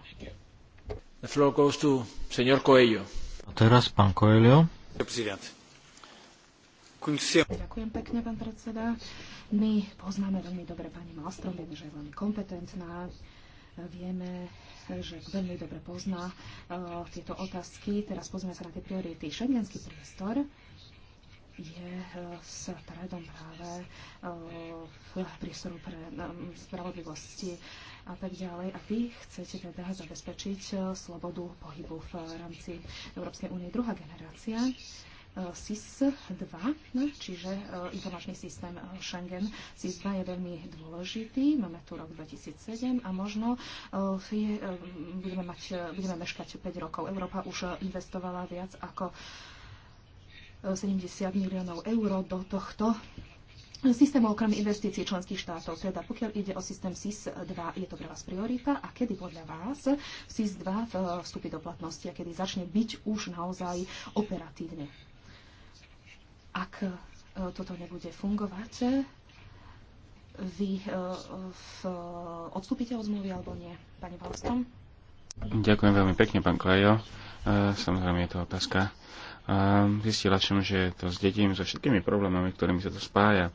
The floor goes to señor Coelho. A teraz pán Coelho. Ďakujem pekne, pán predseda. My poznáme veľmi dobre pani Malstrom, vieme, že je veľmi kompetentná, vieme, že veľmi dobre pozná uh, tieto otázky. Teraz pozrieme sa na tie priority. Šengenský priestor je eh, stredom práve eh, v priestoru pre eh, spravodlivosti a tak ďalej. A vy chcete teda zabezpečiť slobodu pohybu v rámci Európskej únie. Druhá generácia SIS-2, no, čiže informačný systém Schengen. SIS-2 je veľmi dôležitý, máme tu rok 2007 a možno je, budeme, mať, budeme meškať 5 rokov. Európa už investovala viac ako 70 miliónov eur do tohto systému okrem investícií členských štátov. Teda pokiaľ ide o systém SIS-2, je to pre vás priorita a kedy podľa vás SIS-2 vstúpi do platnosti a kedy začne byť už naozaj operatívne? Ak e, toto nebude fungovať, vy e, odstúpite od zmluvy alebo nie, pani Valstom? Ďakujem veľmi pekne, pán Klejo. E, samozrejme je to otázka a zistila som, že to s detím, so všetkými problémami, ktorými sa to spája.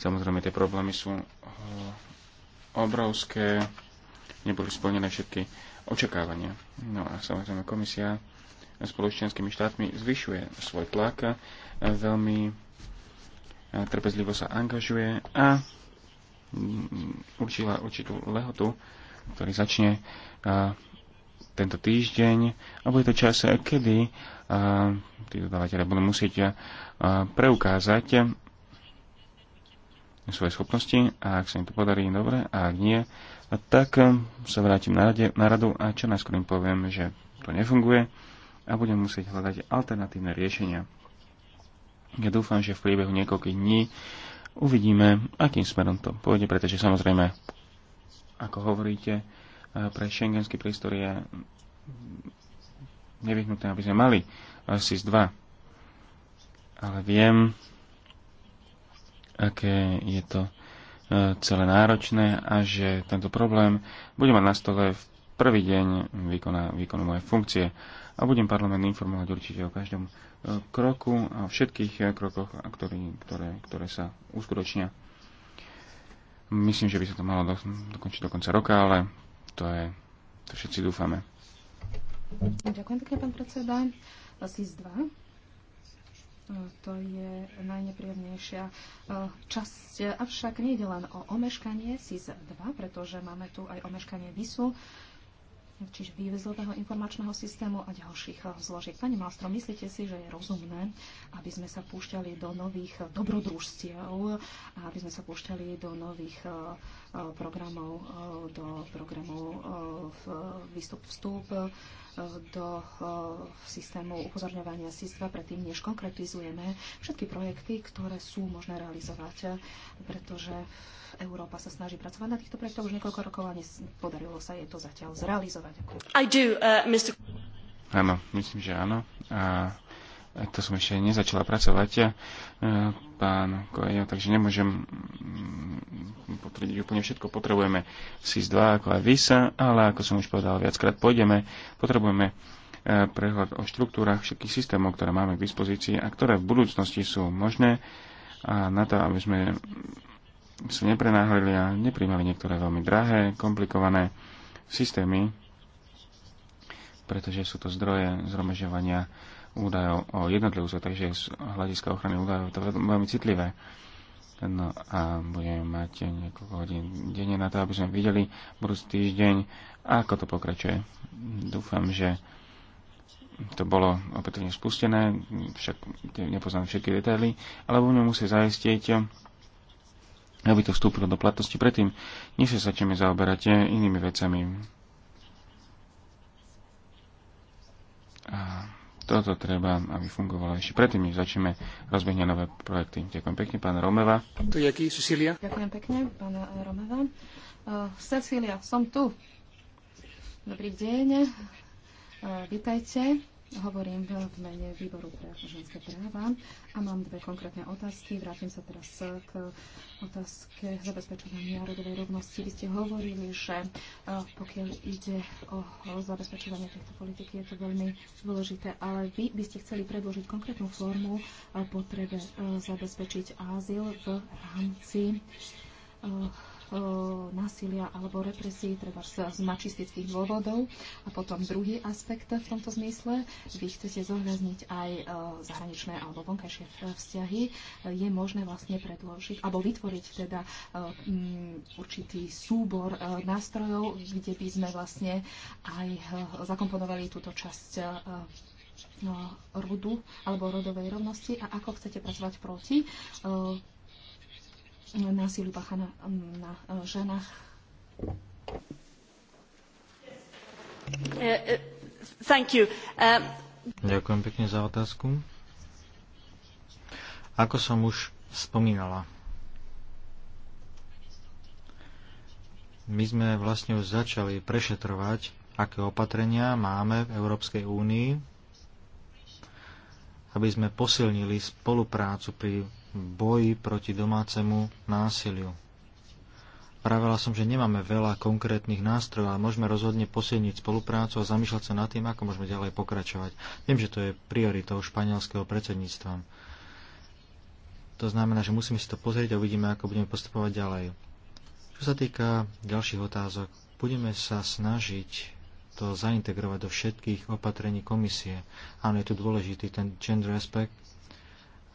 Samozrejme, tie problémy sú eh, obrovské, neboli splnené všetky očakávania. No a samozrejme komisia spolu s členskými štátmi zvyšuje svoj tlak, eh, veľmi eh, trpezlivo sa angažuje a mm, určila určitú lehotu, ktorý začne tento týždeň a bude to čas, kedy tí dodávateľe budú musieť preukázať svoje schopnosti a ak sa im to podarí, dobre, a ak nie, tak sa vrátim na, rade, na radu a čo najskôr im poviem, že to nefunguje a budem musieť hľadať alternatívne riešenia. Ja dúfam, že v priebehu niekoľkých dní uvidíme, akým smerom to pôjde, pretože samozrejme, ako hovoríte, pre šengenský prístor je nevyhnutné, aby sme mali SIS-2. Ale viem, aké je to e, celé náročné a že tento problém budem mať na stole v prvý deň výkona, výkonu mojej funkcie a budem parlament informovať určite o každom e, kroku a o všetkých e, krokoch, ktorý, ktoré, ktoré sa uskutočnia. Myslím, že by sa to malo do, dokončiť do konca roka, ale to je, to všetci dúfame. Ďakujem pekne, pán predseda. SIS 2 to je najnepríjemnejšia e, časť. Avšak nejde len o omeškanie SIS-2, pretože máme tu aj omeškanie VISu čiže vývezového informačného systému a ďalších eh, zložiek. Pani Malstrom, myslíte si, že je rozumné, aby sme sa púšťali do nových eh, dobrodružstiev a aby sme sa púšťali do nových eh, programov, do programov výstup vstup do systému upozorňovania sístva predtým, než konkretizujeme všetky projekty, ktoré sú možné realizovať, pretože Európa sa snaží pracovať na týchto projektoch už niekoľko rokov a podarilo sa jej to zatiaľ zrealizovať. Uh, áno, myslím, že áno. A to som ešte nezačala pracovať, e, pán Kojo, takže nemôžem mm, potvrdiť úplne všetko. Potrebujeme SIS-2 ako aj VISA, ale ako som už povedal viackrát, pôjdeme, potrebujeme e, prehľad o štruktúrach všetkých systémov, ktoré máme k dispozícii a ktoré v budúcnosti sú možné a na to, aby sme sa neprenáhlili a nepríjmali niektoré veľmi drahé, komplikované systémy, pretože sú to zdroje zhromažďovania údajov o jednotlivcoch, takže z hľadiska ochrany údajov to je veľmi citlivé. No a budeme mať niekoľko hodín denne na to, aby sme videli budúci týždeň, ako to pokračuje. Dúfam, že to bolo opätovne spustené, však nepoznám všetky detaily, ale budeme musieť zaistiť, aby to vstúpilo do platnosti predtým, než sa začneme zaoberať inými vecami A toto treba, aby fungovalo ešte predtým, než začneme rozbehne nové projekty. Ďakujem pekne, pán Romeva. Tu je Cecília. Ďakujem pekne, pán Romeva. Uh, Cecília, som tu. Dobrý deň. Uh, vítajte. Hovorím v mene výboru pre ženské práva a mám dve konkrétne otázky. Vrátim sa teraz k otázke zabezpečovania rodovej rovnosti. Vy ste hovorili, že e, pokiaľ ide o zabezpečovanie tejto politiky, je to veľmi dôležité, ale vy by ste chceli predložiť konkrétnu formu e, potrebe e, zabezpečiť azyl v rámci E, násilia alebo represií, treba z mačistických dôvodov. A potom druhý aspekt v tomto zmysle, vy chcete zohľadniť aj e, zahraničné alebo vonkajšie vzťahy, je možné vlastne predložiť alebo vytvoriť teda e, mm, určitý súbor nástrojov, kde by sme vlastne aj zakomponovali túto časť uh, rodu alebo rodovej rovnosti a ako chcete pracovať proti násilu páchané na e, ženách. E, e, thank you. Um... Ďakujem pekne za otázku. Ako som už spomínala, my sme vlastne už začali prešetrovať, aké opatrenia máme v Európskej únii, aby sme posilnili spoluprácu pri boji proti domácemu násiliu. Pravila som, že nemáme veľa konkrétnych nástrojov, ale môžeme rozhodne posilniť spoluprácu a zamýšľať sa nad tým, ako môžeme ďalej pokračovať. Viem, že to je prioritou španielského predsedníctva. To znamená, že musíme si to pozrieť a uvidíme, ako budeme postupovať ďalej. Čo sa týka ďalších otázok, budeme sa snažiť to zaintegrovať do všetkých opatrení komisie. Áno, je tu dôležitý ten gender aspekt,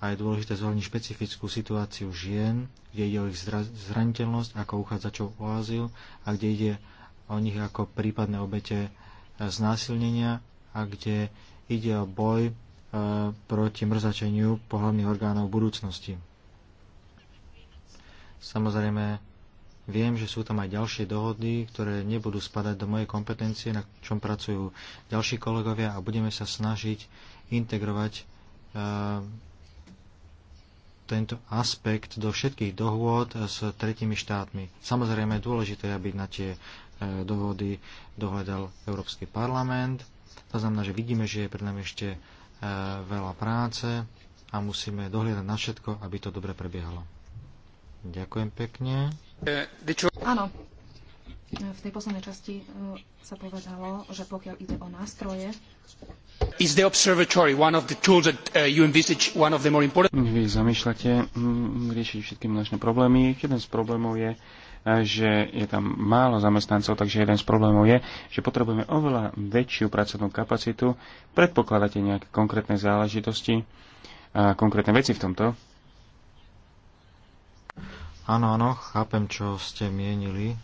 a je dôležité zvoľniť špecifickú situáciu žien, kde ide o ich zraniteľnosť ako uchádzačov o azyl a kde ide o nich ako prípadné obete e, znásilnenia a kde ide o boj e, proti mrzačeniu pohľadných orgánov v budúcnosti. Samozrejme, viem, že sú tam aj ďalšie dohody, ktoré nebudú spadať do mojej kompetencie, na čom pracujú ďalší kolegovia a budeme sa snažiť integrovať e, tento aspekt do všetkých dohôd s tretimi štátmi. Samozrejme, je dôležité, aby na tie e, dohody dohľadal Európsky parlament. To znamená, že vidíme, že je pred nami ešte e, veľa práce a musíme dohliadať na všetko, aby to dobre prebiehalo. Ďakujem pekne. E, Áno, v tej poslednej časti e, sa povedalo, že pokiaľ ide o nástroje, Is the observatory one of the tools that uh, you envisage one of the more important? Vy zamýšľate mm, riešiť všetky množné problémy. Jeden z problémov je, e, že je tam málo zamestnancov, takže jeden z problémov je, že potrebujeme oveľa väčšiu pracovnú kapacitu. Predpokladáte nejaké konkrétne záležitosti a konkrétne veci v tomto? Áno, áno, chápem, čo ste mienili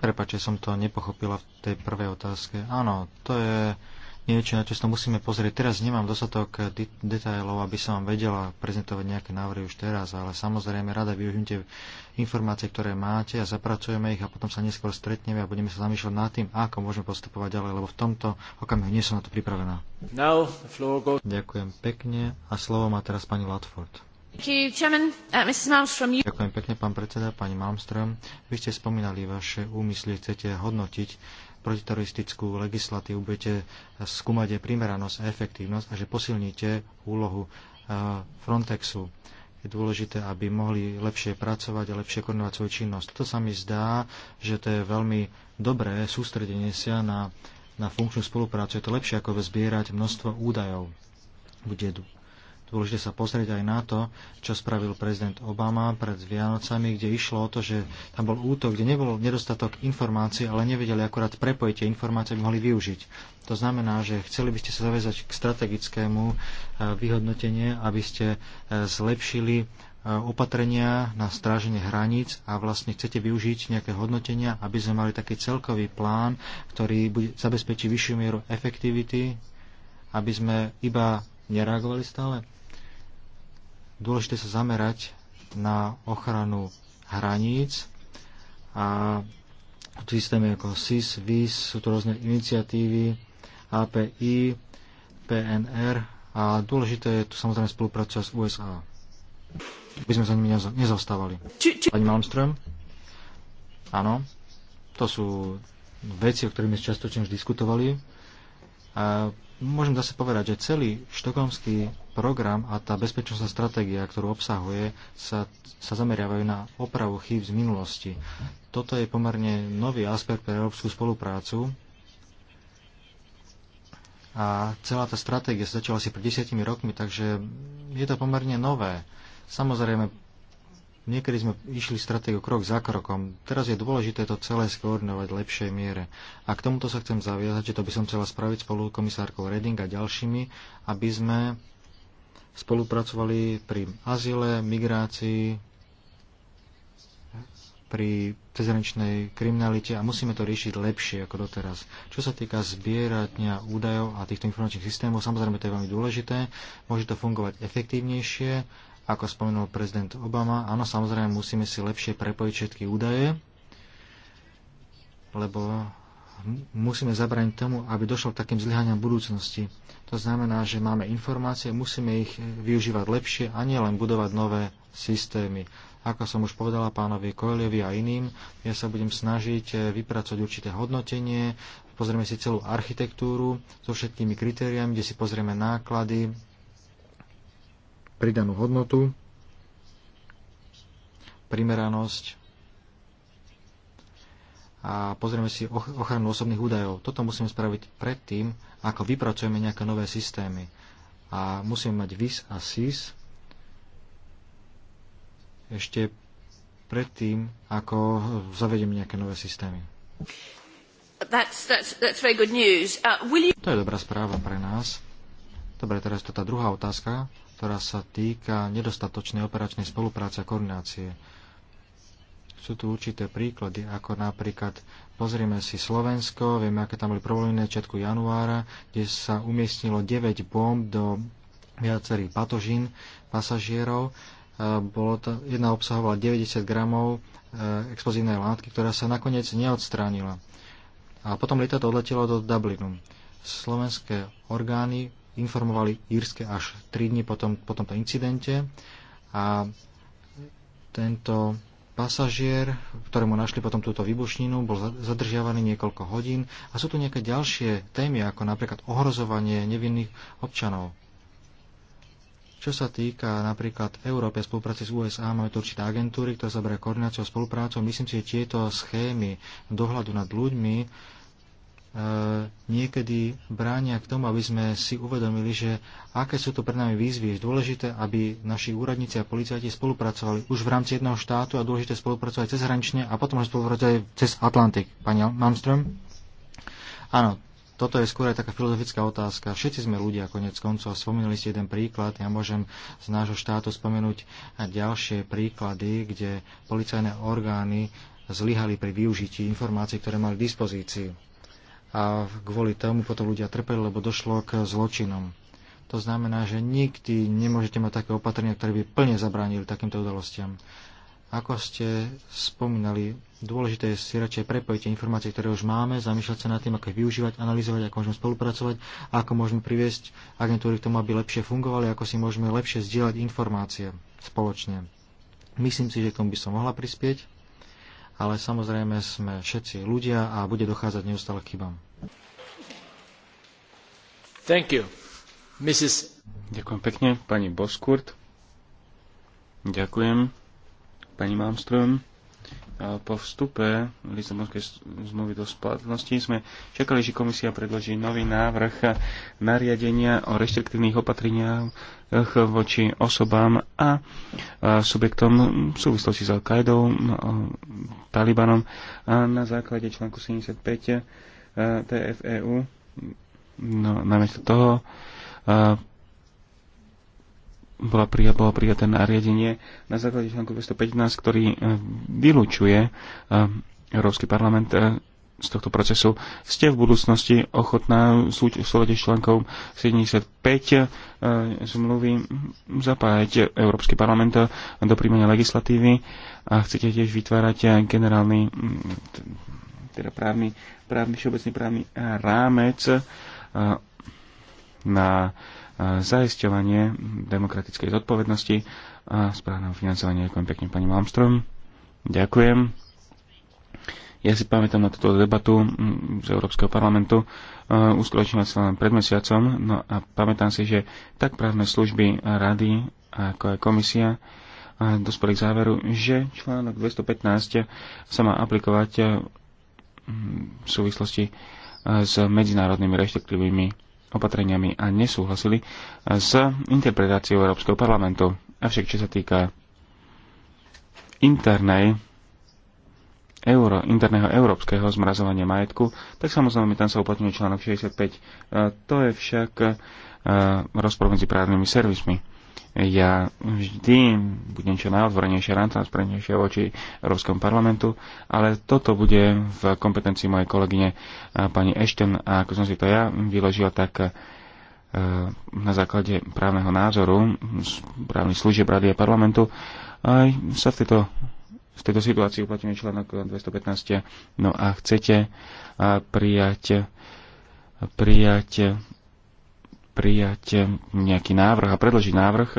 Prepače, som to nepochopila v tej prvej otázke. Áno, to je niečo, na čo sa musíme pozrieť. Teraz nemám dostatok detailov, aby som vám vedela prezentovať nejaké návrhy už teraz, ale samozrejme rada využijem tie informácie, ktoré máte a zapracujeme ich a potom sa neskôr stretneme a budeme sa zamýšľať nad tým, ako môžeme postupovať ďalej, lebo v tomto okamihu nie som na to pripravená. Now, Ďakujem pekne a slovo má teraz pani Latford. Uh, Ďakujem pekne, pán predseda, pani Malmström. Vy ste spomínali vaše úmysly, chcete hodnotiť protiteroristickú legislatívu, budete skúmať jej primeranosť a efektívnosť a že posilníte úlohu uh, Frontexu. Je dôležité, aby mohli lepšie pracovať a lepšie koordinovať svoju činnosť. To sa mi zdá, že to je veľmi dobré sústredenie sa na, na funkčnú spoluprácu. Je to lepšie, ako zbierať množstvo údajov. Bude Dôležité sa pozrieť aj na to, čo spravil prezident Obama pred Vianocami, kde išlo o to, že tam bol útok, kde nebol nedostatok informácií, ale nevedeli akurát prepojiť tie informácie, aby mohli využiť. To znamená, že chceli by ste sa zaviazať k strategickému e, vyhodnoteniu, aby ste e, zlepšili e, opatrenia na stráženie hraníc a vlastne chcete využiť nejaké hodnotenia, aby sme mali taký celkový plán, ktorý zabezpečí vyššiu mieru efektivity, aby sme iba nereagovali stále? dôležité sa zamerať na ochranu hraníc a v systémy ako SIS, VIS, sú tu rôzne iniciatívy, API, PNR a dôležité je tu samozrejme spolupracovať s USA. By sme za nimi nezostávali. Pani Malmström? Áno. To sú veci, o ktorých sme častočne už diskutovali. A môžem zase povedať, že celý štokholmský program a tá bezpečnostná stratégia, ktorú obsahuje, sa, sa zameriavajú na opravu chýb z minulosti. Toto je pomerne nový aspekt pre európsku spoluprácu a celá tá stratégia sa začala asi pred desiatimi rokmi, takže je to pomerne nové. Samozrejme, Niekedy sme išli stratégiu krok za krokom. Teraz je dôležité to celé skoordinovať v lepšej miere. A k tomuto sa chcem zaviazať, že to by som chcela spraviť spolu komisárkou Reding a ďalšími, aby sme spolupracovali pri azile, migrácii, pri cezhraničnej kriminalite a musíme to riešiť lepšie ako doteraz. Čo sa týka zbierania údajov a týchto informačných systémov, samozrejme to je veľmi dôležité, môže to fungovať efektívnejšie ako spomenul prezident Obama. Áno, samozrejme, musíme si lepšie prepojiť všetky údaje, lebo musíme zabrániť tomu, aby došlo k takým zlyhaniam budúcnosti. To znamená, že máme informácie, musíme ich využívať lepšie a nielen len budovať nové systémy. Ako som už povedala pánovi Koeliovi a iným, ja sa budem snažiť eh, vypracovať určité hodnotenie, pozrieme si celú architektúru so všetkými kritériami, kde si pozrieme náklady, pridanú hodnotu, primeranosť a pozrieme si ochranu osobných údajov. Toto musíme spraviť predtým, ako vypracujeme nejaké nové systémy. A musíme mať VIS a SIS ešte predtým, ako zavedieme nejaké nové systémy. That's, that's, that's very good news. Uh, will you... To je dobrá správa pre nás. Dobre, teraz to tá druhá otázka ktorá sa týka nedostatočnej operačnej spolupráce a koordinácie. Sú tu určité príklady, ako napríklad pozrieme si Slovensko, vieme, aké tam boli problémy na začiatku januára, kde sa umiestnilo 9 bomb do viacerých patožín pasažierov. Bolo to, jedna obsahovala 90 gramov e, explozívnej látky, ktorá sa nakoniec neodstránila. A potom lietadlo odletelo do Dublinu. Slovenské orgány informovali Írske až 3 dní potom, po tomto incidente a tento pasažier, ktorému našli potom túto vybušninu, bol zadržiavaný niekoľko hodín a sú tu nejaké ďalšie témy, ako napríklad ohrozovanie nevinných občanov. Čo sa týka napríklad Európy a spolupráce s USA, máme tu určité agentúry, ktoré zaberajú koordináciu a spoluprácu. Myslím si, že tieto schémy dohľadu nad ľuďmi E, niekedy bránia k tomu, aby sme si uvedomili, že aké sú to pre nami výzvy. Je dôležité, aby naši úradníci a policajti spolupracovali už v rámci jedného štátu a dôležité spolupracovať cez hranične a potom spolupracovať cez Atlantik. Pani Malmström? Áno, toto je skôr aj taká filozofická otázka. Všetci sme ľudia konec koncov. Spomenuli ste jeden príklad. Ja môžem z nášho štátu spomenúť ďalšie príklady, kde policajné orgány zlyhali pri využití informácií, ktoré mali k dispozícii a kvôli tomu potom ľudia trpeli, lebo došlo k zločinom. To znamená, že nikdy nemôžete mať také opatrenia, ktoré by plne zabránili takýmto udalostiam. Ako ste spomínali, dôležité je si radšej prepojiť informácie, ktoré už máme, zamýšľať sa nad tým, ako ich využívať, analyzovať, ako môžeme spolupracovať, ako môžeme priviesť agentúry k tomu, aby lepšie fungovali, ako si môžeme lepšie zdieľať informácie spoločne. Myslím si, že k tomu by som mohla prispieť ale samozrejme sme všetci ľudia a bude dochádzať neustále k chybám. Thank you. Mrs. Ďakujem pekne, pani Boskurt. Ďakujem, pani Malmström po vstupe Lisabonskej zmluvy do splatnosti sme čakali, že komisia predloží nový návrh nariadenia o reštriktívnych opatreniach voči osobám a subjektom v súvislosti s Al-Qaidou, no, Talibanom a na základe článku 75 e, TFEU. No, namiesto toho bola prija, bolo prijaté nariadenie na základe článku 215, ktorý e, vylúčuje e, Európsky parlament e, z tohto procesu. Ste v budúcnosti ochotná v súlade s článkom 75 zmluvy zapájať Európsky parlament do príjmania legislatívy a chcete tiež vytvárať generálny mm, teda právny, právny, všeobecný právny rámec na zaisťovanie demokratickej zodpovednosti a správneho financovania. Ďakujem pekne pani Malmström. Ďakujem. Ja si pamätám na túto debatu z Európskeho parlamentu, e, uskutočnila sa len pred mesiacom, no a pamätám si, že tak právne služby rady, ako aj komisia, e, dospeli k záveru, že článok 215 sa má aplikovať v súvislosti e, s medzinárodnými reštriktívnymi opatreniami a nesúhlasili s interpretáciou Európskeho parlamentu. Avšak čo sa týka internej euro, interného európskeho zmrazovania majetku, tak samozrejme tam sa uplatňuje článok 65. E, to je však e, rozpor medzi právnymi servismi ja vždy budem čo najotvorenejšia, najtransparentnejšia voči Európskom parlamentu, ale toto bude v kompetencii mojej kolegyne pani Ešten a ako som si to ja vyložil, tak e, na základe právneho názoru právnych služieb Rady a parlamentu aj sa v tejto v tejto situácii uplatňuje článok 215. No a chcete prijať, prijať prijať nejaký návrh a predložiť návrh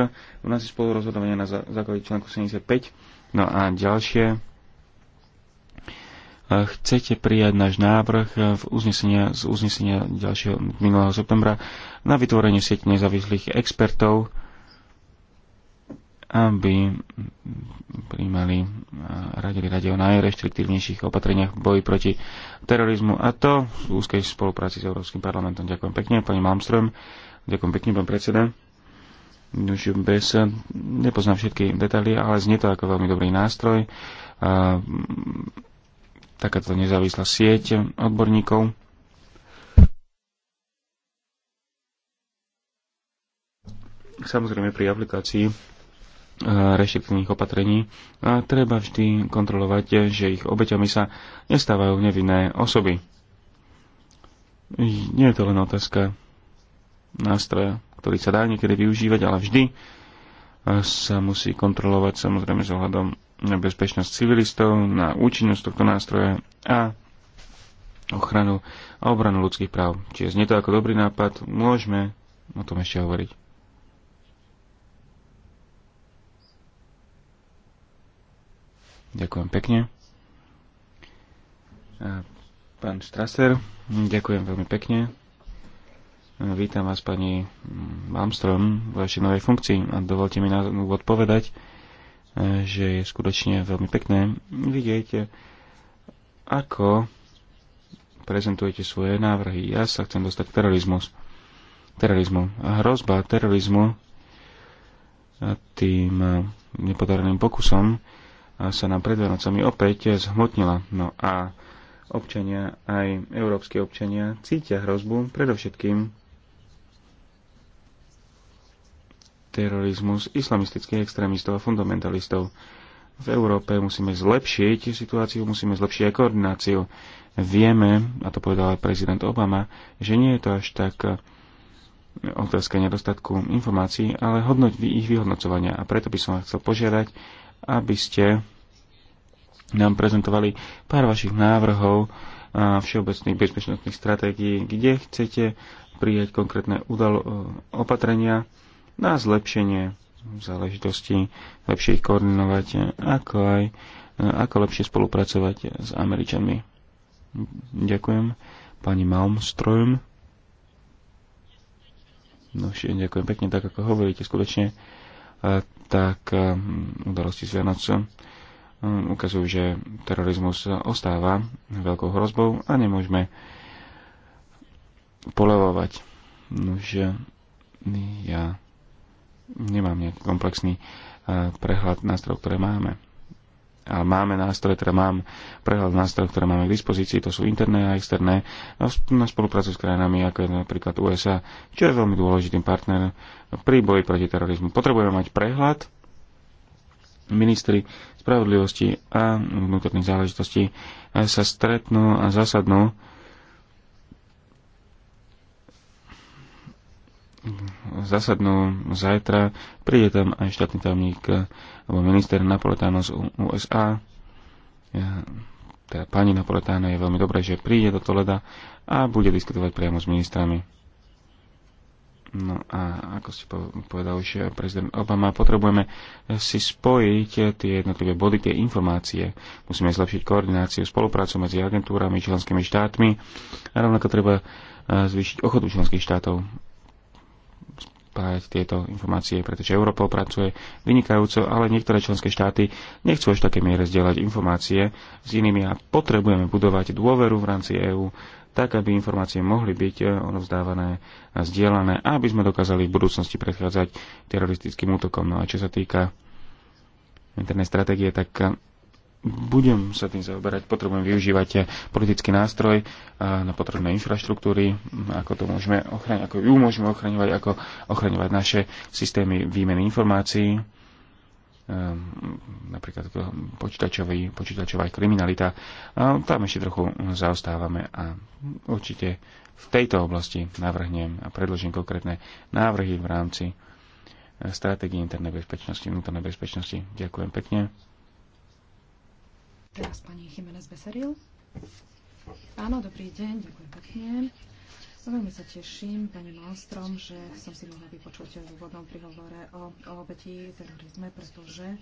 u nás je spolu spolurozhodovania na základe článku 75. No a ďalšie. E, chcete prijať náš návrh v uznesenia, z uznesenia ďalšieho minulého septembra na vytvorenie siete nezávislých expertov, aby príjmali radili radi o najreštriktívnejších opatreniach v boji proti terorizmu a to v úzkej spolupráci s Európskym parlamentom. Ďakujem pekne, pani Malmström. Ďakujem pekne, pán predseda. Už bez, nepoznám všetky detaily, ale znie to ako veľmi dobrý nástroj. A, takáto nezávislá sieť odborníkov. Samozrejme pri aplikácii reštriktívnych opatrení a treba vždy kontrolovať, že ich obeťami sa nestávajú nevinné osoby. Nie je to len otázka nástroj, ktorý sa dá niekedy využívať, ale vždy eh, sa musí kontrolovať samozrejme s ohľadom na bezpečnosť civilistov, na účinnosť tohto nástroja a ochranu a obranu ľudských práv. Čiže znie to ako dobrý nápad, môžeme o tom ešte hovoriť. Ďakujem pekne. Eh, pán Strasser, ďakujem veľmi pekne. Vítam vás, pani Malmström, v vašej novej funkcii a dovolte mi na úvod povedať, e, že je skutočne veľmi pekné vidieť, e, ako prezentujete svoje návrhy. Ja sa chcem dostať k terorizmu. terorizmu. A hrozba terorizmu tým nepodareným pokusom sa nám pred Vianocami opäť zhmotnila. No a občania, aj európske občania, cítia hrozbu predovšetkým terorizmus islamistických extrémistov a fundamentalistov. V Európe musíme zlepšiť situáciu, musíme zlepšiť aj koordináciu. Vieme, a to povedal aj prezident Obama, že nie je to až tak eh, otázka nedostatku informácií, ale hodnoť ich vyhodnocovania. A preto by som vás chcel požiadať, aby ste nám prezentovali pár vašich návrhov a eh, všeobecných bezpečnostných stratégií, kde chcete prijať konkrétne udalo- eh, opatrenia, na zlepšenie záležitosti, lepšie ich koordinovať, ako aj ako lepšie spolupracovať s Američanmi. Ďakujem pani Malmström. No ďakujem pekne, tak ako hovoríte skutočne, e, tak e, udalosti z Vianoc e, ukazujú, že terorizmus ostáva veľkou hrozbou a nemôžeme polevovať. Nože ja nemám nejaký komplexný e, prehľad nástrojov, ktoré máme. Ale máme nástroje, teda mám, prehľad nástrojov, ktoré máme k dispozícii, to sú interné a externé, no, na spoluprácu s krajinami, ako je napríklad USA, čo je veľmi dôležitým partner pri boji proti terorizmu. Potrebujeme mať prehľad, ministri spravodlivosti a vnútorných záležitostí e, sa stretnú a zasadnú zasadnú zajtra. Príde tam aj štátny tajomník eh, alebo minister Napoletano z USA. Teda pani Napoletano je veľmi dobré, že príde do Toleda a bude diskutovať priamo s ministrami. No a ako ste povedal už eh, prezident Obama, potrebujeme eh, si spojiť tie jednotlivé body, tie informácie. Musíme zlepšiť koordináciu, spoluprácu medzi agentúrami, členskými štátmi a rovnako treba zvýšiť ochotu členských štátov spájať tieto informácie, pretože Europol pracuje vynikajúco, ale niektoré členské štáty nechcú až také miere zdieľať informácie s inými a potrebujeme budovať dôveru v rámci EÚ, tak aby informácie mohli byť rozdávané e, a zdieľané, aby sme dokázali v budúcnosti predchádzať teroristickým útokom. No a čo sa týka internej stratégie, tak e, budem sa tým zaoberať, potrebujem využívať politický nástroj eh, na potrebné infraštruktúry, ako to môžeme ochraňovať, ako ju môžeme ochraňovať, ako ochraňovať naše systémy výmeny informácií, ehm, napríklad počítačový, počítačová kriminalita. A tam ešte trochu zaostávame a určite v tejto oblasti navrhnem a predložím konkrétne návrhy v rámci eh, stratégie internej bezpečnosti, vnútornej bezpečnosti. Ďakujem pekne. Teraz pani Jiménez Beseril. Áno, dobrý deň, ďakujem pekne. Veľmi sa teším, pani Malstrom, že som si mohla vypočuť v úvodnom prihovore o, o obeti terorizme, pretože e,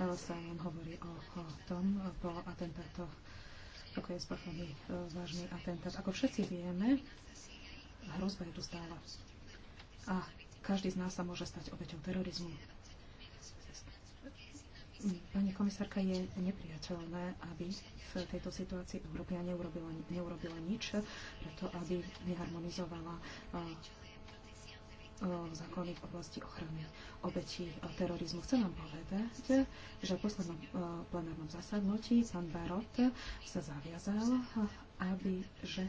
sa vám hovorí o, o tom po atentátoch, ako je spáchaný e, vážny atentát. Ako všetci vieme, hrozba je tu stále. A každý z nás sa môže stať obeťou terorizmu. Pani komisárka, je nepriateľné, aby v tejto situácii Európia neurobila, neurobila nič, preto aby neharmonizovala zákony v oblasti ochrany obetí terorizmu. Chcem vám povedať, že v poslednom plenárnom zasadnutí pán Barot sa zaviazal, aby že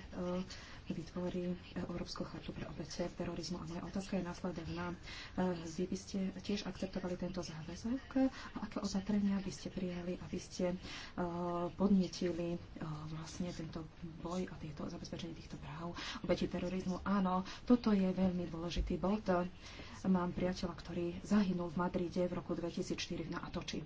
vytvorí Európsku chartu pre obete terorizmu. A moja otázka je následovná. Eh, vy by ste tiež akceptovali tento záväzok a aké opatrenia by ste prijali, aby ste eh, podnetili eh, vlastne tento boj a tieto, zabezpečenie týchto práv obeti terorizmu. Áno, toto je veľmi dôležitý bod. Mám priateľa, ktorý zahynul v Madride v roku 2004 na Atoči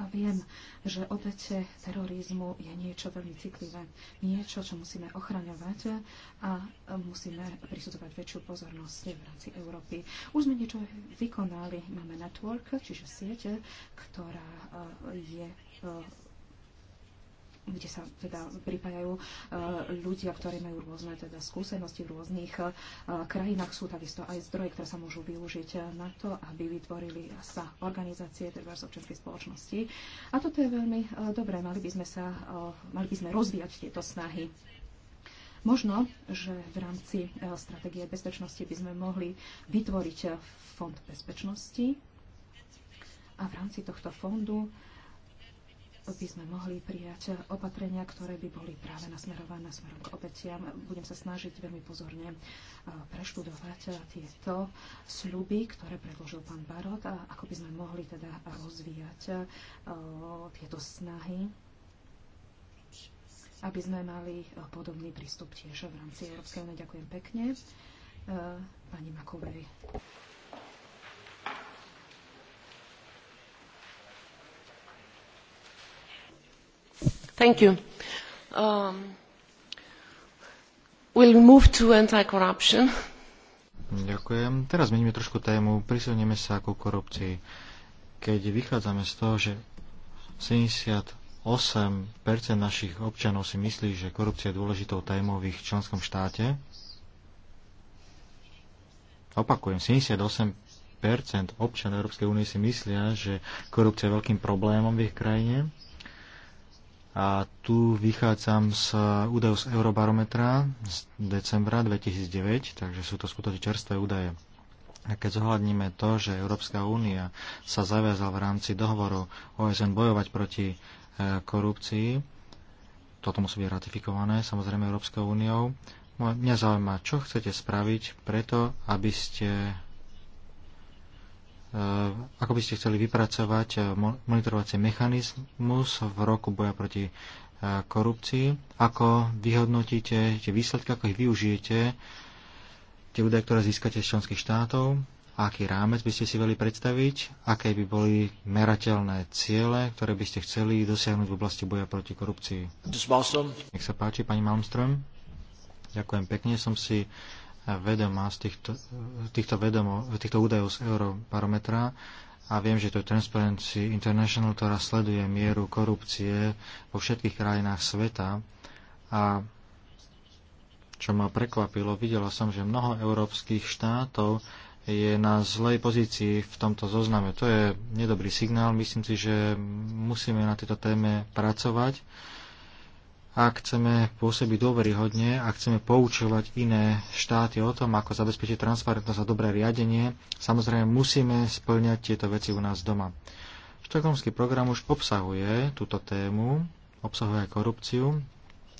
a viem, že obete terorizmu je niečo veľmi citlivé, niečo, čo musíme ochraňovať a musíme prisudzovať väčšiu pozornosť v rámci Európy. Už sme niečo vykonali, máme network, čiže siete, ktorá e, je e, kde sa teda pripájajú e, ľudia, ktorí majú rôzne teda skúsenosti v rôznych e, krajinách. Sú takisto aj zdroje, ktoré sa môžu využiť na to, aby vytvorili sa organizácie teda z občianskej spoločnosti. A toto je veľmi e, dobré. Mali by sme, sa, mali by sme rozvíjať tieto snahy. Možno, že v rámci stratégie bezpečnosti by sme mohli vytvoriť fond bezpečnosti a v rámci tohto fondu by sme mohli prijať opatrenia, ktoré by boli práve nasmerované smerom k obetiam. Budem sa snažiť veľmi pozorne preštudovať tieto sľuby, ktoré predložil pán Barot a ako by sme mohli teda rozvíjať tieto snahy aby sme mali podobný prístup tiež v rámci Európskej únie. Ďakujem pekne pani Makovej. Um, Ďakujem. Teraz meníme trošku tému. Prisunieme sa ku korupcii. Keď vychádzame z toho, že 78% našich občanov si myslí, že korupcia je dôležitou témou v ich členskom štáte, opakujem, 78% občanov Európskej únie si myslia, že korupcia je veľkým problémom v ich krajine, a tu vychádzam z údajov z Eurobarometra z decembra 2009, takže sú to skutočne čerstvé údaje. A keď zohľadníme to, že Európska únia sa zaviazala v rámci dohovoru OSN bojovať proti e, korupcii, toto musí byť ratifikované samozrejme Európskou úniou, mňa zaujíma, čo chcete spraviť preto, aby ste Eh, ako by ste chceli vypracovať eh, monitorovací mechanizmus v roku boja proti eh, korupcii, ako vyhodnotíte tie výsledky, ako ich využijete, tie údaje, ktoré získate z členských štátov, aký rámec by ste si veli predstaviť, aké by boli merateľné ciele, ktoré by ste chceli dosiahnuť v oblasti boja proti korupcii. Nech sa páči, pani Malmström. Ďakujem pekne, som si vedomá z týchto, týchto, vedomo, týchto údajov z Eurobarometra a viem, že to je Transparency International, ktorá sleduje mieru korupcie vo všetkých krajinách sveta a čo ma prekvapilo, videla som, že mnoho európskych štátov je na zlej pozícii v tomto zozname. To je nedobrý signál. Myslím si, že musíme na tejto téme pracovať ak chceme pôsobiť dôveryhodne, ak chceme poučovať iné štáty o tom, ako zabezpečiť transparentnosť a dobré riadenie, samozrejme musíme splňať tieto veci u nás doma. Štokholmský program už obsahuje túto tému, obsahuje aj korupciu.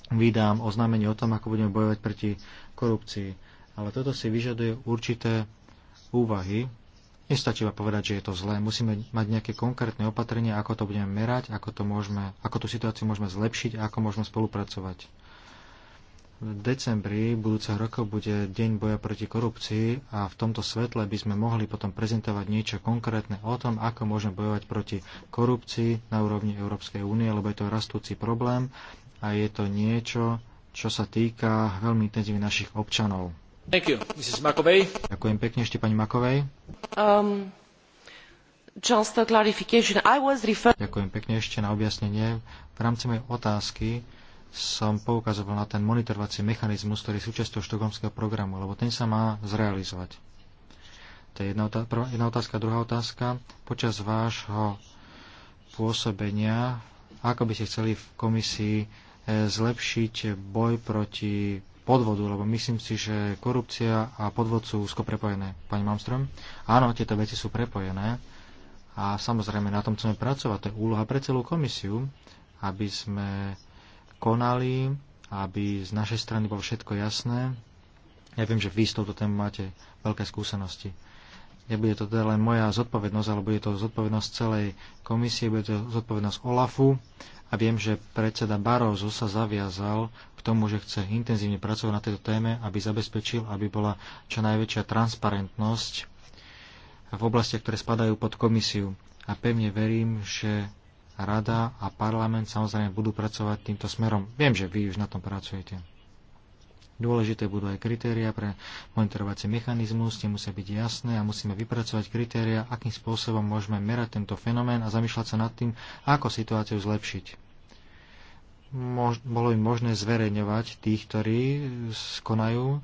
Vydám oznámenie o tom, ako budeme bojovať proti korupcii. Ale toto si vyžaduje určité úvahy, Nestačí iba povedať, že je to zlé. Musíme mať nejaké konkrétne opatrenia, ako to budeme merať, ako, to môžeme, ako tú situáciu môžeme zlepšiť a ako môžeme spolupracovať. V decembri budúceho roka bude Deň boja proti korupcii a v tomto svetle by sme mohli potom prezentovať niečo konkrétne o tom, ako môžeme bojovať proti korupcii na úrovni Európskej únie, lebo je to rastúci problém a je to niečo, čo sa týka veľmi intenzívne našich občanov. Thank you, Mrs. McAvey. Ďakujem pekne ešte pani Makovej. Um, just a clarification. I was refer- Ďakujem pekne ešte na objasnenie. V rámci mojej otázky som poukazoval na ten monitorovací mechanizmus, ktorý je súčasťou štokholmského programu, lebo ten sa má zrealizovať. To je jedna otázka. Prvá, jedna otázka. Druhá otázka. Počas vášho pôsobenia, ako by ste chceli v komisii eh, zlepšiť boj proti podvodu, lebo myslím si, že korupcia a podvod sú úzko prepojené. Pani Malmström? Áno, tieto veci sú prepojené a samozrejme na tom chceme pracovať. To je úloha pre celú komisiu, aby sme konali, aby z našej strany bolo všetko jasné. Ja viem, že vy s touto témou máte veľké skúsenosti. Nebude to teda len moja zodpovednosť, ale bude to zodpovednosť celej komisie, bude to zodpovednosť OLAFu a viem, že predseda Barozo sa zaviazal k tomu, že chce intenzívne pracovať na tejto téme, aby zabezpečil, aby bola čo najväčšia transparentnosť v oblastiach, ktoré spadajú pod komisiu. A pevne verím, že Rada a parlament samozrejme budú pracovať týmto smerom. Viem, že vy už na tom pracujete. Dôležité budú aj kritéria pre monitorovací mechanizmus, tie musia byť jasné a musíme vypracovať kritéria, akým spôsobom môžeme merať tento fenomén a zamýšľať sa nad tým, ako situáciu zlepšiť mož, bolo by možné zverejňovať tých, ktorí skonajú e,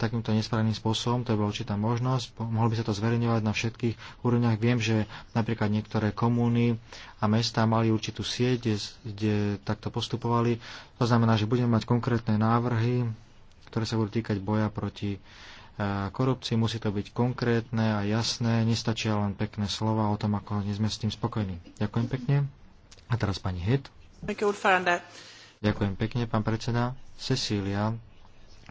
takýmto nesprávnym spôsobom, to je bola určitá možnosť, mohlo by sa to zverejňovať na všetkých úrovniach. Viem, že napríklad niektoré komúny a mestá mali určitú sieť, kde, kde takto postupovali. To znamená, že budeme mať konkrétne návrhy, ktoré sa budú týkať boja proti e, korupcii. Musí to byť konkrétne a jasné, nestačia len pekné slova o tom, ako nie sme s tým spokojní. Ďakujem pekne. A teraz pani Hit. Ďakujem pekne, pán predseda. Cecília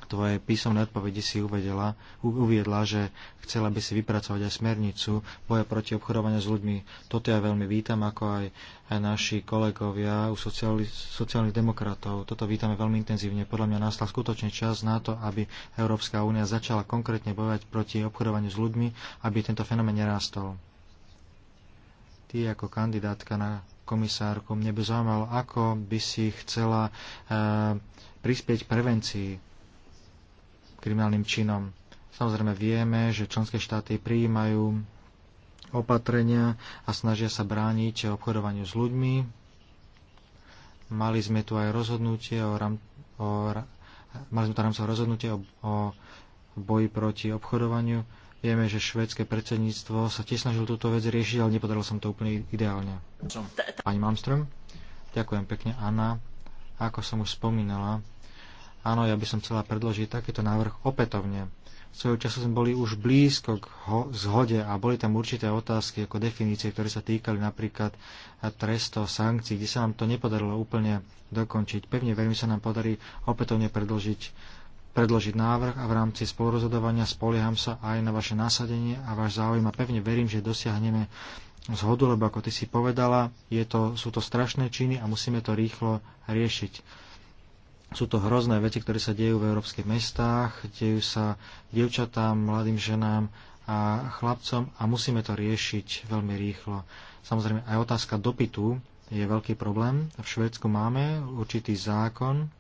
Tvoje písomné odpovedi si uvedela, uviedla, že chcela by si vypracovať aj smernicu boja proti obchodovaniu s ľuďmi. Toto ja veľmi vítam, ako aj, aj naši kolegovia u sociáli, sociálnych demokratov. Toto vítame veľmi intenzívne. Podľa mňa nastal skutočný čas na to, aby Európska únia začala konkrétne bojovať proti obchodovaniu s ľuďmi, aby tento fenomén nerastol. Ty ako kandidátka na komisárku, mne by zaujímalo, ako by si chcela e, prispieť prevencii kriminálnym činom. Samozrejme vieme, že členské štáty prijímajú opatrenia a snažia sa brániť obchodovaniu s ľuďmi. Mali sme tu aj rozhodnutie o, ram, o mali sme tu rozhodnutie o, o boji proti obchodovaniu. Vieme, že švédske predsedníctvo sa tiež snažilo túto vec riešiť, ale nepodarilo som to úplne ideálne. Pani Malmström, ďakujem pekne. Anna, ako som už spomínala, Áno, ja by som chcela predložiť takýto návrh opätovne. V svojho času sme boli už blízko k zhode a boli tam určité otázky ako definície, ktoré sa týkali napríklad trestov, sankcií, kde sa nám to nepodarilo úplne dokončiť. Pevne veľmi sa nám podarí opätovne predložiť predložiť návrh a v rámci spolurozhodovania spolieham sa aj na vaše nasadenie a váš záujem a pevne verím, že dosiahneme zhodu, lebo ako ty si povedala, je to, sú to strašné činy a musíme to rýchlo riešiť. Sú to hrozné veci, ktoré sa dejú v európskych mestách, dejú sa dievčatám, mladým ženám a chlapcom a musíme to riešiť veľmi rýchlo. Samozrejme, aj otázka dopytu je veľký problém. V Švédsku máme určitý zákon,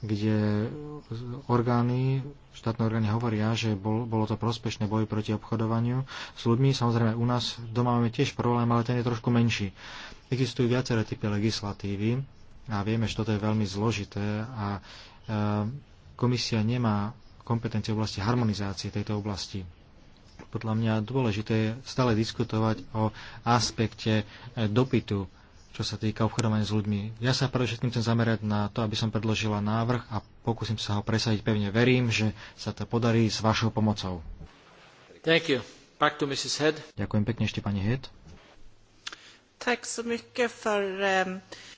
kde orgány, štátne orgány hovoria, že bol, bolo to prospešné boj proti obchodovaniu s ľuďmi. Samozrejme, u nás doma máme tiež problém, ale ten je trošku menší. Existujú viaceré typy legislatívy, a vieme, že toto je veľmi zložité a e, komisia nemá kompetencie v oblasti harmonizácie tejto oblasti. Podľa mňa dôležité je stále diskutovať o aspekte e, dopytu, čo sa týka obchodovania s ľuďmi. Ja sa predovšetkým chcem zamerať na to, aby som predložila návrh a pokúsim sa ho presadiť. Pevne verím, že sa to podarí s vašou pomocou. Thank you. Back to Mrs. Head. Ďakujem pekne ešte pani Head. Ehm,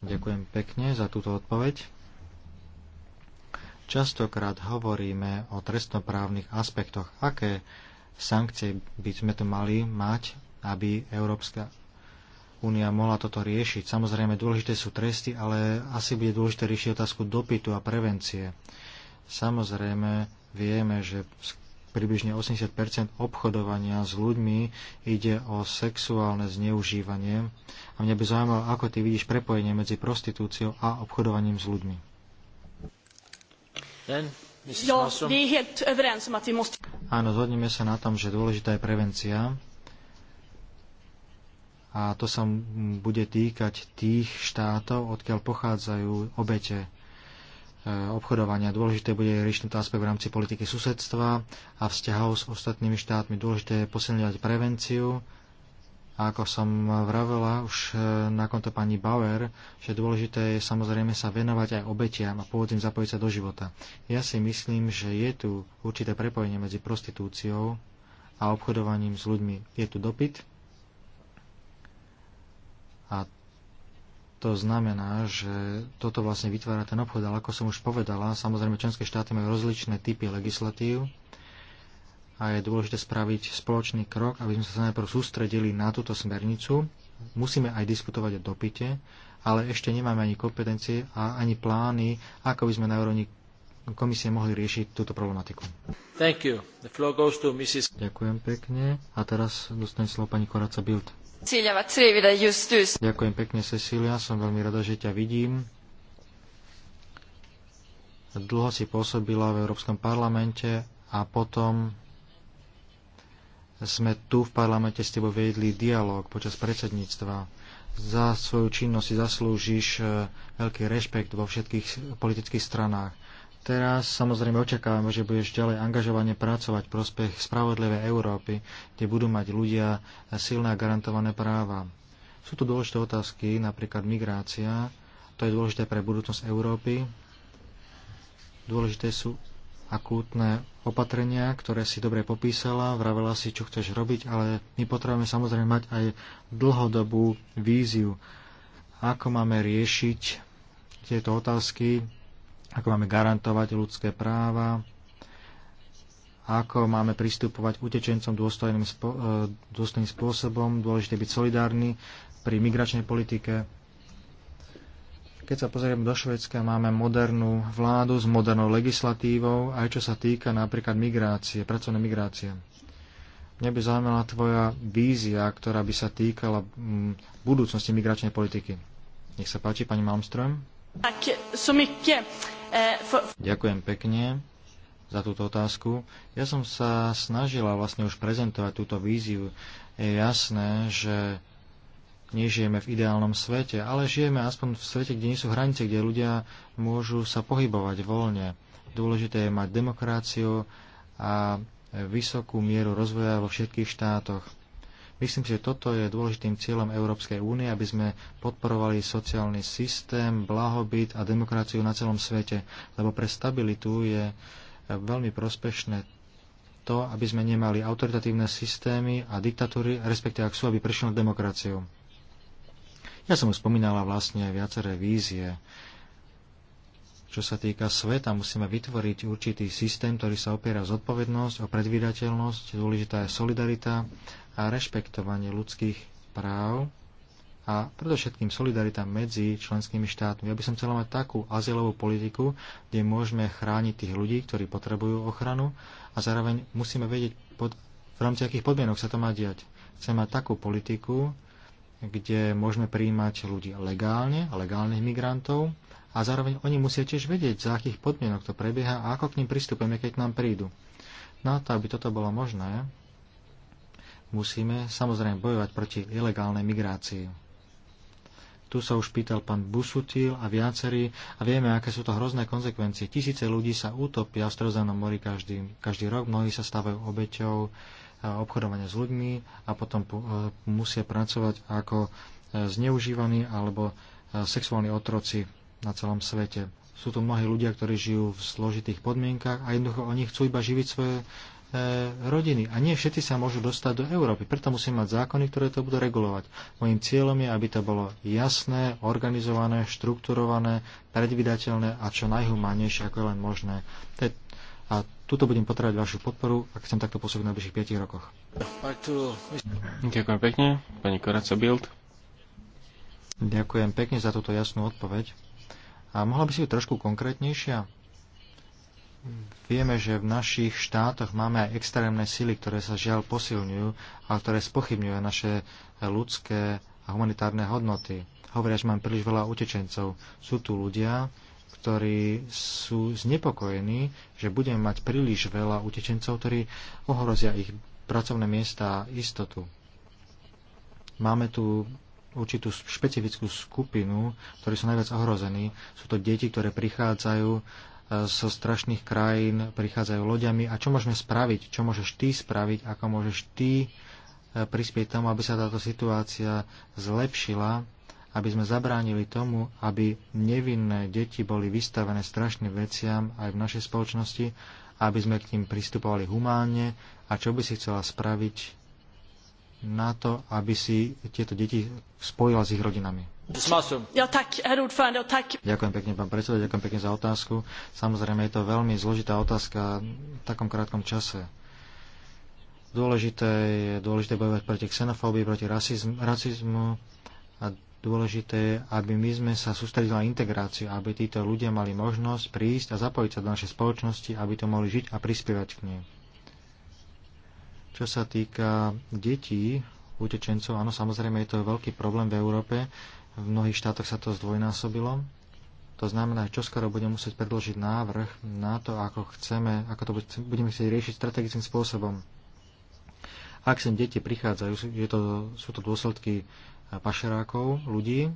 Ďakujem pekne za túto odpoveď. Častokrát hovoríme o trestnoprávnych aspektoch. Aké sankcie by sme tu mali mať, aby Európska únia mohla toto riešiť? Samozrejme, dôležité sú tresty, ale asi bude dôležité riešiť otázku dopytu a prevencie. Samozrejme, vieme, že približne 80 obchodovania s ľuďmi ide o sexuálne zneužívanie. A mňa by zaujímalo, ako ty vidíš prepojenie medzi prostitúciou a obchodovaním s ľuďmi. Ten, Áno, zhodneme sa na tom, že dôležitá je prevencia. A to sa bude týkať tých štátov, odkiaľ pochádzajú obete Eh, obchodovania. Dôležité bude riešiť tento aspekt v rámci politiky susedstva a vzťahov s ostatnými štátmi. Dôležité je posilňovať prevenciu. A ako som vravela už eh, na konto pani Bauer, že dôležité je samozrejme sa venovať aj obetiam a pôvodným zapojiť sa do života. Ja si myslím, že je tu určité prepojenie medzi prostitúciou a obchodovaním s ľuďmi. Je tu dopyt a to znamená, že toto vlastne vytvára ten obchod, ale ako som už povedala, samozrejme členské štáty majú rozličné typy legislatív a je dôležité spraviť spoločný krok, aby sme sa najprv sústredili na túto smernicu. Musíme aj diskutovať o dopite, ale ešte nemáme ani kompetencie a ani plány, ako by sme na úrovni komisie mohli riešiť túto problematiku. Ďakujem pekne. A teraz dostane slovo pani Koraca Bild. Ďakujem pekne, Cecília. Som veľmi rada, že ťa vidím. Dlho si pôsobila v Európskom parlamente a potom sme tu v parlamente s tebou vedli dialog počas predsedníctva. Za svoju činnosť si zaslúžiš eh, veľký rešpekt vo všetkých politických stranách. Teraz samozrejme očakávame, že budeš ďalej angažovane pracovať v prospech spravodlivej Európy, kde budú mať ľudia silné a garantované práva. Sú tu dôležité otázky, napríklad migrácia, to je dôležité pre budúcnosť Európy. Dôležité sú akútne opatrenia, ktoré si dobre popísala, vravela si, čo chceš robiť, ale my potrebujeme samozrejme mať aj dlhodobú víziu, ako máme riešiť tieto otázky, ako máme garantovať ľudské práva, ako máme pristupovať k utečencom dôstojným, e, dôstojným spôsobom, dôležité byť solidárny pri migračnej politike. Keď sa pozrieme do Švedska, máme modernú vládu s modernou legislatívou, aj čo sa týka napríklad migrácie, pracovnej migrácie. Mňa by zaujímala tvoja vízia, ktorá by sa týkala mm, budúcnosti migračnej politiky. Nech sa páči, pani Malmström. Tak, so mycket. Eh, Ďakujem pekne za túto otázku. Ja som sa snažila vlastne už prezentovať túto víziu. Je jasné, že nežijeme v ideálnom svete, ale žijeme aspoň v svete, kde nie sú hranice, kde ľudia môžu sa pohybovať voľne. Dôležité je mať demokraciu a vysokú mieru rozvoja vo všetkých štátoch. Myslím si, že toto je dôležitým cieľom Európskej únie, aby sme podporovali sociálny systém, blahobyt a demokraciu na celom svete, lebo pre stabilitu je veľmi prospešné to, aby sme nemali autoritatívne systémy a diktatúry, respektíve ak sú, aby prešiel na demokraciu. Ja som už spomínala vlastne viaceré vízie. Čo sa týka sveta, musíme vytvoriť určitý systém, ktorý sa opiera o zodpovednosť, o predvídateľnosť, dôležitá je solidarita a rešpektovanie ľudských práv a predovšetkým solidarita medzi členskými štátmi. Ja by som chcela mať takú azylovú politiku, kde môžeme chrániť tých ľudí, ktorí potrebujú ochranu a zároveň musíme vedieť, pod, v rámci akých podmienok sa to má diať. Chcem mať takú politiku, kde môžeme prijímať ľudí legálne, legálnych migrantov a zároveň oni musia tiež vedieť, za akých podmienok to prebieha a ako k ním pristupujeme, keď nám prídu. Na to, aby toto bolo možné, musíme samozrejme bojovať proti ilegálnej migrácii. Tu sa už pýtal pán Busutil a viacerí a vieme, aké sú to hrozné konsekvencie. Tisíce ľudí sa utopia v Stredozemnom mori každý, každý rok, mnohí sa stávajú obeťou e, obchodovania s ľuďmi a potom e, musia pracovať ako e, zneužívaní alebo sexuálni otroci na celom svete. Sú tu mnohí ľudia, ktorí žijú v zložitých podmienkach a jednoducho oni chcú iba živiť svoje e, rodiny. A nie všetci sa môžu dostať do Európy. Preto musíme mať zákony, ktoré to budú regulovať. Mojím cieľom je, aby to bolo jasné, organizované, štrukturované, predvydateľné a čo najhumánnejšie, ako je len možné. A tuto budem potrebovať vašu podporu, ak chcem takto pôsobiť na bližších 5 rokoch. Ďakujem pekne, pani Koraca Bild. Ďakujem pekne za túto jasnú odpoveď. A mohla by si byť trošku konkrétnejšia? Vieme, že v našich štátoch máme aj extrémne sily, ktoré sa žiaľ posilňujú a ktoré spochybňujú naše ľudské a humanitárne hodnoty. Hovoria, že máme príliš veľa utečencov. Sú tu ľudia, ktorí sú znepokojení, že budeme mať príliš veľa utečencov, ktorí ohrozia ich pracovné miesta a istotu. Máme tu určitú špecifickú skupinu, ktorí sú najviac ohrození. Sú to deti, ktoré prichádzajú e, zo strašných krajín, prichádzajú loďami. A čo môžeme spraviť? Čo môžeš ty spraviť? Ako môžeš ty e, prispieť tomu, aby sa táto situácia zlepšila? aby sme zabránili tomu, aby nevinné deti boli vystavené strašným veciam aj v našej spoločnosti, aby sme k ním pristupovali humánne a čo by si chcela spraviť na to, aby si tieto deti spojila s ich rodinami. Ďakujem pekne, pán predseda, ďakujem pekne za otázku. Samozrejme, je to veľmi zložitá otázka v takom krátkom čase. Dôležité je dôležité bojovať proti xenofóbii, proti rasizm, rasizmu a dôležité je, aby my sme sa sústredili na integráciu, aby títo ľudia mali možnosť prísť a zapojiť sa do našej spoločnosti, aby to mohli žiť a prispievať k nej. Čo sa týka detí, utečencov, áno, samozrejme je to veľký problém v Európe. V mnohých štátoch sa to zdvojnásobilo. To znamená, že čoskoro budeme musieť predložiť návrh na to, ako chceme, ako to budeme chcieť riešiť strategickým spôsobom. Ak sem deti prichádzajú, je to, sú to dôsledky pašerákov, ľudí.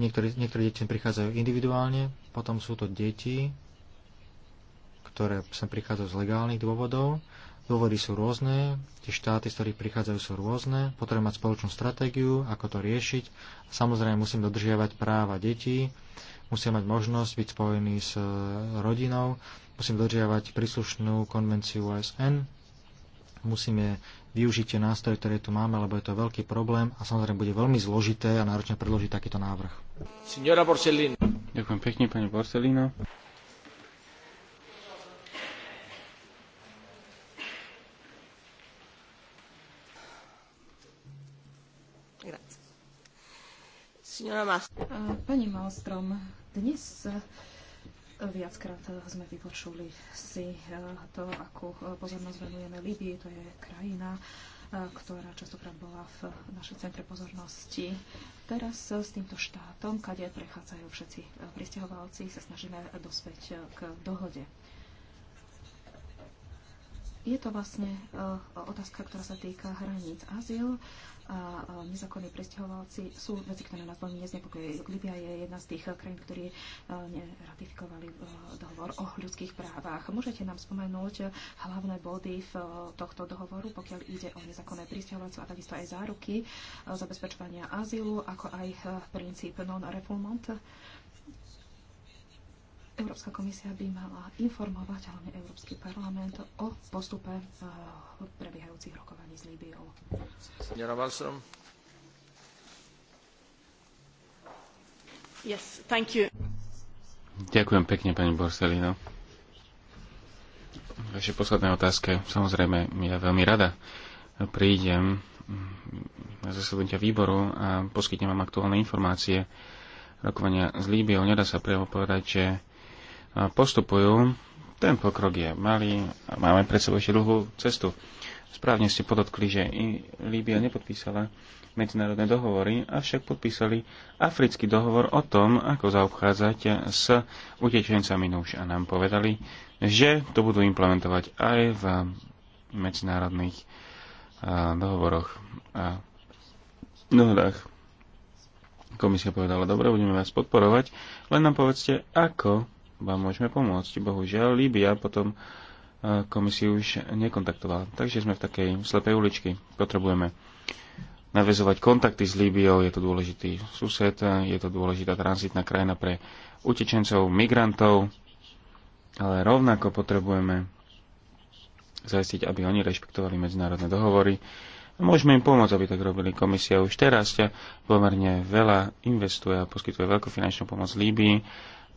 Niektoré, niektoré deti sem prichádzajú individuálne, potom sú to deti, ktoré sem prichádzajú z legálnych dôvodov Dôvody sú rôzne, tie štáty, z ktorých prichádzajú, sú rôzne, potrebujeme mať spoločnú stratégiu, ako to riešiť. Samozrejme musím dodržiavať práva detí, musím mať možnosť byť spojený s e, rodinou, musím dodržiavať príslušnú konvenciu OSN, musíme využiť tie nástroje, ktoré tu máme, lebo je to veľký problém a samozrejme bude veľmi zložité a náročné predložiť takýto návrh. Signora Borsellino. Ďakujem pekne, pani Borsellino. Pani Malstrom, dnes e, viackrát sme vypočuli si e, to, akú e, pozornosť venujeme Libii, To je krajina, ktorá častokrát bola v našej centre pozornosti. Teraz s týmto štátom, kade prechádzajú všetci pristahovalci, sa snažíme dospäť k dohode. Je to vlastne otázka, ktorá sa týka hraníc. Azyl a nezákonní presťahovalci sú veci, ktoré nás veľmi neznepokojujú. Libia je jedna z tých krajín, ktorí e, neratifikovali e, dohovor o ľudských právach. Môžete nám spomenúť e, hlavné body v tohto dohovoru, pokiaľ ide o nezákonné presťahovalcov a takisto aj záruky zabezpečovania azylu, ako aj princíp non-refoulement Európska komisia by mala informovať hlavne Európsky parlament o postupe eh, prebiehajúcich rokovaní s Líbiou. Yes, Ďakujem pekne, pani Borsellino. Vaše posledné otázke. Samozrejme, ja veľmi rada prídem na zasadnutia výboru a poskytnem vám aktuálne informácie rokovania s Líbiou. Nedá sa priamo povedať, že postupujú. Ten pokrok je malý a máme pred sebou ešte dlhú cestu. Správne ste podotkli, že i Líbia nepodpísala medzinárodné dohovory, avšak podpísali africký dohovor o tom, ako zaobchádzať s utečencami nuž no a nám povedali, že to budú implementovať aj v medzinárodných dohovoroch a dohodách. Komisia povedala, dobre, budeme vás podporovať, len nám povedzte, ako vám môžeme pomôcť. Bohužiaľ, Líbia potom e, komisiu už nekontaktovala. Takže sme v takej slepej uličky. Potrebujeme navezovať kontakty s Líbiou, je to dôležitý sused, je to dôležitá tranzitná krajina pre utečencov, migrantov, ale rovnako potrebujeme zajistiť, aby oni rešpektovali medzinárodné dohovory. Môžeme im pomôcť, aby tak robili komisia. Už teraz pomerne veľa investuje a poskytuje veľkú finančnú pomoc Líbii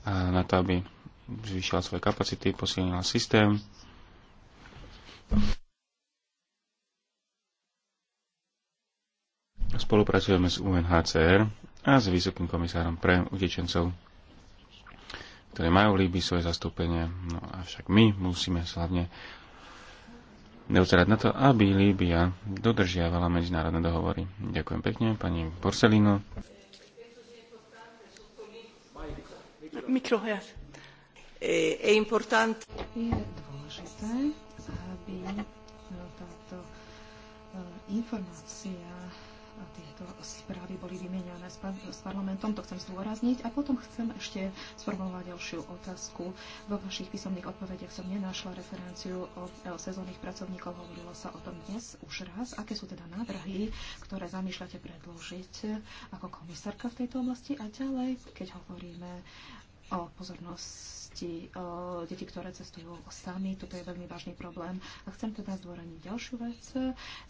na to, aby zvýšila svoje kapacity, posilnila systém. Spolupracujeme s UNHCR a s Vysokým komisárom pre utečencov, ktorí majú v Líbi svoje zastúpenie. No avšak my musíme hlavne neustarať na to, aby Líbia dodržiavala medzinárodné dohovory. Ďakujem pekne, pani Porcelino. Mikro, ja è e, e importante. Je dôležité, aby táto e, informácia a tieto správy boli vymieňané s, parlamentom, to chcem zdôrazniť. A potom chcem ešte sformulovať ďalšiu otázku. Vo vašich písomných odpovediach som nenašla referenciu o, sezónnych pracovníkov. Hovorilo sa o tom dnes už raz. Aké sú teda návrhy, ktoré zamýšľate predložiť ako komisárka v tejto oblasti? A ďalej, keď hovoríme o pozornosti o deti, ktoré cestujú sami. Toto je veľmi vážny problém. A chcem teda zdôrazniť ďalšiu vec.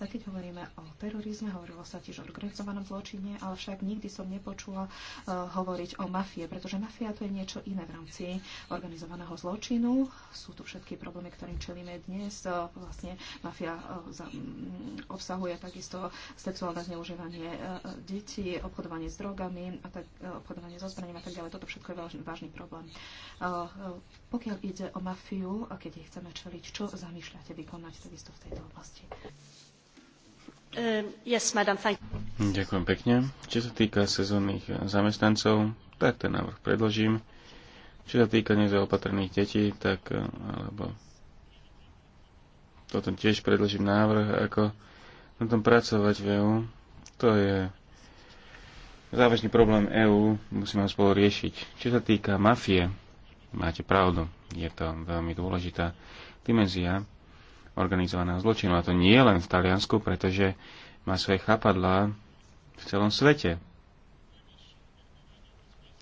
Keď hovoríme o terorizme, hovorilo sa tiež o organizovanom zločine, ale však nikdy som nepočula e, hovoriť o mafie, pretože mafia to je niečo iné v rámci organizovaného zločinu. Sú tu všetky problémy, ktorým čelíme dnes. E, vlastne mafia e, obsahuje takisto sexuálne zneužívanie detí, obchodovanie s drogami, a tak, obchodovanie so zbraním a tak ďalej. Toto všetko je vážne veľký problém. Pokiaľ ide o mafiu, a keď jej chceme čeliť, čo zamýšľate vykonať takisto v tejto oblasti? Um, yes, madam, thank you. Ďakujem pekne. Čo sa týka sezónnych zamestnancov, tak ten návrh predložím. Čo sa týka nezaopatrených detí, tak e, alebo potom tiež predložím návrh, ako na tom pracovať v EU. To je závažný problém EÚ, musíme ho spolu riešiť. Čo sa týka mafie, máte pravdu, je to veľmi dôležitá dimenzia organizovaného zločinu. A to nie je len v Taliansku, pretože má svoje chápadlá v celom svete.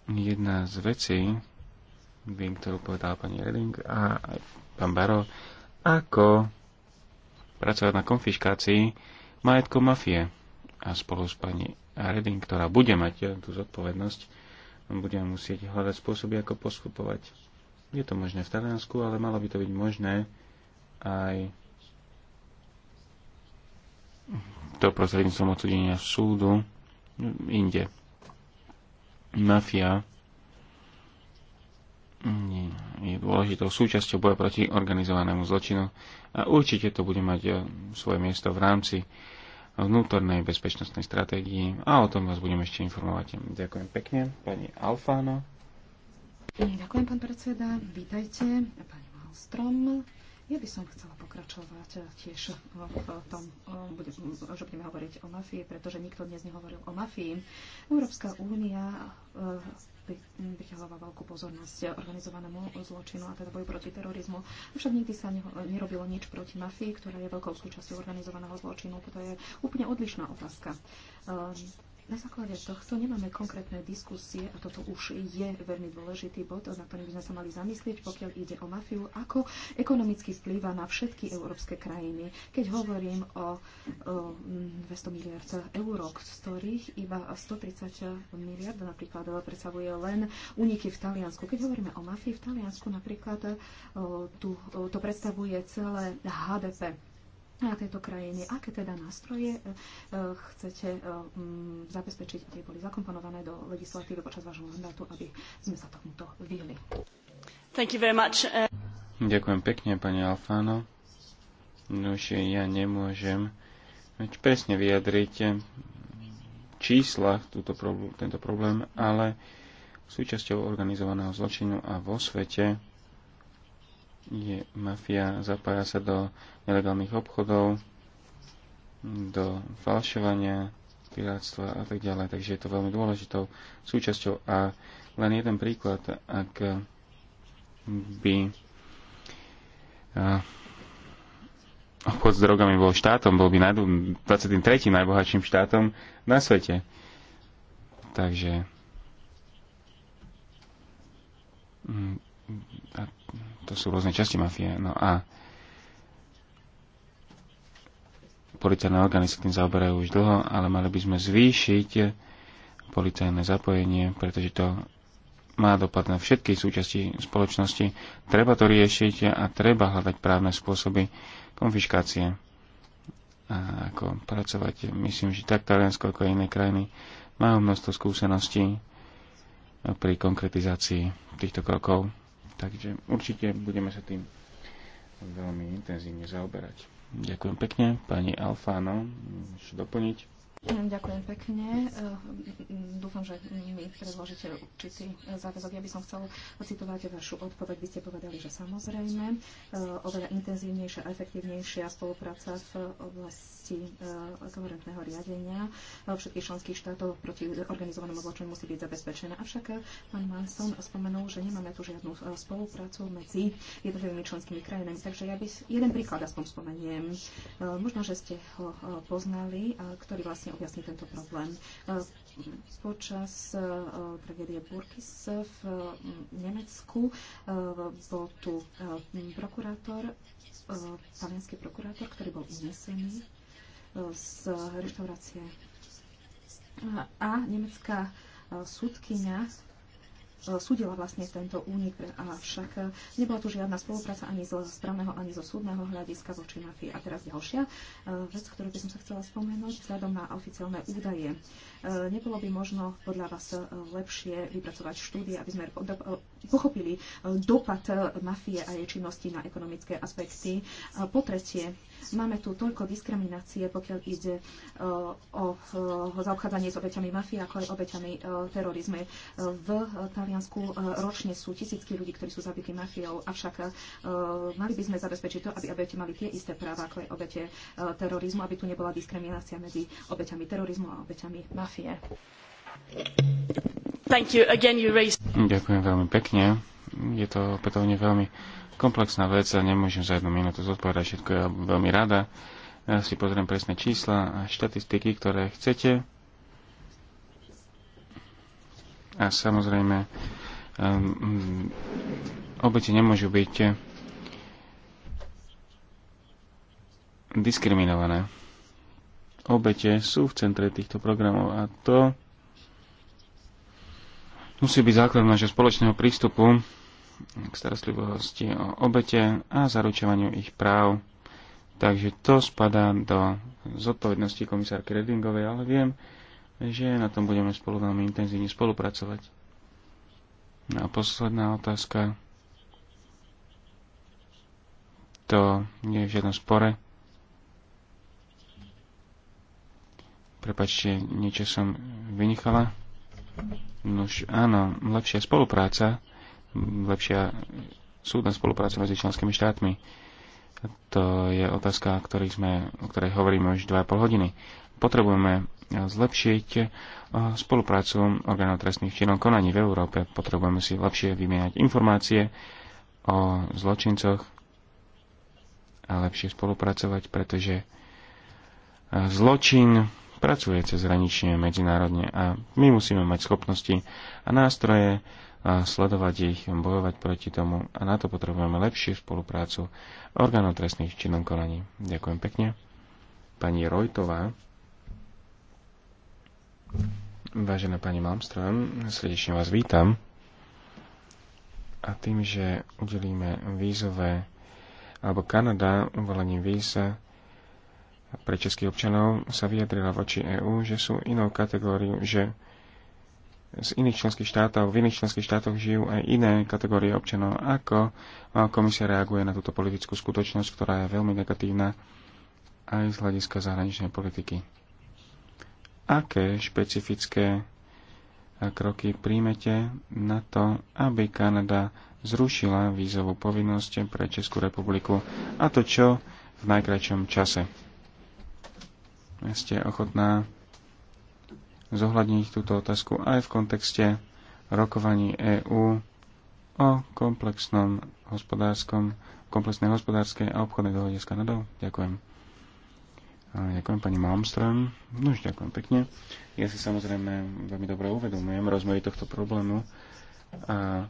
Jedna z vecí, vím, ktorú povedal pani Reding a aj pán Baro, ako pracovať na konfiškácii majetku mafie. A spolu s pani Reding, ktorá bude mať eh, tú zodpovednosť, budeme musieť hľadať spôsoby, ako postupovať. Je to možné v Taliansku, ale malo by to byť možné aj to prostredníctvom odsudenia súdu inde. Mafia je dôležitou súčasťou boja proti organizovanému zločinu a určite to bude mať eh, svoje miesto v rámci vnútornej bezpečnostnej stratégii a o tom vás budem ešte informovať. Ďakujem pekne, pani Alfáno. Ďakujem, pán predseda. Vítajte, pani Malstrom. Ja by som chcela pokračovať eh, tiež v eh, tom, eh, že budeme hovoriť o mafii, pretože nikto dnes nehovoril o mafii. Európska únia vyťahovala veľkú pozornosť organizovanému zločinu a teda boju proti terorizmu. Však nikdy sa nerobilo nič proti mafii, ktorá je veľkou súčasťou organizovaného zločinu. To je úplne odlišná otázka. Na základe tohto nemáme konkrétne diskusie a toto už je veľmi dôležitý bod, na ktorým by sme sa mali zamyslieť, pokiaľ ide o mafiu, ako ekonomicky vplýva na všetky európske krajiny. Keď hovorím o, o 200 mm, miliard eur, z ktorých iba 130 miliard napríklad predstavuje len úniky v Taliansku. Keď hovoríme o mafii v Taliansku, napríklad o, tu, o, to predstavuje celé HDP na tejto krajiny. Aké teda nástroje e, e, chcete e, mm, zabezpečiť, aby boli zakomponované do legislatívy počas vášho mandátu, aby sme sa tomuto vyhli? Thank you very much. Uh, Ďakujem pekne, pani Alfáno. No, že ja nemôžem presne vyjadriť čísla túto problém, tento problém, ale súčasťou organizovaného zločinu a vo svete je mafia, zapája sa do nelegálnych obchodov, do falšovania, pirátstva a tak ďalej. Takže je to veľmi dôležitou súčasťou. A len jeden príklad, ak by obchod s drogami bol štátom, bol by 23. najbohatším štátom na svete. Takže mm, to sú rôzne časti mafie. No a policajné orgány sa tým zaoberajú už dlho, ale mali by sme zvýšiť policajné zapojenie, pretože to má dopad na všetky súčasti spoločnosti. Treba to riešiť a treba hľadať právne spôsoby konfiškácie. A ako pracovať, myslím, že tak Taliansko ako aj iné krajiny majú množstvo skúseností pri konkretizácii týchto krokov. Takže určite budeme sa tým veľmi intenzívne zaoberať. Ďakujem pekne. Pani Alfáno, môžeš doplniť. Ďakujem pekne. Eh, dúfam, že mi predložíte určitý eh, záväzok. Ja by som chcel citovať vašu odpoveď. Vy ste povedali, že samozrejme eh, oveľa intenzívnejšia a efektívnejšia spolupráca v oblasti koherentného riadenia všetkých členských štátov proti organizovanému zločinu musí byť zabezpečená. Avšak pán Manson spomenul, že nemáme tu žiadnu spoluprácu medzi jednotlivými členskými krajinami. Takže ja by jeden príklad aspoň spomeniem. Možno, že ste ho poznali, ktorý vlastne objasní tento problém. E, počas e, tragédie Burkis e, v Nemecku bol tu prokurátor, talianský prokurátor, ktorý bol unesený z reštaurácie. A nemecká súdkynia E, súdila vlastne tento únik, avšak e, nebola tu žiadna spolupráca ani zo správneho, ani zo súdneho hľadiska voči mafii. A teraz ďalšia e, vec, ktorú by som sa chcela spomenúť, vzhľadom na oficiálne údaje. Nebolo by možno podľa vás lepšie vypracovať štúdie, aby sme pochopili dopad mafie a jej činnosti na ekonomické aspekty. Po tretie, Máme tu toľko diskriminácie, pokiaľ ide e, o e, zaobchádzanie s obeťami mafie, ako aj obeťami e, terorizmu. V Taliansku ročne sú tisícky ľudí, ktorí sú zabití mafiou, avšak mali by sme zabezpečiť to, aby obete mali tie isté práva, ako aj obete terorizmu, aby tu nebola diskriminácia medzi obeťami terorizmu a obeťami mafie. Again, raised... Ďakujem veľmi pekne. Je to opätovne veľmi komplexná vec a nemôžem za jednu minútu zodpovedať všetko. Ja veľmi rada ja si pozriem presné čísla a štatistiky, ktoré chcete. A samozrejme, um, obete nemôžu byť diskriminované. Obete sú v centre týchto programov a to musí byť základ našeho spoločného prístupu k starostlivosti o obete a zaručovaniu ich práv. Takže to spadá do zodpovednosti komisárky Redingovej, ale viem, že na tom budeme spolu veľmi intenzívne spolupracovať. No a posledná otázka. To nie je v žiadnom spore. Prepačte, niečo som vynichala. už áno, lepšia spolupráca lepšia súdna spolupráca medzi členskými štátmi. To je otázka, sme, o ktorej hovoríme už 2,5 hodiny. Potrebujeme zlepšiť eh, spoluprácu orgánov trestných činov konaní v Európe. Potrebujeme si lepšie vymieňať informácie o zločincoch a lepšie spolupracovať, pretože eh, zločin pracuje cez hranične medzinárodne a my musíme mať schopnosti a nástroje, a sledovať ich, bojovať proti tomu a na to potrebujeme lepšiu spoluprácu orgánov trestných činnom konaní. Ďakujem pekne. Pani Rojtová, vážená pani Malmström, srdečne vás vítam. A tým, že udelíme vízové, alebo Kanada uvolením víza, pre českých občanov sa vyjadrila voči EÚ, že sú inou kategóriou, že z iných členských štátov, v iných členských štátoch žijú aj iné kategórie občanov. Ako komisia reaguje na túto politickú skutočnosť, ktorá je veľmi negatívna aj z hľadiska zahraničnej politiky? Aké špecifické kroky príjmete na to, aby Kanada zrušila vízovú povinnosť pre Českú republiku a to čo v najkračom čase? Ste ochotná zohľadniť túto otázku aj v kontexte rokovaní EÚ o komplexnom hospodárskom, komplexnej hospodárskej a obchodnej dohode s Kanadou. Ďakujem. A ďakujem pani Malmström. No už ďakujem pekne. Ja si samozrejme veľmi dobre uvedomujem rozmery tohto problému a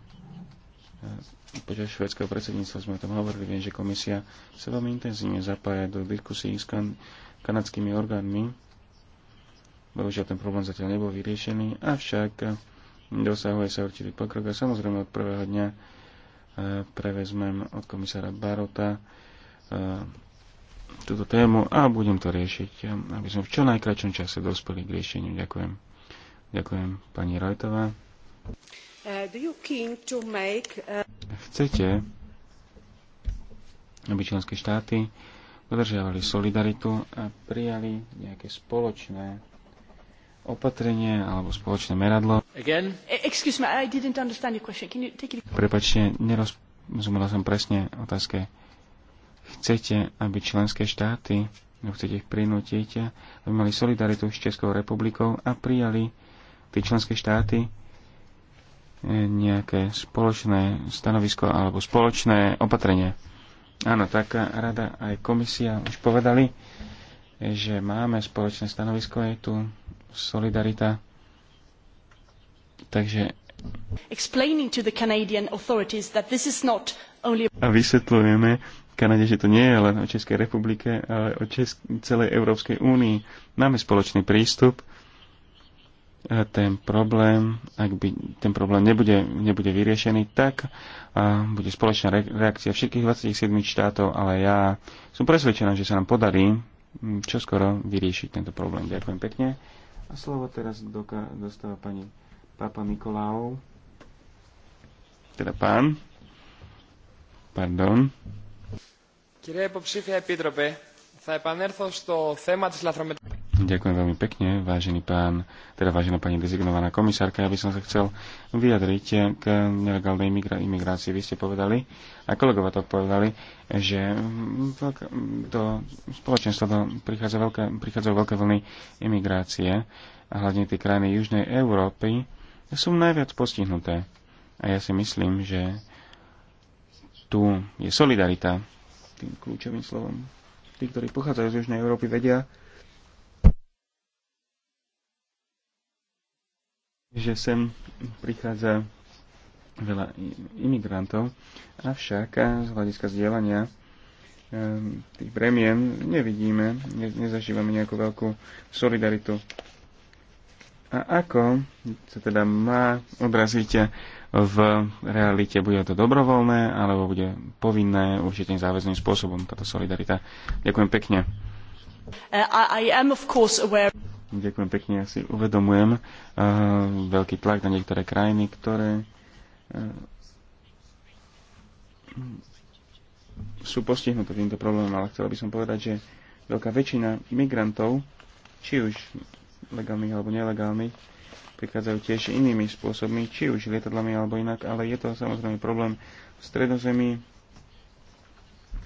počas švedského predsedníctva sme o tom hovorili, viem, že komisia sa veľmi intenzívne zapája do diskusí s kan- kanadskými orgánmi Bohužiaľ ten problém zatiaľ nebol vyriešený, avšak dosahuje sa určitý pokrok a samozrejme od prvého dňa e, prevezmem od komisára Barota e, túto tému a budem to riešiť, aby sme v čo najkračom čase dospeli k riešeniu. Ďakujem. Ďakujem pani Rajtová. Uh, uh, Chcete, aby členské štáty dodržiavali solidaritu a prijali nejaké spoločné opatrenie alebo spoločné meradlo. Again? E, excuse me, I didn't understand your question. Can you take it... Prepačte, nerozumela som presne otázke. Chcete, aby členské štáty, no chcete ich prinútiť, aby mali solidaritu s Českou republikou a prijali tie členské štáty e, nejaké spoločné stanovisko alebo spoločné opatrenie. Áno, tak rada aj komisia už povedali, že máme spoločné stanovisko, je tu solidarita. Takže a v Kanade, že to nie je len o Českej republike, ale o Česk- celej Európskej únii. Máme spoločný prístup. A ten problém, ak by ten problém nebude, nebude vyriešený, tak a bude spoločná re- reakcia všetkých 27 štátov, ale ja som presvedčená, že sa nám podarí mm, čoskoro vyriešiť tento problém. Ďakujem pekne. A slovo teraz dostáva pani Papa Mikoláov. Teda pán. Pardon. Κύριε υποψήφια επίτροπε, θα επανέλθω στο θέμα της λαθρομετρήσεως. Ďakujem veľmi pekne, vážený pán, teda vážená pani dezignovaná komisárka. Ja by som sa chcel vyjadriť k nelegálnej imigrácii. Vy ste povedali, a kolegovia to povedali, že do spoločenstva do, prichádza veľké, prichádzajú veľké vlny imigrácie a hlavne tie krajiny Južnej Európy sú najviac postihnuté. A ja si myslím, že tu je solidarita tým kľúčovým slovom. Tí, ktorí pochádzajú z Južnej Európy, vedia, že sem prichádza veľa imigrantov, avšak z hľadiska zdieľania ehm, tých bremien nevidíme, nezažívame nejakú veľkú solidaritu. A ako sa teda má odraziť v realite? Bude to dobrovoľné, alebo bude povinné určite záväzným spôsobom táto solidarita? Ďakujem pekne. Uh, I, I Ďakujem pekne, ja si uvedomujem uh, veľký tlak na niektoré krajiny, ktoré uh, sú postihnuté týmto problémom, ale chcel by som povedať, že veľká väčšina migrantov, či už legálnych alebo nelegálnych, prichádzajú tiež inými spôsobmi, či už lietadlami alebo inak, ale je to samozrejme problém v stredozemí,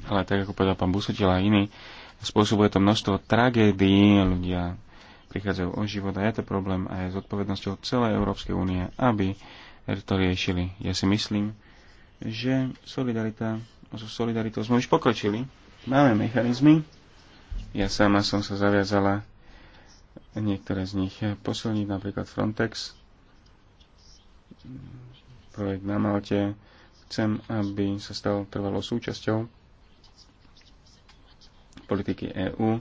ale tak ako povedal pán Busutil a iný, spôsobuje to množstvo tragédií, ľudia prichádzajú o život a je to problém a je zodpovednosťou celej Európskej únie, aby to riešili. Ja si myslím, že solidarita, so solidaritou sme už pokročili. Máme mechanizmy. Ja sama som sa zaviazala niektoré z nich posilniť, napríklad Frontex, projekt na Malte. Chcem, aby sa stal trvalou súčasťou politiky EÚ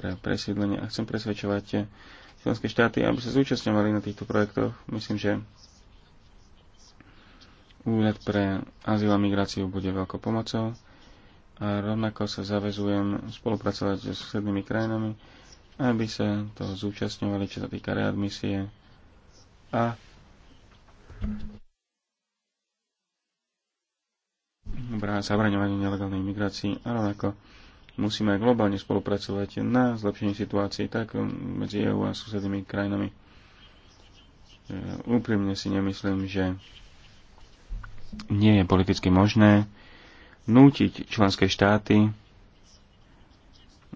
teda presídlenie a chcem presvedčovať členské štáty, aby sa zúčastňovali na týchto projektoch. Myslím, že Úrad pre azyl a migráciu bude veľkou pomocou a rovnako sa zavezujem spolupracovať so susednými krajinami, aby sa to zúčastňovali, čo sa týka readmisie a zabraňovanie nelegálnej migrácii a rovnako musíme globálne spolupracovať na zlepšení situácií tak medzi EU a susednými krajinami. E, úprimne si nemyslím, že nie je politicky možné nútiť členské štáty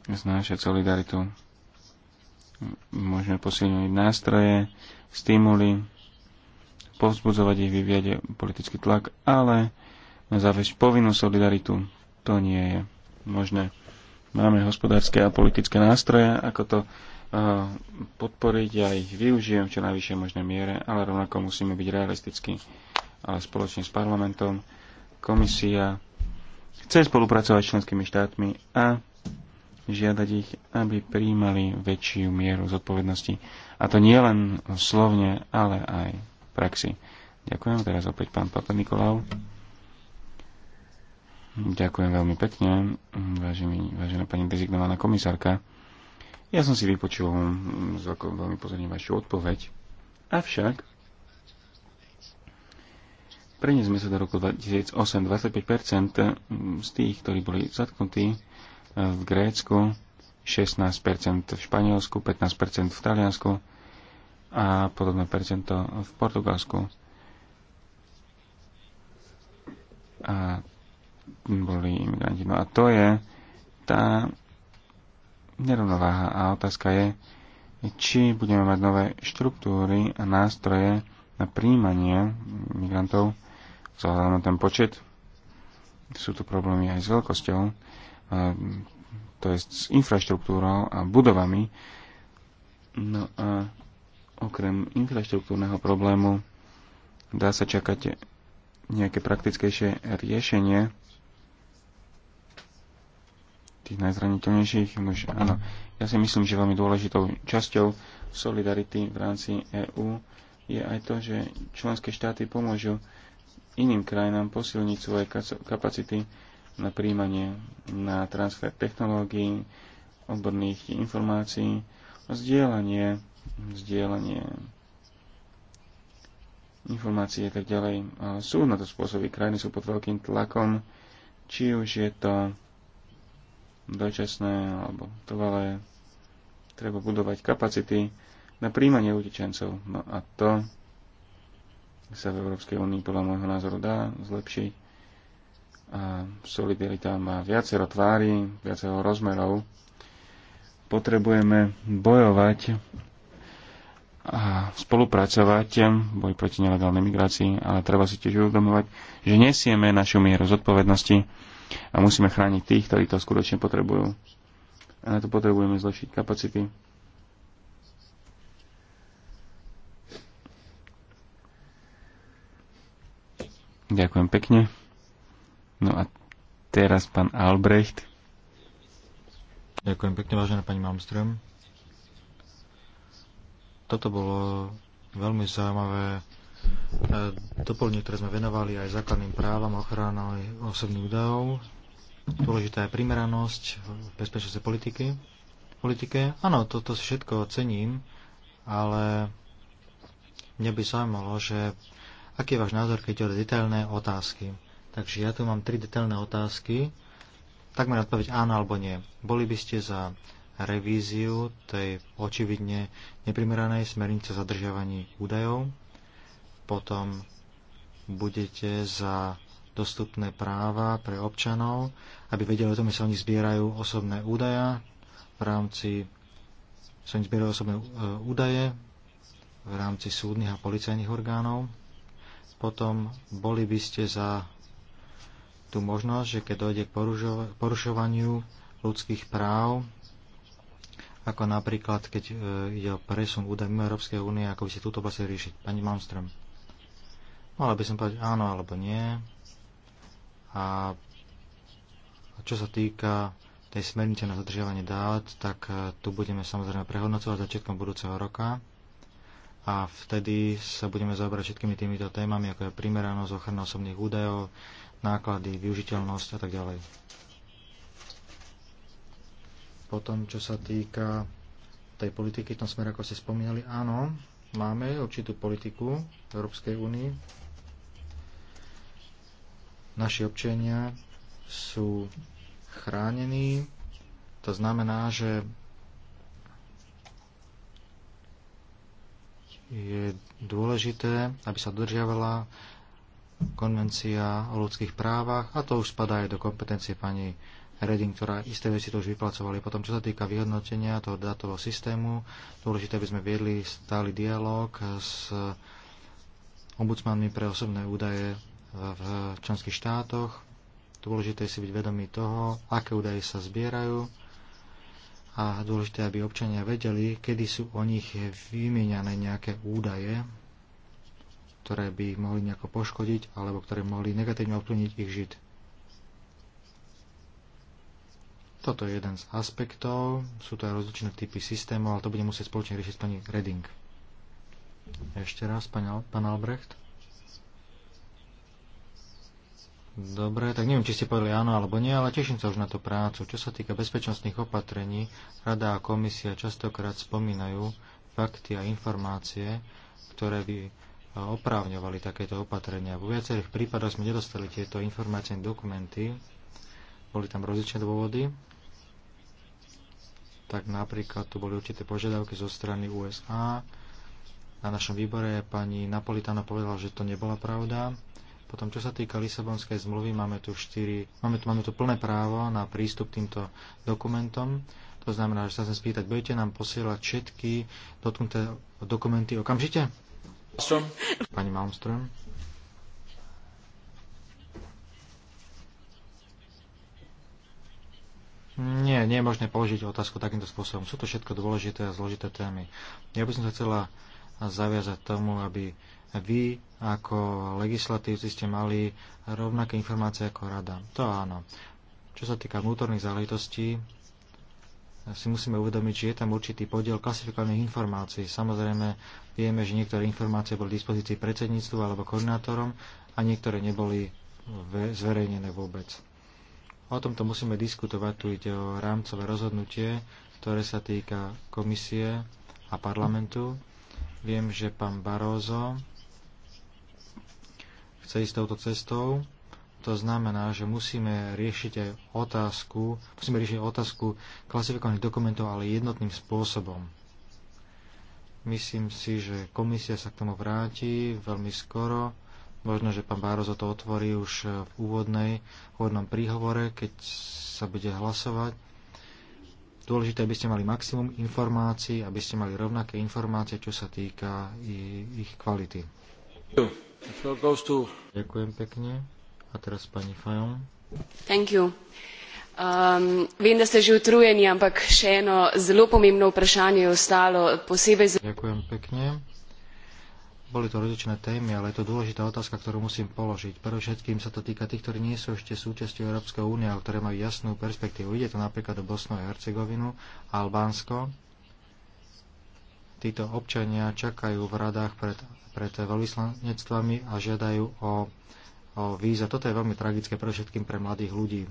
znášať solidaritu. Môžeme posilňovať nástroje, stimuly, povzbudzovať ich, vyviať politický tlak, ale zaviesť povinnú solidaritu, to nie je možné. Máme hospodárske a politické nástroje, ako to e, podporiť a ich využijem v čo najvyššej možnej miere, ale rovnako musíme byť realistickí. Ale spoločne s parlamentom komisia chce spolupracovať s členskými štátmi a žiadať ich, aby príjmali väčšiu mieru zodpovednosti. A to nie len slovne, ale aj v praxi. Ďakujem teraz opäť pán Papa Nikolau. Ďakujem veľmi pekne, vážený, vážená pani dezignovaná komisárka. Ja som si vypočul mm, s veľmi pozorne vašu odpoveď. Avšak, preniesme sa do roku 2008, 25% mm, z tých, ktorí boli zatknutí e, v Grécku, 16% v Španielsku, 15% v Taliansku a podobné percento v Portugalsku. A boli imigranti. No a to je tá nerovnováha. A otázka je, či budeme mať nové štruktúry a nástroje na príjmanie migrantov, vzhľadom na ten počet. Sú tu problémy aj s veľkosťou, to je s infraštruktúrou a budovami. No a okrem infraštruktúrneho problému dá sa čakať nejaké praktickejšie riešenie tých najzraniteľnejších. Nož, áno, ja si myslím, že veľmi dôležitou časťou solidarity v rámci EÚ je aj to, že členské štáty pomôžu iným krajinám posilniť svoje kapacity na príjmanie, na transfer technológií, odborných informácií, zdieľanie, zdieľanie informácií a tak ďalej. Sú na to spôsoby. Krajiny sú pod veľkým tlakom, či už je to dočasné alebo trvalé. Treba budovať kapacity na príjmanie utečencov. No a to sa v Európskej únii podľa môjho názoru dá zlepšiť. A solidarita má viacero tvári, viacero rozmerov. Potrebujeme bojovať a spolupracovať boj proti nelegálnej migrácii, ale treba si tiež uvedomovať, že nesieme našu mieru zodpovednosti a musíme chrániť tých, ktorí to skutočne potrebujú. A na to potrebujeme zlepšiť kapacity. Ďakujem pekne. No a teraz pán Albrecht. Ďakujem pekne, vážená pani Malmström. Toto bolo veľmi zaujímavé E, doplne, ktoré sme venovali aj základným právam ochranou osobných údajov. Dôležitá je primeranosť bezpečnostnej politiky. politike. Áno, toto si všetko cením, ale mňa by zaujímalo, že aký je váš názor, keď ide o detailné otázky. Takže ja tu mám tri detailné otázky. Takmer odpoveď áno alebo nie. Boli by ste za revíziu tej očividne neprimeranej smernice zadržiavaní údajov potom budete za dostupné práva pre občanov, aby vedeli o tom, že sa oni zbierajú osobné údaje v rámci sa oni zbierajú osobné e, údaje v rámci súdnych a policajných orgánov. Potom boli by ste za tú možnosť, že keď dojde k porušovaniu ľudských práv, ako napríklad, keď e, ide o presun údajov mimo Európskej únie, ako by ste túto oblasť riešiť. Pani Malmström. Mala by som povedať áno alebo nie. A čo sa týka tej smernice na zadržiavanie dát, tak e, tu budeme samozrejme prehodnocovať začiatkom budúceho roka a vtedy sa budeme zaoberať všetkými týmito témami, ako je primeranosť, ochrana osobných údajov, náklady, využiteľnosť a tak ďalej. Potom, čo sa týka tej politiky, v tom smere, ako ste spomínali, áno, máme určitú politiku v Európskej únii, naši občania sú chránení. To znamená, že je dôležité, aby sa dodržiavala konvencia o ľudských právach a to už spadá aj do kompetencie pani Reding, ktorá isté veci to už vyplacovali. Potom, čo sa týka vyhodnotenia toho dátového systému, dôležité, aby sme viedli stály dialog s ombudsmanmi pre osobné údaje v členských štátoch. Dôležité je si byť vedomý toho, aké údaje sa zbierajú a dôležité, aby občania vedeli, kedy sú o nich vymieňané nejaké údaje, ktoré by ich mohli nejako poškodiť alebo ktoré mohli negatívne ovplyvniť ich žid. Toto je jeden z aspektov. Sú to aj rozličné typy systémov, ale to bude musieť spoločne riešiť pani Reding. Ešte raz, pán Albrecht. Dobre, tak neviem, či ste povedali áno alebo nie, ale teším sa už na tú prácu. Čo sa týka bezpečnostných opatrení, Rada a komisia častokrát spomínajú fakty a informácie, ktoré by e, oprávňovali takéto opatrenia. Vo viacerých prípadoch sme nedostali tieto informácie dokumenty, boli tam rozličné dôvody, tak napríklad tu boli určité požiadavky zo strany USA. Na našom výbore pani Napolitano povedala, že to nebola pravda. Potom, čo sa týka Lisabonskej zmluvy, máme tu, štyri, máme, tu, máme tu plné právo na prístup týmto dokumentom. To znamená, že sa chcem spýtať, budete nám posielať všetky dotknuté dokumenty okamžite? Malmström. Pani Malmström. Nie, nie je možné položiť otázku takýmto spôsobom. Sú to všetko dôležité a zložité témy. Ja by som sa chcela zaviazať tomu, aby vy ako legislatívci ste mali rovnaké informácie ako rada. To áno. Čo sa týka vnútorných záležitostí, si musíme uvedomiť, že je tam určitý podiel klasifikovaných informácií. Samozrejme, vieme, že niektoré informácie boli v dispozícii predsedníctvu alebo koordinátorom a niektoré neboli zverejnené vôbec. O tomto musíme diskutovať, tu ide o rámcové rozhodnutie, ktoré sa týka komisie a parlamentu. Viem, že pán Barózo chce ísť touto cestou. To znamená, že musíme riešiť aj otázku, musíme riešiť otázku klasifikovaných dokumentov, ale jednotným spôsobom. Myslím si, že komisia sa k tomu vráti veľmi skoro. Možno, že pán Bározo to otvorí už v úvodnej, úvodnom príhovore, keď sa bude hlasovať. Dôležité, aby ste mali maximum informácií, aby ste mali rovnaké informácie, čo sa týka ich kvality. Ďakujem. Ďakujem pekne. A teraz pani Fajon. Thank you. Um, vem, da ste že utrujeni, ampak še eno zelo pomembno vprašanje je ostalo, posebej za... Ďakujem pekne. Boli to rozličné témy, ale je to dôležitá otázka, ktorú musím položiť. Pre všetkým sa to týka tých, ktorí nie sú ešte súčasťou Európskej únie, ale ktoré majú jasnú perspektívu. Ide to napríklad o Bosnu a Hercegovinu, Albánsko títo občania čakajú v radách pred, pred veľvyslanectvami a žiadajú o, o víza. Toto je veľmi tragické pre všetkým pre mladých ľudí.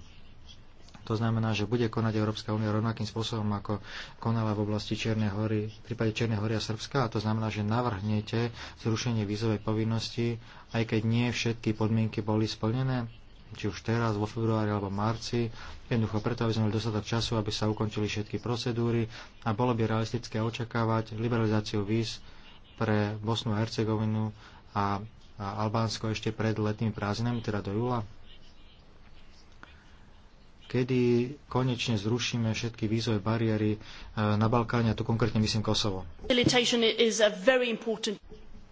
To znamená, že bude konať Európska únia rovnakým spôsobom, ako konala v oblasti Čiernej hory, v prípade Čiernej hory a Srbska. A to znamená, že navrhnete zrušenie vízovej povinnosti, aj keď nie všetky podmienky boli splnené či už teraz, vo februári alebo marci, jednoducho preto, aby sme mali dostatok času, aby sa ukončili všetky procedúry a bolo by realistické očakávať liberalizáciu víz pre Bosnu a Hercegovinu a, a Albánsko ešte pred letnými prázdnami, teda do júla? Kedy konečne zrušíme všetky vízové bariéry e, na Balkáne, a tu konkrétne myslím Kosovo?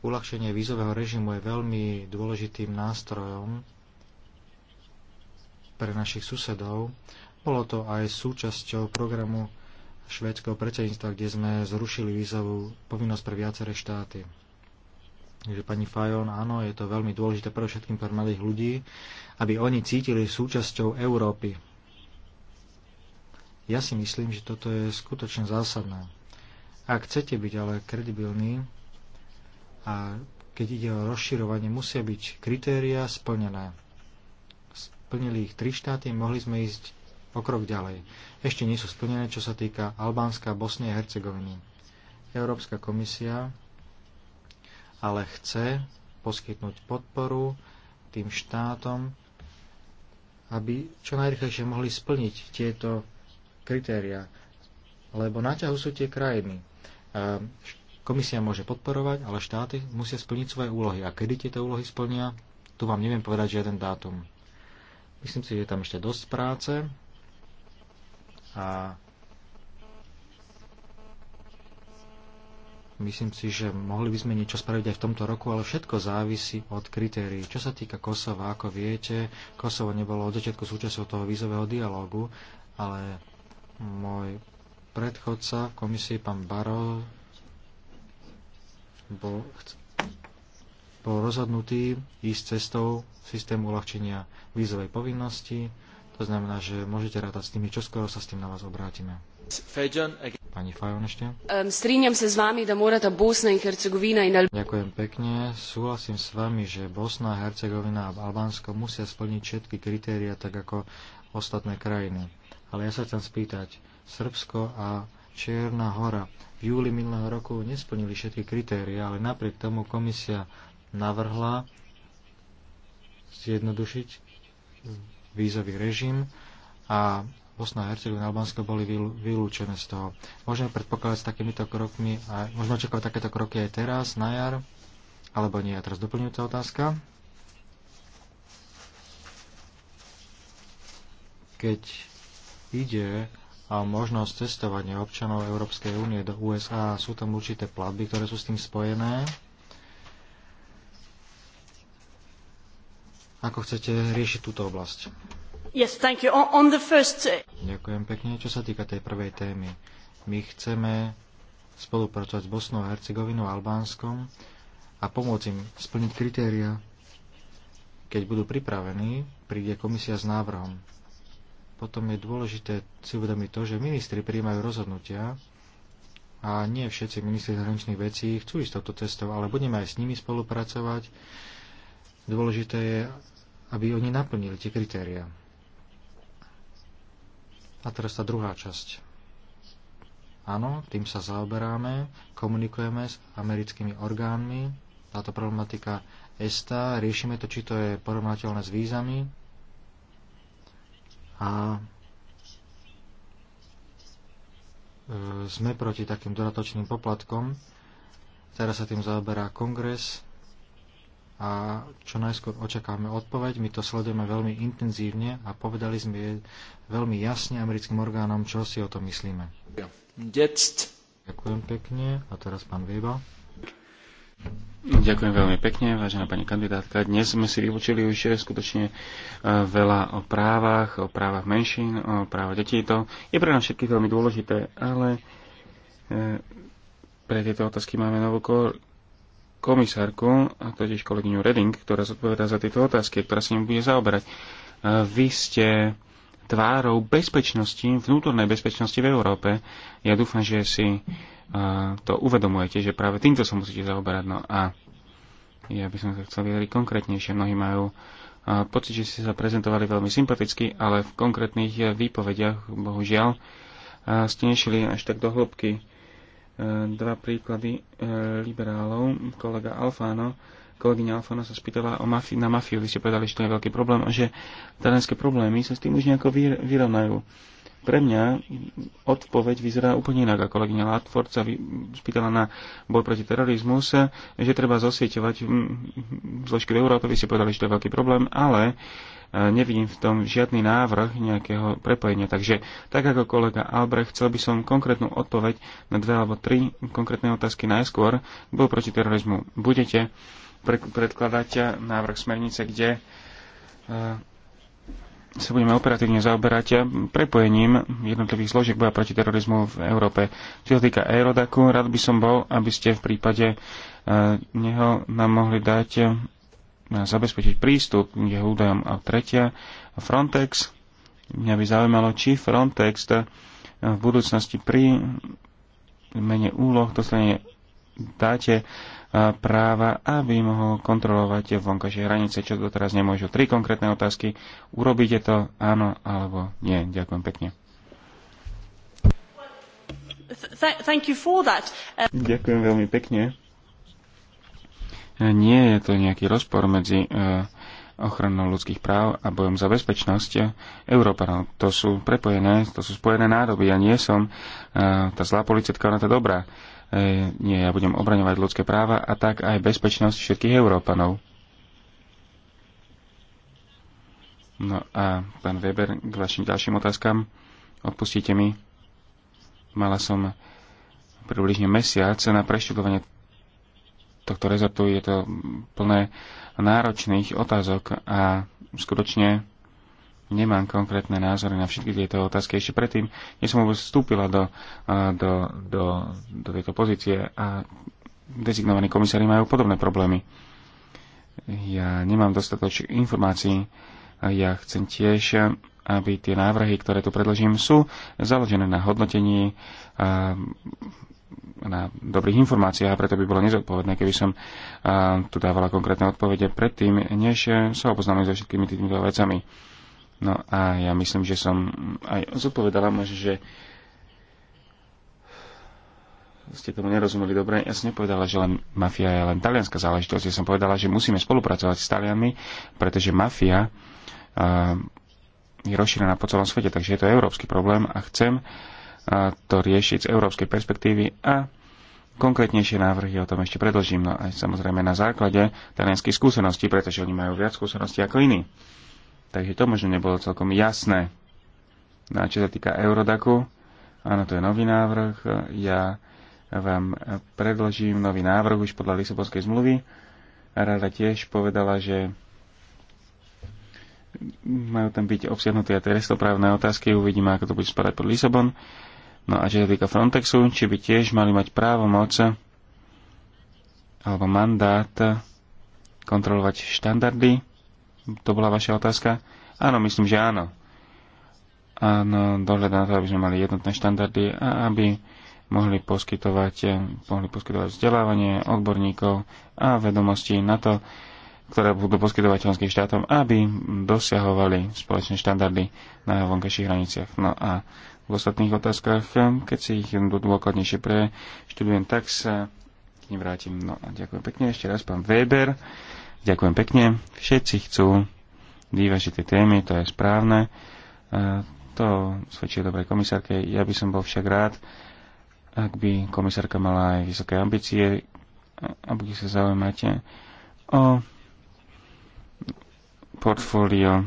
Uľahčenie vízového režimu je veľmi dôležitým nástrojom pre našich susedov. Bolo to aj súčasťou programu švédskeho predsedníctva, kde sme zrušili vízovú povinnosť pre viaceré štáty. Takže pani Fajon, áno, je to veľmi dôležité pre všetkým pre mladých ľudí, aby oni cítili súčasťou Európy. Ja si myslím, že toto je skutočne zásadné. Ak chcete byť ale kredibilní a keď ide o rozširovanie, musia byť kritéria splnené. Plnili ich tri štáty, mohli sme ísť o krok ďalej. Ešte nie sú splnené, čo sa týka Albánska, Bosny a Hercegoviny. Európska komisia ale chce poskytnúť podporu tým štátom, aby čo najrychlejšie mohli splniť tieto kritéria. Lebo na ťahu sú tie krajiny. Komisia môže podporovať, ale štáty musia splniť svoje úlohy. A kedy tieto úlohy splnia, tu vám neviem povedať žiaden dátum. Myslím si, že je tam ešte dosť práce a myslím si, že mohli by sme niečo spraviť aj v tomto roku, ale všetko závisí od kritérií. Čo sa týka Kosova, ako viete, Kosovo nebolo od začiatku súčasťou toho vízového dialogu, ale môj predchodca v komisii, pán Baro, bol, bol rozhodnutý ísť cestou systému uľahčenia vízovej povinnosti. To znamená, že môžete rátať s tými, čo skoro sa s tým na vás obrátime. Pani Fajon ešte. Um, sa s vami, da morata Bosna i Hercegovina na... Ďakujem pekne. Súhlasím s vami, že Bosna, Hercegovina a Albánsko musia splniť všetky kritéria, tak ako ostatné krajiny. Ale ja sa chcem spýtať, Srbsko a Čierna hora v júli minulého roku nesplnili všetky kritéria, ale napriek tomu komisia navrhla zjednodušiť vízový režim a Bosna a Hercegovina a boli vylúčené z toho. Môžeme predpokladať s takýmito krokmi, a môžeme očakávať takéto kroky aj teraz, na jar, alebo nie. A teraz doplňujúca otázka. Keď ide a možnosť cestovania občanov Európskej únie do USA, sú tam určité platby, ktoré sú s tým spojené. ako chcete riešiť túto oblasť. Yes, thank you. On, on the first... Eh, Ďakujem pekne. Čo sa týka tej prvej témy, my chceme spolupracovať s Bosnou a Hercegovinou a Albánskom a pomôcť im splniť kritéria. Keď budú pripravení, príde komisia s návrhom. Potom je dôležité si uvedomiť to, že ministri príjmajú rozhodnutia a nie všetci ministri zahraničných vecí chcú ísť touto cestou, ale budeme aj s nimi spolupracovať Dôležité je, aby oni naplnili tie kritéria. A teraz tá druhá časť. Áno, tým sa zaoberáme, komunikujeme s americkými orgánmi, táto problematika ESTA, riešime to, či to je porovnateľné s vízami a e, sme proti takým dodatočným poplatkom. Teraz sa tým zaoberá kongres a čo najskôr očakávame odpoveď. My to sledujeme veľmi intenzívne a povedali sme je veľmi jasne americkým orgánom, čo si o tom myslíme. Jetzt. Ďakujem pekne. A teraz pán Weber. Ďakujem veľmi pekne, vážená pani kandidátka. Dnes sme si vyučili už eh, skutočne eh, veľa o právach, o právach menšín, o právach detí. To je pre nás všetkých veľmi dôležité, ale eh, pre tieto otázky máme novú komisárku, a totiž kolegyňu Reding, ktorá zodpovedá za tieto otázky, ktorá sa ním bude zaoberať. Vy ste tvárou bezpečnosti, vnútornej bezpečnosti v Európe. Ja dúfam, že si to uvedomujete, že práve týmto sa musíte zaoberať. No a ja by som sa chcel vyjadriť konkrétnejšie. Mnohí majú pocit, že ste sa prezentovali veľmi sympaticky, ale v konkrétnych výpovediach, bohužiaľ, ste nešli až tak do hĺbky E, dva príklady e, liberálov. Kolega Alfano, kolegyňa Alfano sa spýtala o mafi- na mafiu. Vy ste povedali, že to je veľký problém a že talianské problémy sa s tým už nejako vyrovnajú. Pre mňa odpoveď vyzerá úplne inak. A kolegyňa Latford sa spýtala na boj proti terorizmu, že treba zosieťovať mm, mm, mm, zložky v Európe. Vy ste povedali, že to je veľký problém, ale uh, nevidím v tom žiadny návrh nejakého prepojenia. Takže tak ako kolega Albrecht, chcel by som konkrétnu odpoveď na dve alebo tri konkrétne otázky najskôr. Bol proti terorizmu. Budete predkladať návrh smernice, kde e, sa budeme operatívne zaoberať prepojením jednotlivých zložiek boja proti terorizmu v Európe. Čo sa týka Aerodaku, rád by som bol, aby ste v prípade e, neho nám mohli dať zabezpečiť prístup k jeho údajom. A tretia, Frontex. Mňa by zaujímalo, či Frontex v budúcnosti pri mene úloh dostane dáte práva, aby mohol kontrolovať vonkajšie hranice, čo doteraz nemôžu. Tri konkrétne otázky. Urobíte to áno alebo nie? Ďakujem pekne. Ďakujem veľmi pekne nie je to nejaký rozpor medzi e, ochranou ľudských práv a bojom za bezpečnosť Európanov. To sú prepojené, to sú spojené nádoby. Ja nie som e, tá zlá policetka, ona tá dobrá. E, nie, ja budem obraňovať ľudské práva a tak aj bezpečnosť všetkých Európanov. No a pán Weber, k vašim ďalším otázkam. Odpustite mi. Mala som približne mesiac na preštudovanie tohto rezortu je to plné náročných otázok a skutočne nemám konkrétne názory na všetky tieto otázky. Ešte predtým, než som vôbec vstúpila do, do, do, do tejto pozície a dezignovaní komisári majú podobné problémy. Ja nemám dostatoč informácií. Ja chcem tiež, aby tie návrhy, ktoré tu predložím, sú založené na hodnotení na dobrých informáciách a preto by bolo nezodpovedné, keby som tu dávala konkrétne odpovede predtým, než sa oboznámim so všetkými týmito vecami. No a ja myslím, že som aj zodpovedala, možno, že ste tomu nerozumeli dobre. Ja som nepovedala, že len mafia je len talianská záležitosť. Ja som povedala, že musíme spolupracovať s Talianmi, pretože mafia uh, je rozšírená po celom svete, takže je to európsky problém a chcem, to riešiť z európskej perspektívy a konkrétnejšie návrhy o tom ešte predložím, no aj samozrejme na základe talianských skúseností, pretože oni majú viac skúseností ako iní. Takže to možno nebolo celkom jasné. No a čo sa týka Eurodaku, áno, to je nový návrh, ja vám predložím nový návrh už podľa Lisabonskej zmluvy. Rada tiež povedala, že majú tam byť obsiahnuté aj trestoprávne otázky, uvidíme, ako to bude spadať pod Lisabon. No a čo sa týka Frontexu, či by tiež mali mať právo moc alebo mandát kontrolovať štandardy? To bola vaša otázka? Áno, myslím, že áno. Áno, dohľad na to, aby sme mali jednotné štandardy a aby mohli poskytovať, mohli poskytovať vzdelávanie odborníkov a vedomosti na to, ktoré budú poskytovať členským štátom, aby dosiahovali spoločné štandardy na vonkajších hraniciach. No a v ostatných otázkach. Keď si ich dôkladnejšie študujem, tak sa k nim vrátim. No a ďakujem pekne ešte raz, pán Weber. Ďakujem pekne. Všetci chcú vyvážiť tie témy, to je správne. To svedčí dobrej komisárke. Ja by som bol však rád, ak by komisárka mala aj vysoké ambície, a bude sa zaujímať o portfólio.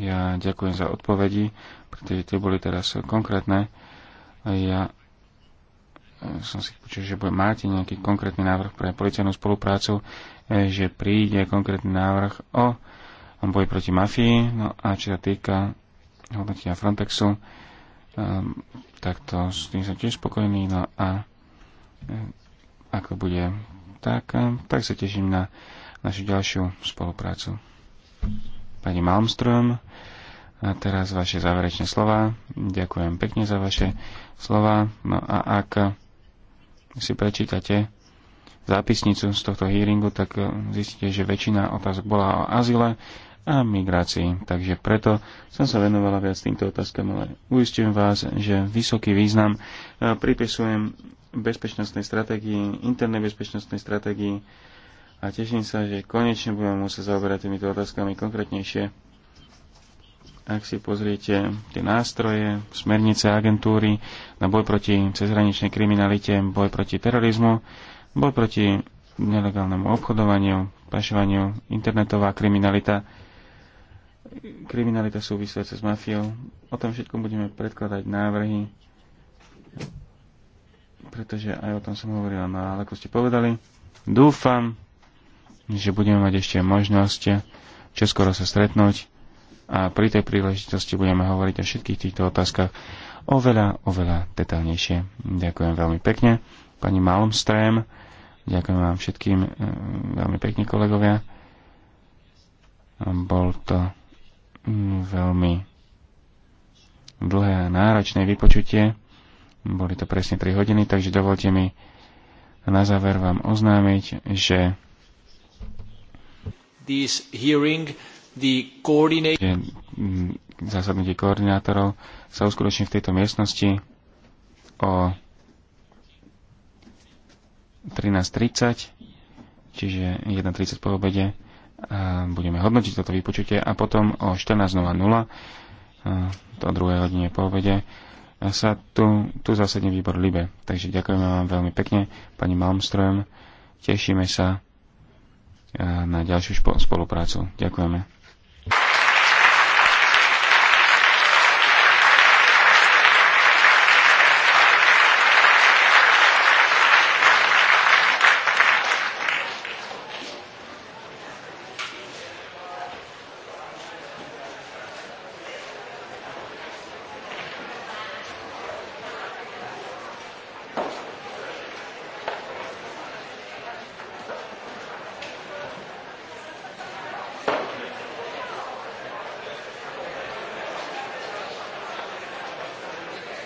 Ja ďakujem za odpovedi aktivity boli teraz konkrétne. Ja som si počul, že máte nejaký konkrétny návrh pre policajnú spoluprácu, e, že príde konkrétny návrh o boji proti mafii. No a čo sa týka hodnotenia Frontexu, e, tak to s tým som tiež spokojný. No a e, ako bude tak, tak sa teším na našu ďalšiu spoluprácu. Pani Malmström, a teraz vaše záverečné slova. Ďakujem pekne za vaše slova. No a ak si prečítate zápisnicu z tohto hearingu, tak zistíte, že väčšina otázok bola o azyle a migrácii. Takže preto som sa venovala viac týmto otázkam, ale uistím vás, že vysoký význam e, pripisujem bezpečnostnej stratégii, internej bezpečnostnej stratégii a teším sa, že konečne budeme musieť zaoberať týmito otázkami konkrétnejšie ak si pozriete tie nástroje, smernice agentúry na boj proti cezhraničnej kriminalite, boj proti terorizmu, boj proti nelegálnemu obchodovaniu, pašovaniu, internetová kriminalita, kriminalita súvisiaca s mafiou. O tom všetkom budeme predkladať návrhy, pretože aj o tom som hovoril, no ale ako ste povedali, dúfam, že budeme mať ešte možnosť čoskoro sa stretnúť a pri tej príležitosti budeme hovoriť o všetkých týchto otázkach oveľa, oveľa detaľnejšie. Ďakujem veľmi pekne. Pani Malmström, ďakujem vám všetkým eh, veľmi pekne kolegovia. Bol to hm, veľmi dlhé a náročné vypočutie. Boli to presne 3 hodiny, takže dovolte mi na záver vám oznámiť, že this hearing The coordinate... Mm, Zasadnutie koordinátorov sa uskutoční v tejto miestnosti o 13.30, čiže 1.30 po obede. A budeme hodnotiť toto vypočutie a potom o 14.00, to druhé hodine po obede, sa tu, tu zasadne výbor Libe. Takže ďakujeme vám veľmi pekne, pani Malmström. Tešíme sa na ďalšiu spoluprácu. Ďakujeme.